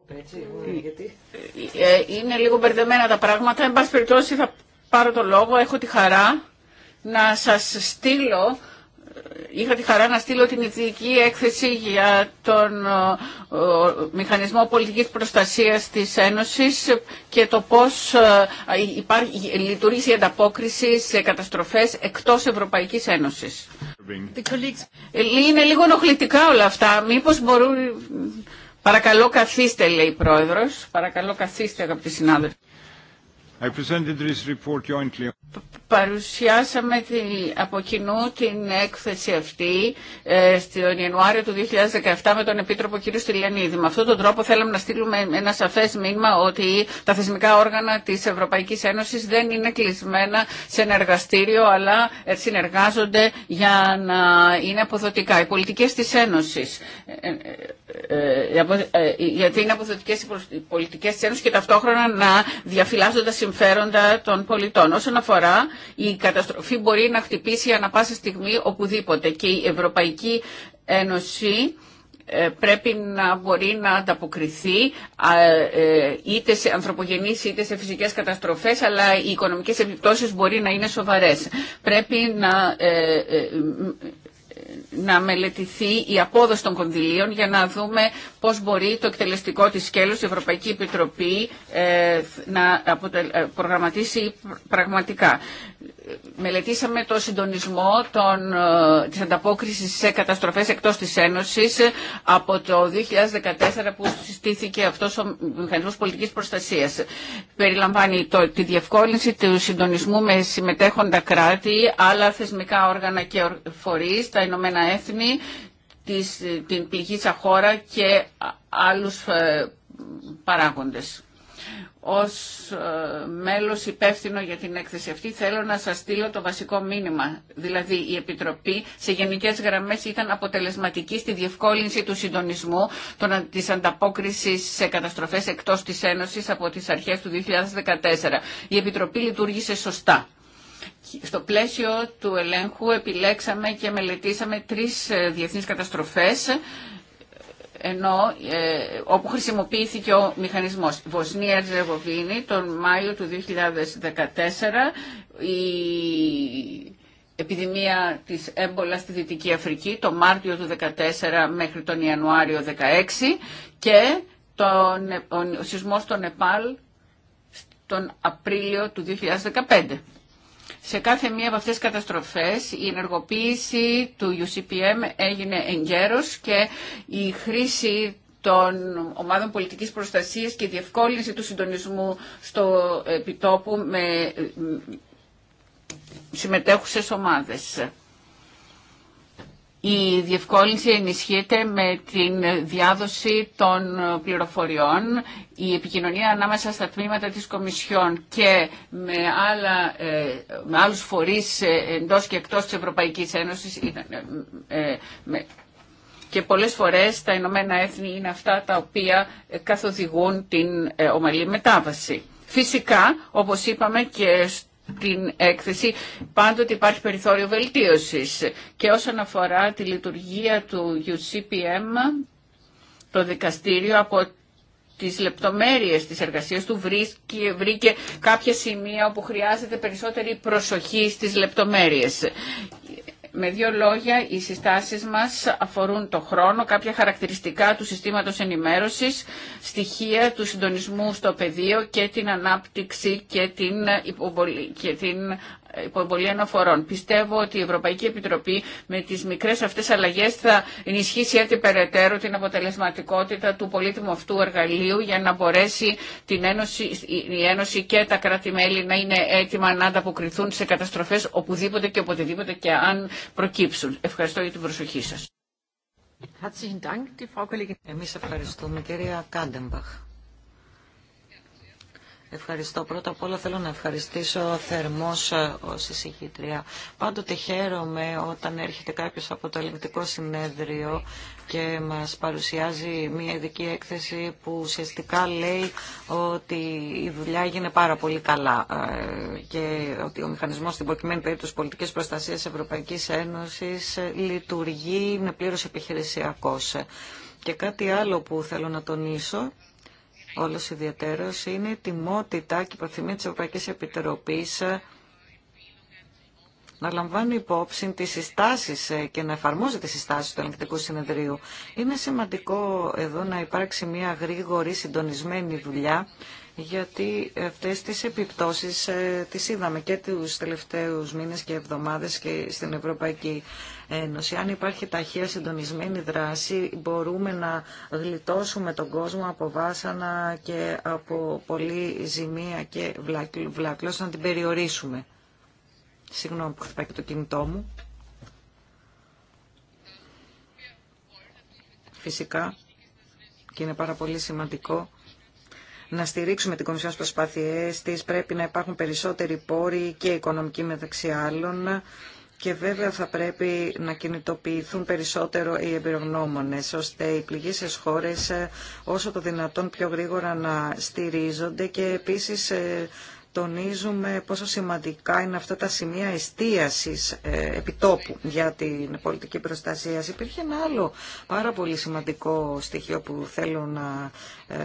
ε, ε, ε, είναι λίγο μπερδεμένα τα πράγματα. Εν πάση περιπτώσει θα πάρω το λόγο, έχω τη χαρά να σας στείλω είχα τη χαρά να στείλω την ειδική έκθεση για τον Μηχανισμό Πολιτικής Προστασίας της Ένωσης και το πώς υπάρχει, λειτουργήσει η ανταπόκριση σε καταστροφές εκτός Ευρωπαϊκής Ένωσης. Είναι λίγο ενοχλητικά όλα αυτά. Μήπως μπορούν Παρακαλώ καθίστε, λέει η Πρόεδρος. Παρακαλώ καθίστε, αγαπητοί συνάδελφοι. Παρουσιάσαμε από κοινού την έκθεση αυτή ε, στον Ιανουάριο του 2017 με τον Επίτροπο κ. Στυλιανίδη. Με αυτόν τον τρόπο θέλαμε να στείλουμε ένα σαφές μήνυμα ότι τα θεσμικά όργανα της Ευρωπαϊκής Ένωσης δεν είναι κλεισμένα σε ένα εργαστήριο αλλά ε, συνεργάζονται για να είναι αποδοτικά. Οι πολιτικές της Ένωσης, ε, ε, γιατί είναι αποδοτικές οι πολιτικές της Ένωσης και ταυτόχρονα να διαφυλάζονται τα συμφέροντα των πολιτών. Όσον αφορά η καταστροφή μπορεί να χτυπήσει ανα πάσα στιγμή οπουδήποτε και η Ευρωπαϊκή Ένωση ε, πρέπει να μπορεί να ανταποκριθεί ε, είτε σε ανθρωπογενείς είτε σε φυσικές καταστροφές αλλά οι οικονομικές επιπτώσεις μπορεί να είναι σοβαρές. Πρέπει να ε, να μελετηθεί η απόδοση των κονδυλίων για να δούμε πώς μπορεί το εκτελεστικό της σκέλος, η Ευρωπαϊκή Επιτροπή, ε, να ε, προγραμματίσει πραγματικά μελετήσαμε το συντονισμό των, ε, της ανταπόκρισης σε καταστροφές εκτός της Ένωσης από το 2014 που συστήθηκε αυτός ο μηχανισμός πολιτικής προστασίας. Περιλαμβάνει τη διευκόλυνση του συντονισμού με συμμετέχοντα κράτη, άλλα θεσμικά όργανα και φορείς, τα Ηνωμένα Έθνη, της, την πληγήσα χώρα και άλλους ε, παράγοντες ως ε, μέλος υπεύθυνο για την έκθεση αυτή θέλω να σας στείλω το βασικό μήνυμα. Δηλαδή η Επιτροπή σε γενικές γραμμές ήταν αποτελεσματική στη διευκόλυνση του συντονισμού των, της ανταπόκρισης σε καταστροφές εκτός της Ένωσης από τις αρχές του 2014. Η Επιτροπή λειτουργήσε σωστά. Στο πλαίσιο του ελέγχου επιλέξαμε και μελετήσαμε τρεις ε, διεθνείς καταστροφές ενώ ε, όπου χρησιμοποιήθηκε ο μηχανισμός. Βοσνία Ζεβοβίνη τον Μάιο του 2014 η επιδημία της έμπολα στη Δυτική Αφρική το Μάρτιο του 2014 μέχρι τον Ιανουάριο 2016 και τον, ο σεισμός στο Νεπάλ τον Απρίλιο του 2015. Σε κάθε μία από αυτές τις καταστροφές η ενεργοποίηση του UCPM έγινε εγκαίρως και η χρήση των ομάδων πολιτικής προστασίας και η διευκόλυνση του συντονισμού στο επιτόπου με συμμετέχουσες ομάδες η διευκόλυνση ενισχύεται με την διάδοση των πληροφοριών, η επικοινωνία ανάμεσα στα τμήματα της Κομισιόν και με, άλλα, ε, με άλλους φορείς ε, εντός και εκτός της Ευρωπαϊκής Ένωσης ε, και πολλές φορές τα Ηνωμένα Έθνη είναι αυτά τα οποία καθοδηγούν την ομαλή μετάβαση. Φυσικά, όπως είπαμε και την έκθεση, πάντοτε υπάρχει περιθώριο βελτίωσης. Και όσον αφορά τη λειτουργία του UCPM, το δικαστήριο από τις λεπτομέρειες της εργασίας του βρήκε, βρήκε κάποια σημεία όπου χρειάζεται περισσότερη προσοχή στις λεπτομέρειες. Με δύο λόγια, οι συστάσεις μας αφορούν το χρόνο, κάποια χαρακτηριστικά του συστήματος ενημέρωσης, στοιχεία του συντονισμού στο πεδίο και την ανάπτυξη και την, υποβολή, και την υποβολή αναφορών. Πιστεύω ότι η Ευρωπαϊκή Επιτροπή με τις μικρές αυτές αλλαγές θα ενισχύσει έτσι περαιτέρω την αποτελεσματικότητα του πολύτιμου αυτού εργαλείου για να μπορέσει την Ένωση, η Ένωση και τα κράτη-μέλη να είναι έτοιμα να ανταποκριθούν σε καταστροφές οπουδήποτε και οποτεδήποτε και αν προκύψουν. Ευχαριστώ για την προσοχή σας. Εμείς ευχαριστούμε κυρία Κάντεμπαχ. Ευχαριστώ. Πρώτα απ' όλα θέλω να ευχαριστήσω θερμός ε, ως εισηγήτρια. Πάντοτε χαίρομαι όταν έρχεται κάποιος από το ελεγκτικό συνέδριο και μας παρουσιάζει μια ειδική έκθεση που ουσιαστικά λέει ότι η δουλειά έγινε πάρα πολύ καλά ε, και ότι ο μηχανισμός στην προκειμένη περίπτωση πολιτικής προστασίας Ευρωπαϊκής Ένωσης ε, λειτουργεί, είναι πλήρως επιχειρησιακός. Και κάτι άλλο που θέλω να τονίσω όλος ιδιαίτερος είναι η τιμότητα και η προθυμία της Ευρωπαϊκής Επιτροπής ε, να λαμβάνει υπόψη τις συστάσεις ε, και να εφαρμόζει τις συστάσεις του ελεγκτικού συνεδρίου. Είναι σημαντικό εδώ να υπάρξει μια γρήγορη συντονισμένη δουλειά γιατί αυτές τις επιπτώσεις ε, τις είδαμε και τους τελευταίους μήνες και εβδομάδες και στην Ευρωπαϊκή Ένωση. Αν υπάρχει ταχεία συντονισμένη δράση μπορούμε να γλιτώσουμε τον κόσμο από βάσανα και από πολλή ζημία και βλάκλος να την περιορίσουμε. Συγγνώμη που χτυπάει και το κινητό μου. Φυσικά και είναι πάρα πολύ σημαντικό να στηρίξουμε την Κομισιόν στις προσπάθειές της, πρέπει να υπάρχουν περισσότεροι πόροι και οικονομικοί μεταξύ άλλων και βέβαια θα πρέπει να κινητοποιηθούν περισσότερο οι εμπειρογνώμονες, ώστε οι πληγήσεις χώρες ε, όσο το δυνατόν πιο γρήγορα να στηρίζονται και επίσης ε, τονίζουμε πόσο σημαντικά είναι αυτά τα σημεία εστίασης ε, επιτόπου για την πολιτική προστασία. Υπήρχε ένα άλλο πάρα πολύ σημαντικό στοιχείο που θέλω να ε,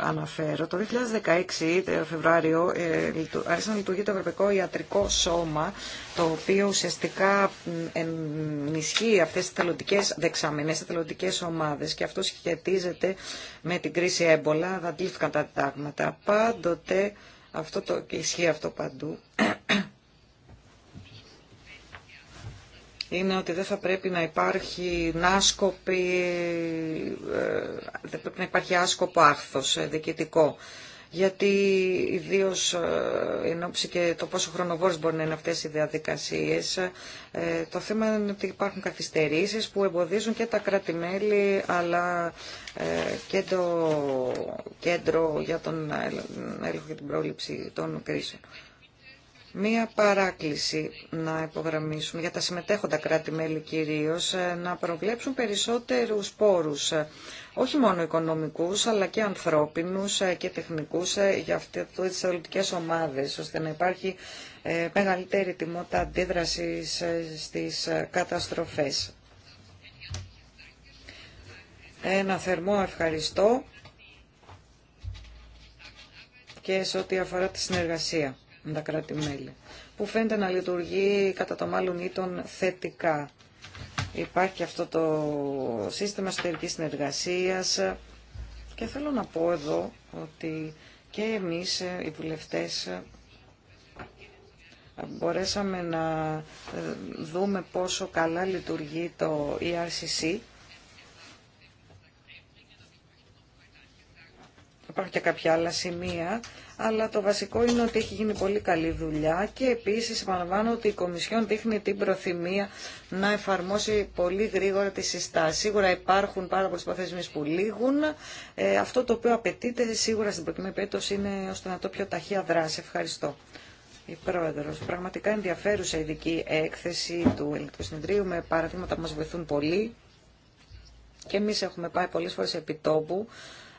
αναφέρω. Το 2016, το Φεβράριο, ε, άρχισε να λειτουργεί το Ευρωπαϊκό Ιατρικό Σώμα, το οποίο ουσιαστικά ενισχύει αυτές τις θελοντικές δεξαμενές, τις θελοντικές ομάδες και αυτό σχετίζεται με την κρίση έμπολα, δαντλήθηκαν τα διδάγματα. Πάντοτε αυτό το, και ισχύει αυτό παντού. είναι ότι δεν θα πρέπει να υπάρχει άσκοπη, ε, δεν πρέπει να υπάρχει άσκοπο άχθος ε, διοικητικό γιατί ιδίω ε, εν και το πόσο χρονοβόρες μπορεί να είναι αυτές οι διαδικασίες, ε, το θέμα είναι ότι υπάρχουν καθυστερήσεις που εμποδίζουν και τα κράτη-μέλη αλλά ε, και το κέντρο για τον έλεγχο και την πρόληψη των κρίσεων. Μία παράκληση να υπογραμμίσουμε για τα συμμετέχοντα κράτη-μέλη κυρίως να προβλέψουν περισσότερους πόρους όχι μόνο οικονομικούς αλλά και ανθρώπινους ε, και τεχνικούς ε, για αυτές τις ελληνικέ ομάδες ώστε να υπάρχει ε, μεγαλύτερη τιμότητα αντίδρασης στις καταστροφές. Ένα θερμό ευχαριστώ και σε ό,τι αφορά τη συνεργασία με τα κράτη-μέλη, που φαίνεται να λειτουργεί κατά το μάλλον ήτον θετικά. Υπάρχει αυτό το σύστημα εσωτερική συνεργασία. και θέλω να πω εδώ ότι και εμείς ε, οι βουλευτές ε, μπορέσαμε να ε, δούμε πόσο καλά λειτουργεί το ERCC. Υπάρχουν και κάποια άλλα σημεία αλλά το βασικό είναι ότι έχει γίνει πολύ καλή δουλειά και επίσης επαναλαμβάνω ότι η Κομισιόν δείχνει την προθυμία να εφαρμόσει πολύ γρήγορα τη συστάση. Σίγουρα υπάρχουν πάρα πολλέ υποθέσει που λήγουν. Ε, αυτό το οποίο απαιτείται σίγουρα στην προκειμένη περίπτωση είναι ώστε να το πιο ταχεία δράση. Ευχαριστώ. Η Πρόεδρος, πραγματικά ενδιαφέρουσα ειδική έκθεση του Ελληνικού Συνεδρίου με παραδείγματα που μας βοηθούν πολύ και εμεί έχουμε πάει πολλές φορές επί τόπου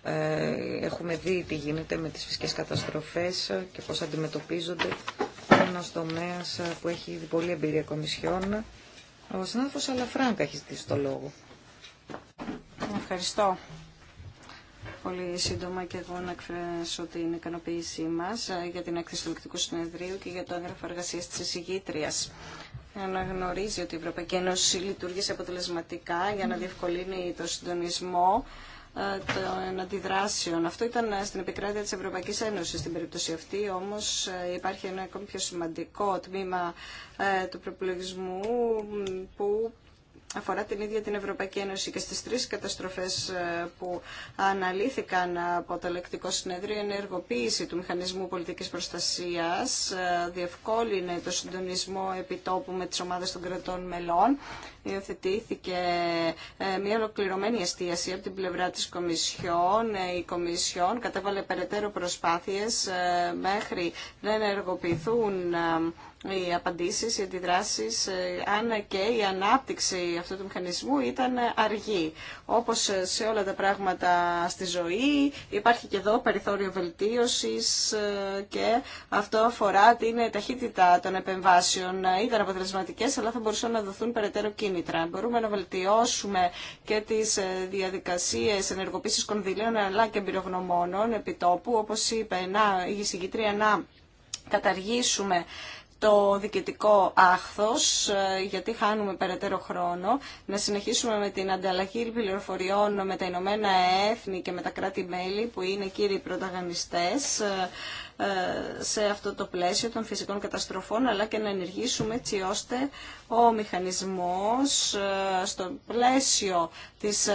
ε, έχουμε δει τι γίνεται με τις φυσικές καταστροφές και πώς αντιμετωπίζονται ένας τομέας ε, που έχει ήδη πολλή εμπειρία κομισιών. Ο συνάδελφος Αλαφράγκα έχει ζητήσει το λόγο. Ευχαριστώ. Πολύ σύντομα και εγώ να εκφράσω την ικανοποίησή μας ε, για την έκθεση του Ελεκτικού Συνεδρίου και για το έγγραφο εργασία της εισηγήτριας. Αναγνωρίζει ότι η Ευρωπαϊκή Ένωση λειτουργήσε αποτελεσματικά για να διευκολύνει το συντονισμό ε, των αντιδράσεων. Αυτό ήταν ε, στην επικράτεια της Ευρωπαϊκής Ένωσης στην περίπτωση αυτή, όμως ε, υπάρχει ένα ακόμη πιο σημαντικό τμήμα του προπολογισμού που αφορά την ίδια την Ευρωπαϊκή Ένωση και στις τρεις καταστροφές ε, που αναλύθηκαν από το ελεκτικό συνέδριο, η ενεργοποίηση του Μηχανισμού Πολιτικής Προστασίας ε, διευκόλυνε το συντονισμό επιτόπου με τις ομάδες των κρατών μελών. Υιοθετήθηκε ε, μια ολοκληρωμένη εστίαση από την πλευρά της Κομισιόν. Η Κομισιόν κατέβαλε περαιτέρω προσπάθειες μέχρι να ενεργοποιηθούν οι απαντήσεις, οι αντιδράσεις, ε, αν και η ανάπτυξη αυτού του μηχανισμού ήταν αργή. Όπως σε όλα τα πράγματα στη ζωή υπάρχει και εδώ περιθώριο βελτίωσης ε, και αυτό αφορά την ταχύτητα των επεμβάσεων. Ήταν αποτελεσματικέ, αλλά θα μπορούσαν να δοθούν περαιτέρω κίνητρα. Μπορούμε να βελτιώσουμε και τις ε, διαδικασίες ενεργοποίησης κονδυλίων αλλά και εμπειρογνωμόνων επιτόπου, όπως είπε, η συγκήτρια να καταργήσουμε το διοικητικό άχθος, ε, γιατί χάνουμε περαιτέρω χρόνο, να συνεχίσουμε με την ανταλλαγή πληροφοριών με τα Ηνωμένα Έθνη και με τα κράτη-μέλη που είναι κύριοι πρωταγωνιστές ε, ε, σε αυτό το πλαίσιο των φυσικών καταστροφών, αλλά και να ενεργήσουμε έτσι ώστε ο μηχανισμός στο πλαίσιο της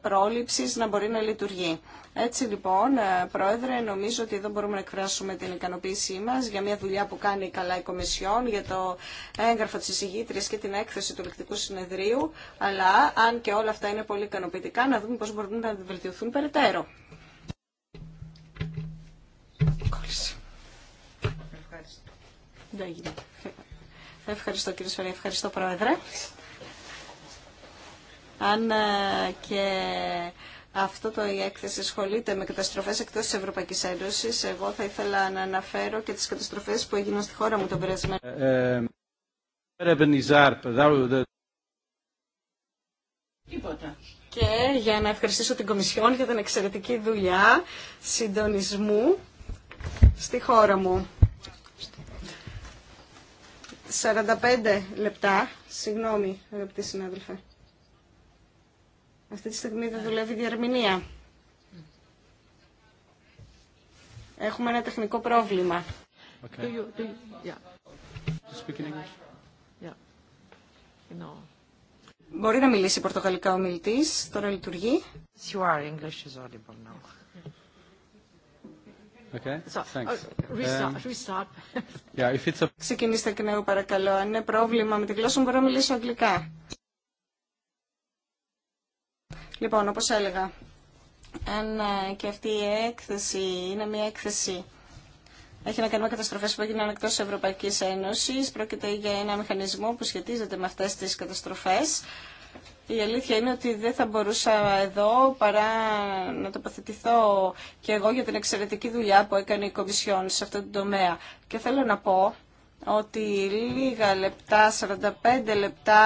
πρόληψης να μπορεί να λειτουργεί. Έτσι λοιπόν, ε, Πρόεδρε, νομίζω ότι εδώ μπορούμε να εκφράσουμε την ικανοποίησή μα για μια δουλειά που κάνει καλά η Κομισιόν, για το έγγραφο τη εισηγήτρια και την έκθεση του λεκτικού συνεδρίου. Αλλά, αν και όλα αυτά είναι πολύ ικανοποιητικά, να δούμε πώ μπορούν να βελτιωθούν περαιτέρω. Ευχαριστώ. Ευχαριστώ κύριε Σφαρή, ευχαριστώ Πρόεδρε. Αν ε, και αυτό το η έκθεση ασχολείται με καταστροφές εκτός τη Ευρωπαϊκή Ένωση. Εγώ θα ήθελα να αναφέρω και τις καταστροφές που έγιναν στη χώρα μου τον περασμένο. Τίποτα. Και για να ευχαριστήσω την Κομισιόν για την εξαιρετική δουλειά συντονισμού στη χώρα μου. 45 λεπτά, συγγνώμη αγαπητοί συνάδελφε. Αυτή τη στιγμή δεν δουλεύει η διαρμηνία. Έχουμε ένα τεχνικό πρόβλημα. Μπορεί να μιλήσει πορτογαλικά ο μιλητής, τώρα λειτουργεί. You are English is audible now. Okay. Uh, um, yeah, if it's a... Ξεκινήστε εκ νέου παρακαλώ. Αν είναι πρόβλημα με τη γλώσσα μπορώ να μιλήσω αγγλικά. Λοιπόν, όπως έλεγα, αν ε, και αυτή η έκθεση είναι μια έκθεση έχει να κάνει με καταστροφές που έγιναν εκτός Ευρωπαϊκής Ένωσης. Πρόκειται για ένα μηχανισμό που σχετίζεται με αυτές τις καταστροφές. Η αλήθεια είναι ότι δεν θα μπορούσα εδώ παρά να τοποθετηθώ και εγώ για την εξαιρετική δουλειά που έκανε η Κομισιόν σε αυτό το τομέα. Και θέλω να πω ότι λίγα λεπτά, 45 λεπτά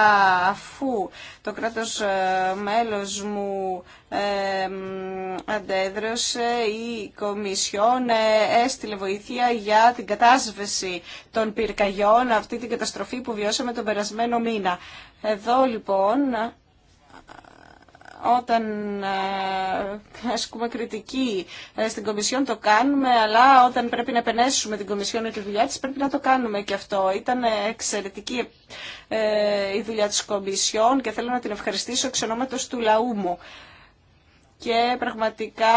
αφού το κράτος ε, μέλος μου ε, αντέδρωσε η Κομισιόν ε, έστειλε βοήθεια για την κατάσβεση των πυρκαγιών, αυτή την καταστροφή που βιώσαμε τον περασμένο μήνα. Εδώ λοιπόν όταν ε, ασκούμε κριτική ε, στην Κομισιόν το κάνουμε, αλλά όταν πρέπει να επενέσουμε την Κομισιόν για τη δουλειά της πρέπει να το κάνουμε και αυτό. Ήταν εξαιρετική ε, η δουλειά της Κομισιόν και θέλω να την ευχαριστήσω εξ του λαού μου και πραγματικά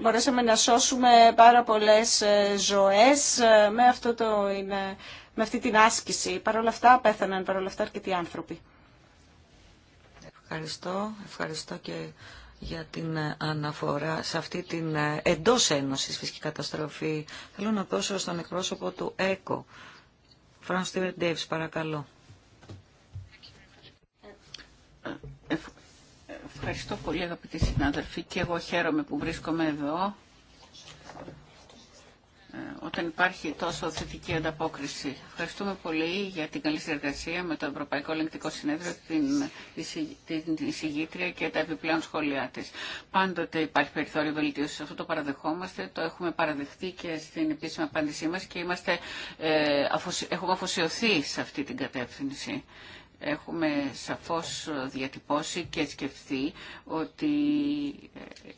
μπορέσαμε να σώσουμε πάρα πολλές ζωές με, αυτό το, με αυτή την άσκηση. Παρ' όλα αυτά πέθαναν παρ' όλα αυτά αρκετοί άνθρωποι. Ευχαριστώ. Ευχαριστώ και για την ε, αναφορά σε αυτή την ε, εντός ένωσης φυσική καταστροφή. Θέλω να δώσω στον εκπρόσωπο του ΕΚΟ. Φρανς Ντέβις, παρακαλώ. Ε, ευχαριστώ πολύ αγαπητοί συνάδελφοι και εγώ χαίρομαι που βρίσκομαι εδώ όταν υπάρχει τόσο θετική ανταπόκριση. Ευχαριστούμε πολύ για την καλή συνεργασία με το Ευρωπαϊκό Ελεγκτικό Συνέδριο, την, την εισηγήτρια και τα επιπλέον σχόλιά τη. Πάντοτε υπάρχει περιθώριο βελτίωση. Αυτό το παραδεχόμαστε, το έχουμε παραδεχτεί και στην επίσημη απάντησή μα και είμαστε, ε, έχουμε αφοσιωθεί σε αυτή την κατεύθυνση. Έχουμε σαφώς διατυπώσει και σκεφτεί ότι ε,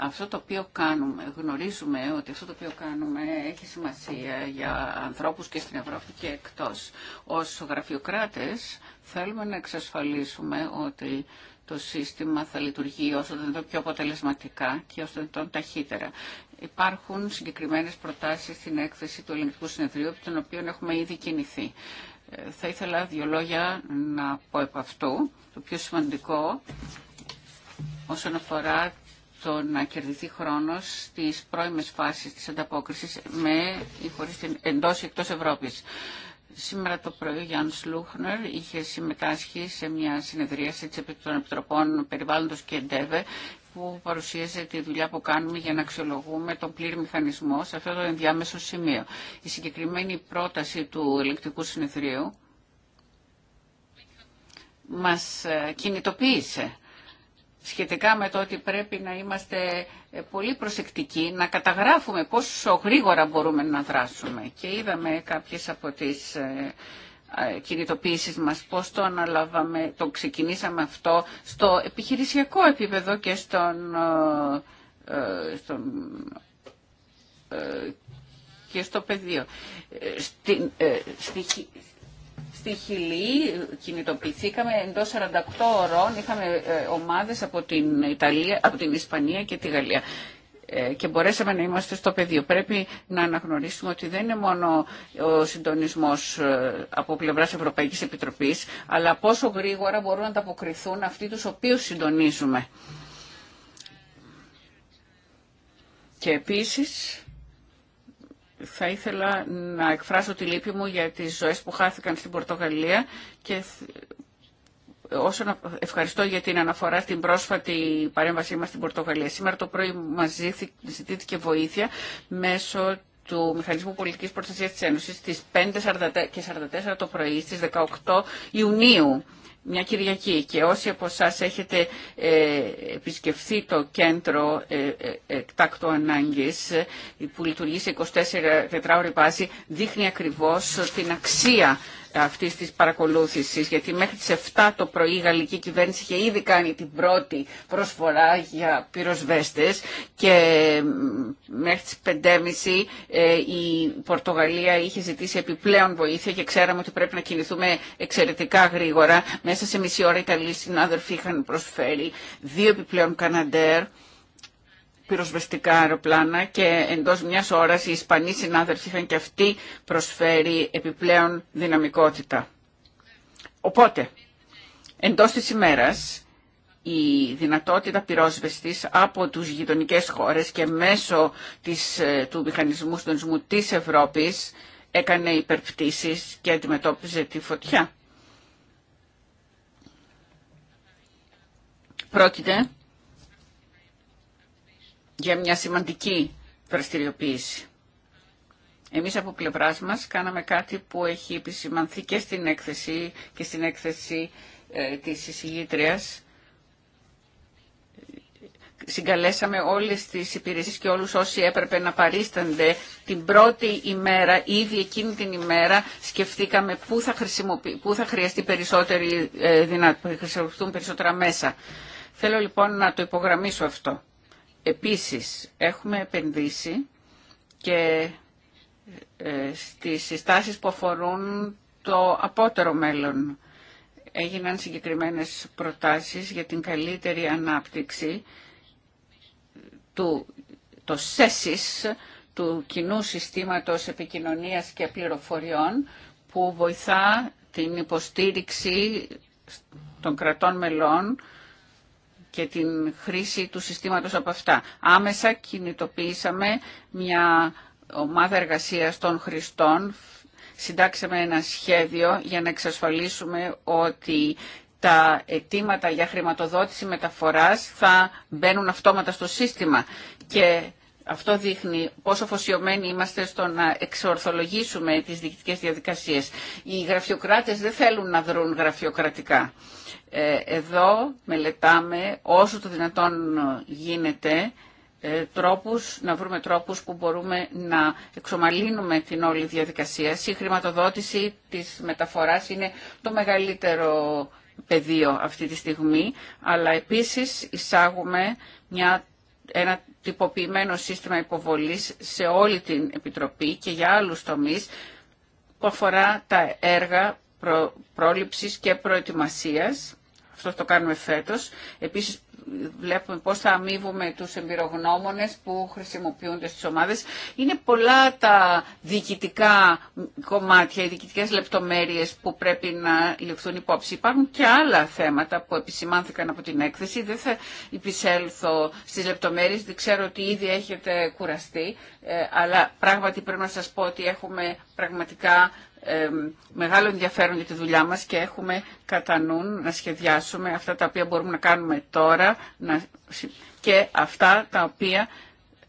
αυτό το οποίο κάνουμε, γνωρίζουμε ότι αυτό το οποίο κάνουμε έχει σημασία για ανθρώπους και στην Ευρώπη και εκτός. Ως γραφειοκράτες θέλουμε να εξασφαλίσουμε ότι το σύστημα θα λειτουργεί όσο δεν το πιο αποτελεσματικά και όσο δεν το ταχύτερα. Υπάρχουν συγκεκριμένες προτάσεις στην έκθεση του Ελληνικού Συνεδρίου, από τον οποίο έχουμε ήδη κινηθεί. Ε, θα ήθελα δύο λόγια να πω επ' αυτού. Το πιο σημαντικό όσον αφορά το να κερδιθεί χρόνος στι πρώιμε φάσει της ανταπόκρισης με ή χωρί την εντός ή εκτός Ευρώπης. Σήμερα το πρωί ο Γιάννη Λούχνερ είχε συμμετάσχει σε μια συνεδρία των Επιτροπών Περιβάλλοντος και Εντέβε που παρουσίαζε τη δουλειά που κάνουμε για να αξιολογούμε τον πλήρη μηχανισμό σε αυτό το ενδιάμεσο σημείο. Η συγκεκριμένη πρόταση του ελεκτικού συνεδρίου μας ε, κινητοποίησε σχετικά με το ότι πρέπει να είμαστε πολύ προσεκτικοί, να καταγράφουμε πόσο γρήγορα μπορούμε να δράσουμε. Και είδαμε κάποιες από τις ε, ε, κινητοποίησεις μας, πώς το αναλάβαμε, το ξεκινήσαμε αυτό στο επιχειρησιακό επίπεδο και στον, ε, στον και στο πεδίο. Στην, στη, Στη Χιλή κινητοποιηθήκαμε εντό 48 ώρων, είχαμε ε, ομάδες από την, Ιταλία, από την Ισπανία και τη Γαλλία ε, και μπορέσαμε να είμαστε στο πεδίο. Πρέπει να αναγνωρίσουμε ότι δεν είναι μόνο ο συντονισμός ε, από πλευράς Ευρωπαϊκής Επιτροπής, αλλά πόσο γρήγορα μπορούν να ανταποκριθούν αυτοί τους οποίους συντονίζουμε. Και επίσης θα ήθελα να εκφράσω τη λύπη μου για τις ζωές που χάθηκαν στην Πορτογαλία και όσον ευχαριστώ για την αναφορά στην πρόσφατη παρέμβασή μας στην Πορτογαλία. Σήμερα το πρωί μας ζητήθηκε βοήθεια μέσω του Μηχανισμού Πολιτικής Προστασίας της Ένωσης στις 5 και 44 το πρωί στις 18 Ιουνίου μια Κυριακή και όσοι από εσά έχετε ε, επισκεφθεί το κέντρο ε, ε, εκτάκτου ανάγκης που λειτουργεί σε 24 τετράωρη βάση δείχνει ακριβώς την αξία αυτή τη παρακολούθηση, γιατί μέχρι τις 7 το πρωί η γαλλική κυβέρνηση είχε ήδη κάνει την πρώτη προσφορά για πυροσβέστες και μέχρι τις 5.30 ε, η Πορτογαλία είχε ζητήσει επιπλέον βοήθεια και ξέραμε ότι πρέπει να κινηθούμε εξαιρετικά γρήγορα. Μέσα σε μισή ώρα οι Ιταλοί συνάδελφοι είχαν προσφέρει δύο επιπλέον Καναντέρ πυροσβεστικά αεροπλάνα και εντός μιας ώρας οι Ισπανοί συνάδελφοι είχαν και αυτοί προσφέρει επιπλέον δυναμικότητα. Οπότε, εντός της ημέρας, η δυνατότητα πυρόσβεστης από τους γειτονικές χώρες και μέσω της, ε, του μηχανισμού συντονισμού της Ευρώπης έκανε υπερπτήσεις και αντιμετώπιζε τη φωτιά. Πρόκειται για μια σημαντική δραστηριοποίηση. Εμείς από πλευράς μας κάναμε κάτι που έχει επισημανθεί και στην έκθεση και στην έκθεση ε, της εισηγήτριας. Συγκαλέσαμε όλες τις υπηρεσίες και όλους όσοι έπρεπε να παρίστανται την πρώτη ημέρα, ήδη εκείνη την ημέρα σκεφτήκαμε πού θα, πού θα χρειαστεί περισσότερη, ε, χρησιμοποιηθούν περισσότερα μέσα. Θέλω λοιπόν να το υπογραμμίσω αυτό. Επίσης, έχουμε επενδύσει και ε, στις συστάσεις που αφορούν το απότερο μέλλον. Έγιναν συγκεκριμένες προτάσεις για την καλύτερη ανάπτυξη του το ΣΕΣΙΣ, του Κοινού Συστήματος Επικοινωνίας και Πληροφοριών, που βοηθά την υποστήριξη των κρατών μελών και την χρήση του συστήματος από αυτά. Άμεσα κινητοποίησαμε μια ομάδα εργασίας των χρηστών, συντάξαμε ένα σχέδιο για να εξασφαλίσουμε ότι τα αιτήματα για χρηματοδότηση μεταφοράς θα μπαίνουν αυτόματα στο σύστημα και αυτό δείχνει πόσο φωσιωμένοι είμαστε στο να εξορθολογήσουμε τις διοικητικές διαδικασίες. Οι γραφειοκράτες δεν θέλουν να δρουν γραφειοκρατικά. Ε, εδώ μελετάμε όσο το δυνατόν γίνεται ε, τρόπους, να βρούμε τρόπους που μπορούμε να εξομαλύνουμε την όλη διαδικασία. Η χρηματοδότηση της μεταφοράς είναι το μεγαλύτερο πεδίο αυτή τη στιγμή, αλλά επίσης εισάγουμε μια, ένα τυποποιημένο σύστημα υποβολής σε όλη την Επιτροπή και για άλλους τομείς που αφορά τα έργα πρόληψης και προετοιμασίας αυτό το κάνουμε φέτο. Επίσης βλέπουμε πώς θα αμείβουμε τους εμπειρογνώμονε που χρησιμοποιούνται στις ομάδες. Είναι πολλά τα διοικητικά κομμάτια, οι διοικητικέ λεπτομέρειες που πρέπει να ληφθούν υπόψη. Υπάρχουν και άλλα θέματα που επισημάνθηκαν από την έκθεση. Δεν θα υπησέλθω στις λεπτομέρειες, δεν ξέρω ότι ήδη έχετε κουραστεί, ε, αλλά πράγματι πρέπει να σα πω ότι έχουμε πραγματικά μεγάλο ενδιαφέρον για τη δουλειά μας και έχουμε κατά νου να σχεδιάσουμε αυτά τα οποία μπορούμε να κάνουμε τώρα και αυτά τα οποία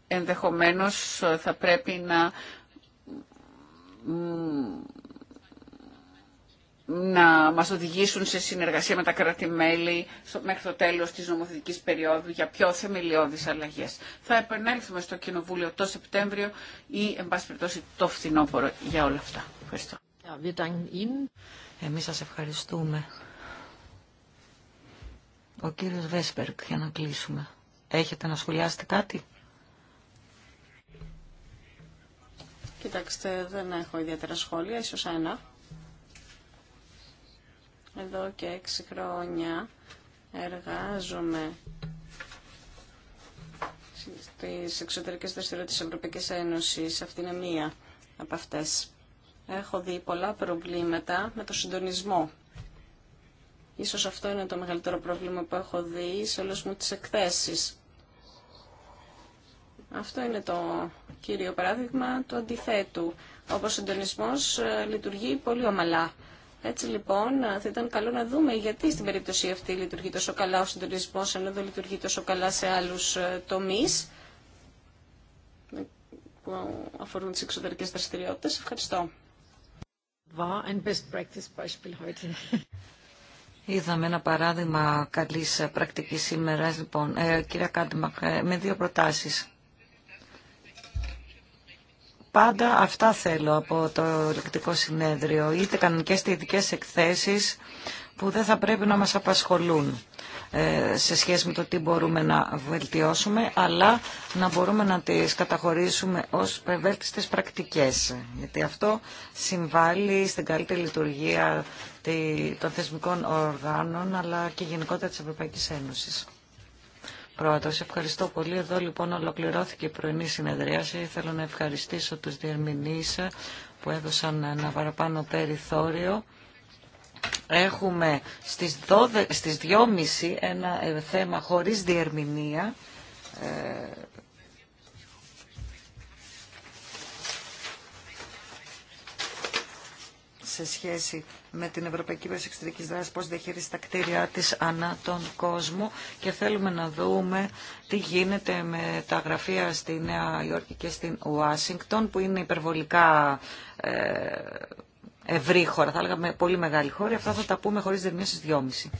ενδεχομένως θα πρέπει να να μας οδηγήσουν σε συνεργασία με τα κράτη-μέλη μέχρι το τέλος της νομοθετικής περίοδου για πιο θεμελιώδεις αλλαγές. Θα επανέλθουμε στο Κοινοβούλιο το Σεπτέμβριο ή, εν πάση περιπτώσει, το φθινόπωρο για όλα αυτά. Ευχαριστώ. Εμείς σας ευχαριστούμε. Ο κύριος Βέσπερκ, για να κλείσουμε. Έχετε να σχολιάσετε κάτι? Κοιτάξτε, δεν έχω ιδιαίτερα σχόλια, ίσως ένα. Εδώ και έξι χρόνια εργάζομαι στις εξωτερικές δραστηριότητες της Ευρωπαϊκής Ένωσης. Αυτή είναι μία από αυτές. Έχω δει πολλά προβλήματα με το συντονισμό. Ίσως αυτό είναι το μεγαλύτερο πρόβλημα που έχω δει σε όλες μου τις εκθέσεις. Αυτό είναι το κύριο παράδειγμα του αντιθέτου. Όπως ο συντονισμός ε, λειτουργεί πολύ ομαλά έτσι λοιπόν θα ήταν καλό να δούμε γιατί στην περίπτωση αυτή λειτουργεί τόσο καλά ο συντονισμό ενώ δεν λειτουργεί τόσο καλά σε άλλου ε, τομεί ε, που αφορούν τι εξωτερικέ δραστηριότητε. Ευχαριστώ. Είδαμε ένα παράδειγμα καλής πρακτικής σήμερα. Λοιπόν, ε, κυρία Κάντμακ, ε, με δύο προτάσεις. Πάντα αυτά θέλω από το ελεκτικό συνέδριο, είτε κανονικέ είτε ειδικέ εκθέσεις που δεν θα πρέπει να μας απασχολούν ε, σε σχέση με το τι μπορούμε να βελτιώσουμε, αλλά να μπορούμε να τις καταχωρήσουμε ως ευέλτιστες πρακτικές. Γιατί αυτό συμβάλλει στην καλύτερη λειτουργία των θεσμικών οργάνων, αλλά και γενικότερα της Ευρωπαϊκής Ένωσης ευχαριστώ πολύ. Εδώ λοιπόν ολοκληρώθηκε η πρωινή συνεδρίαση. Θέλω να ευχαριστήσω τους διερμηνείς που έδωσαν ένα παραπάνω περιθώριο. Έχουμε στις, 12, στις 2.30 ένα ε, θέμα χωρίς διερμηνία. Ε, σε σχέση με την Ευρωπαϊκή Υπηρεσία Δράση, Δράσης, πώς διαχειρίζει τα κτίρια της ανά τον κόσμο και θέλουμε να δούμε τι γίνεται με τα γραφεία στη Νέα Υόρκη και στην Ουάσιγκτον που είναι υπερβολικά ε, ευρύ χώρα, θα έλεγα με πολύ μεγάλη χώρα. Αυτά θα τα πούμε χωρίς δερμία στις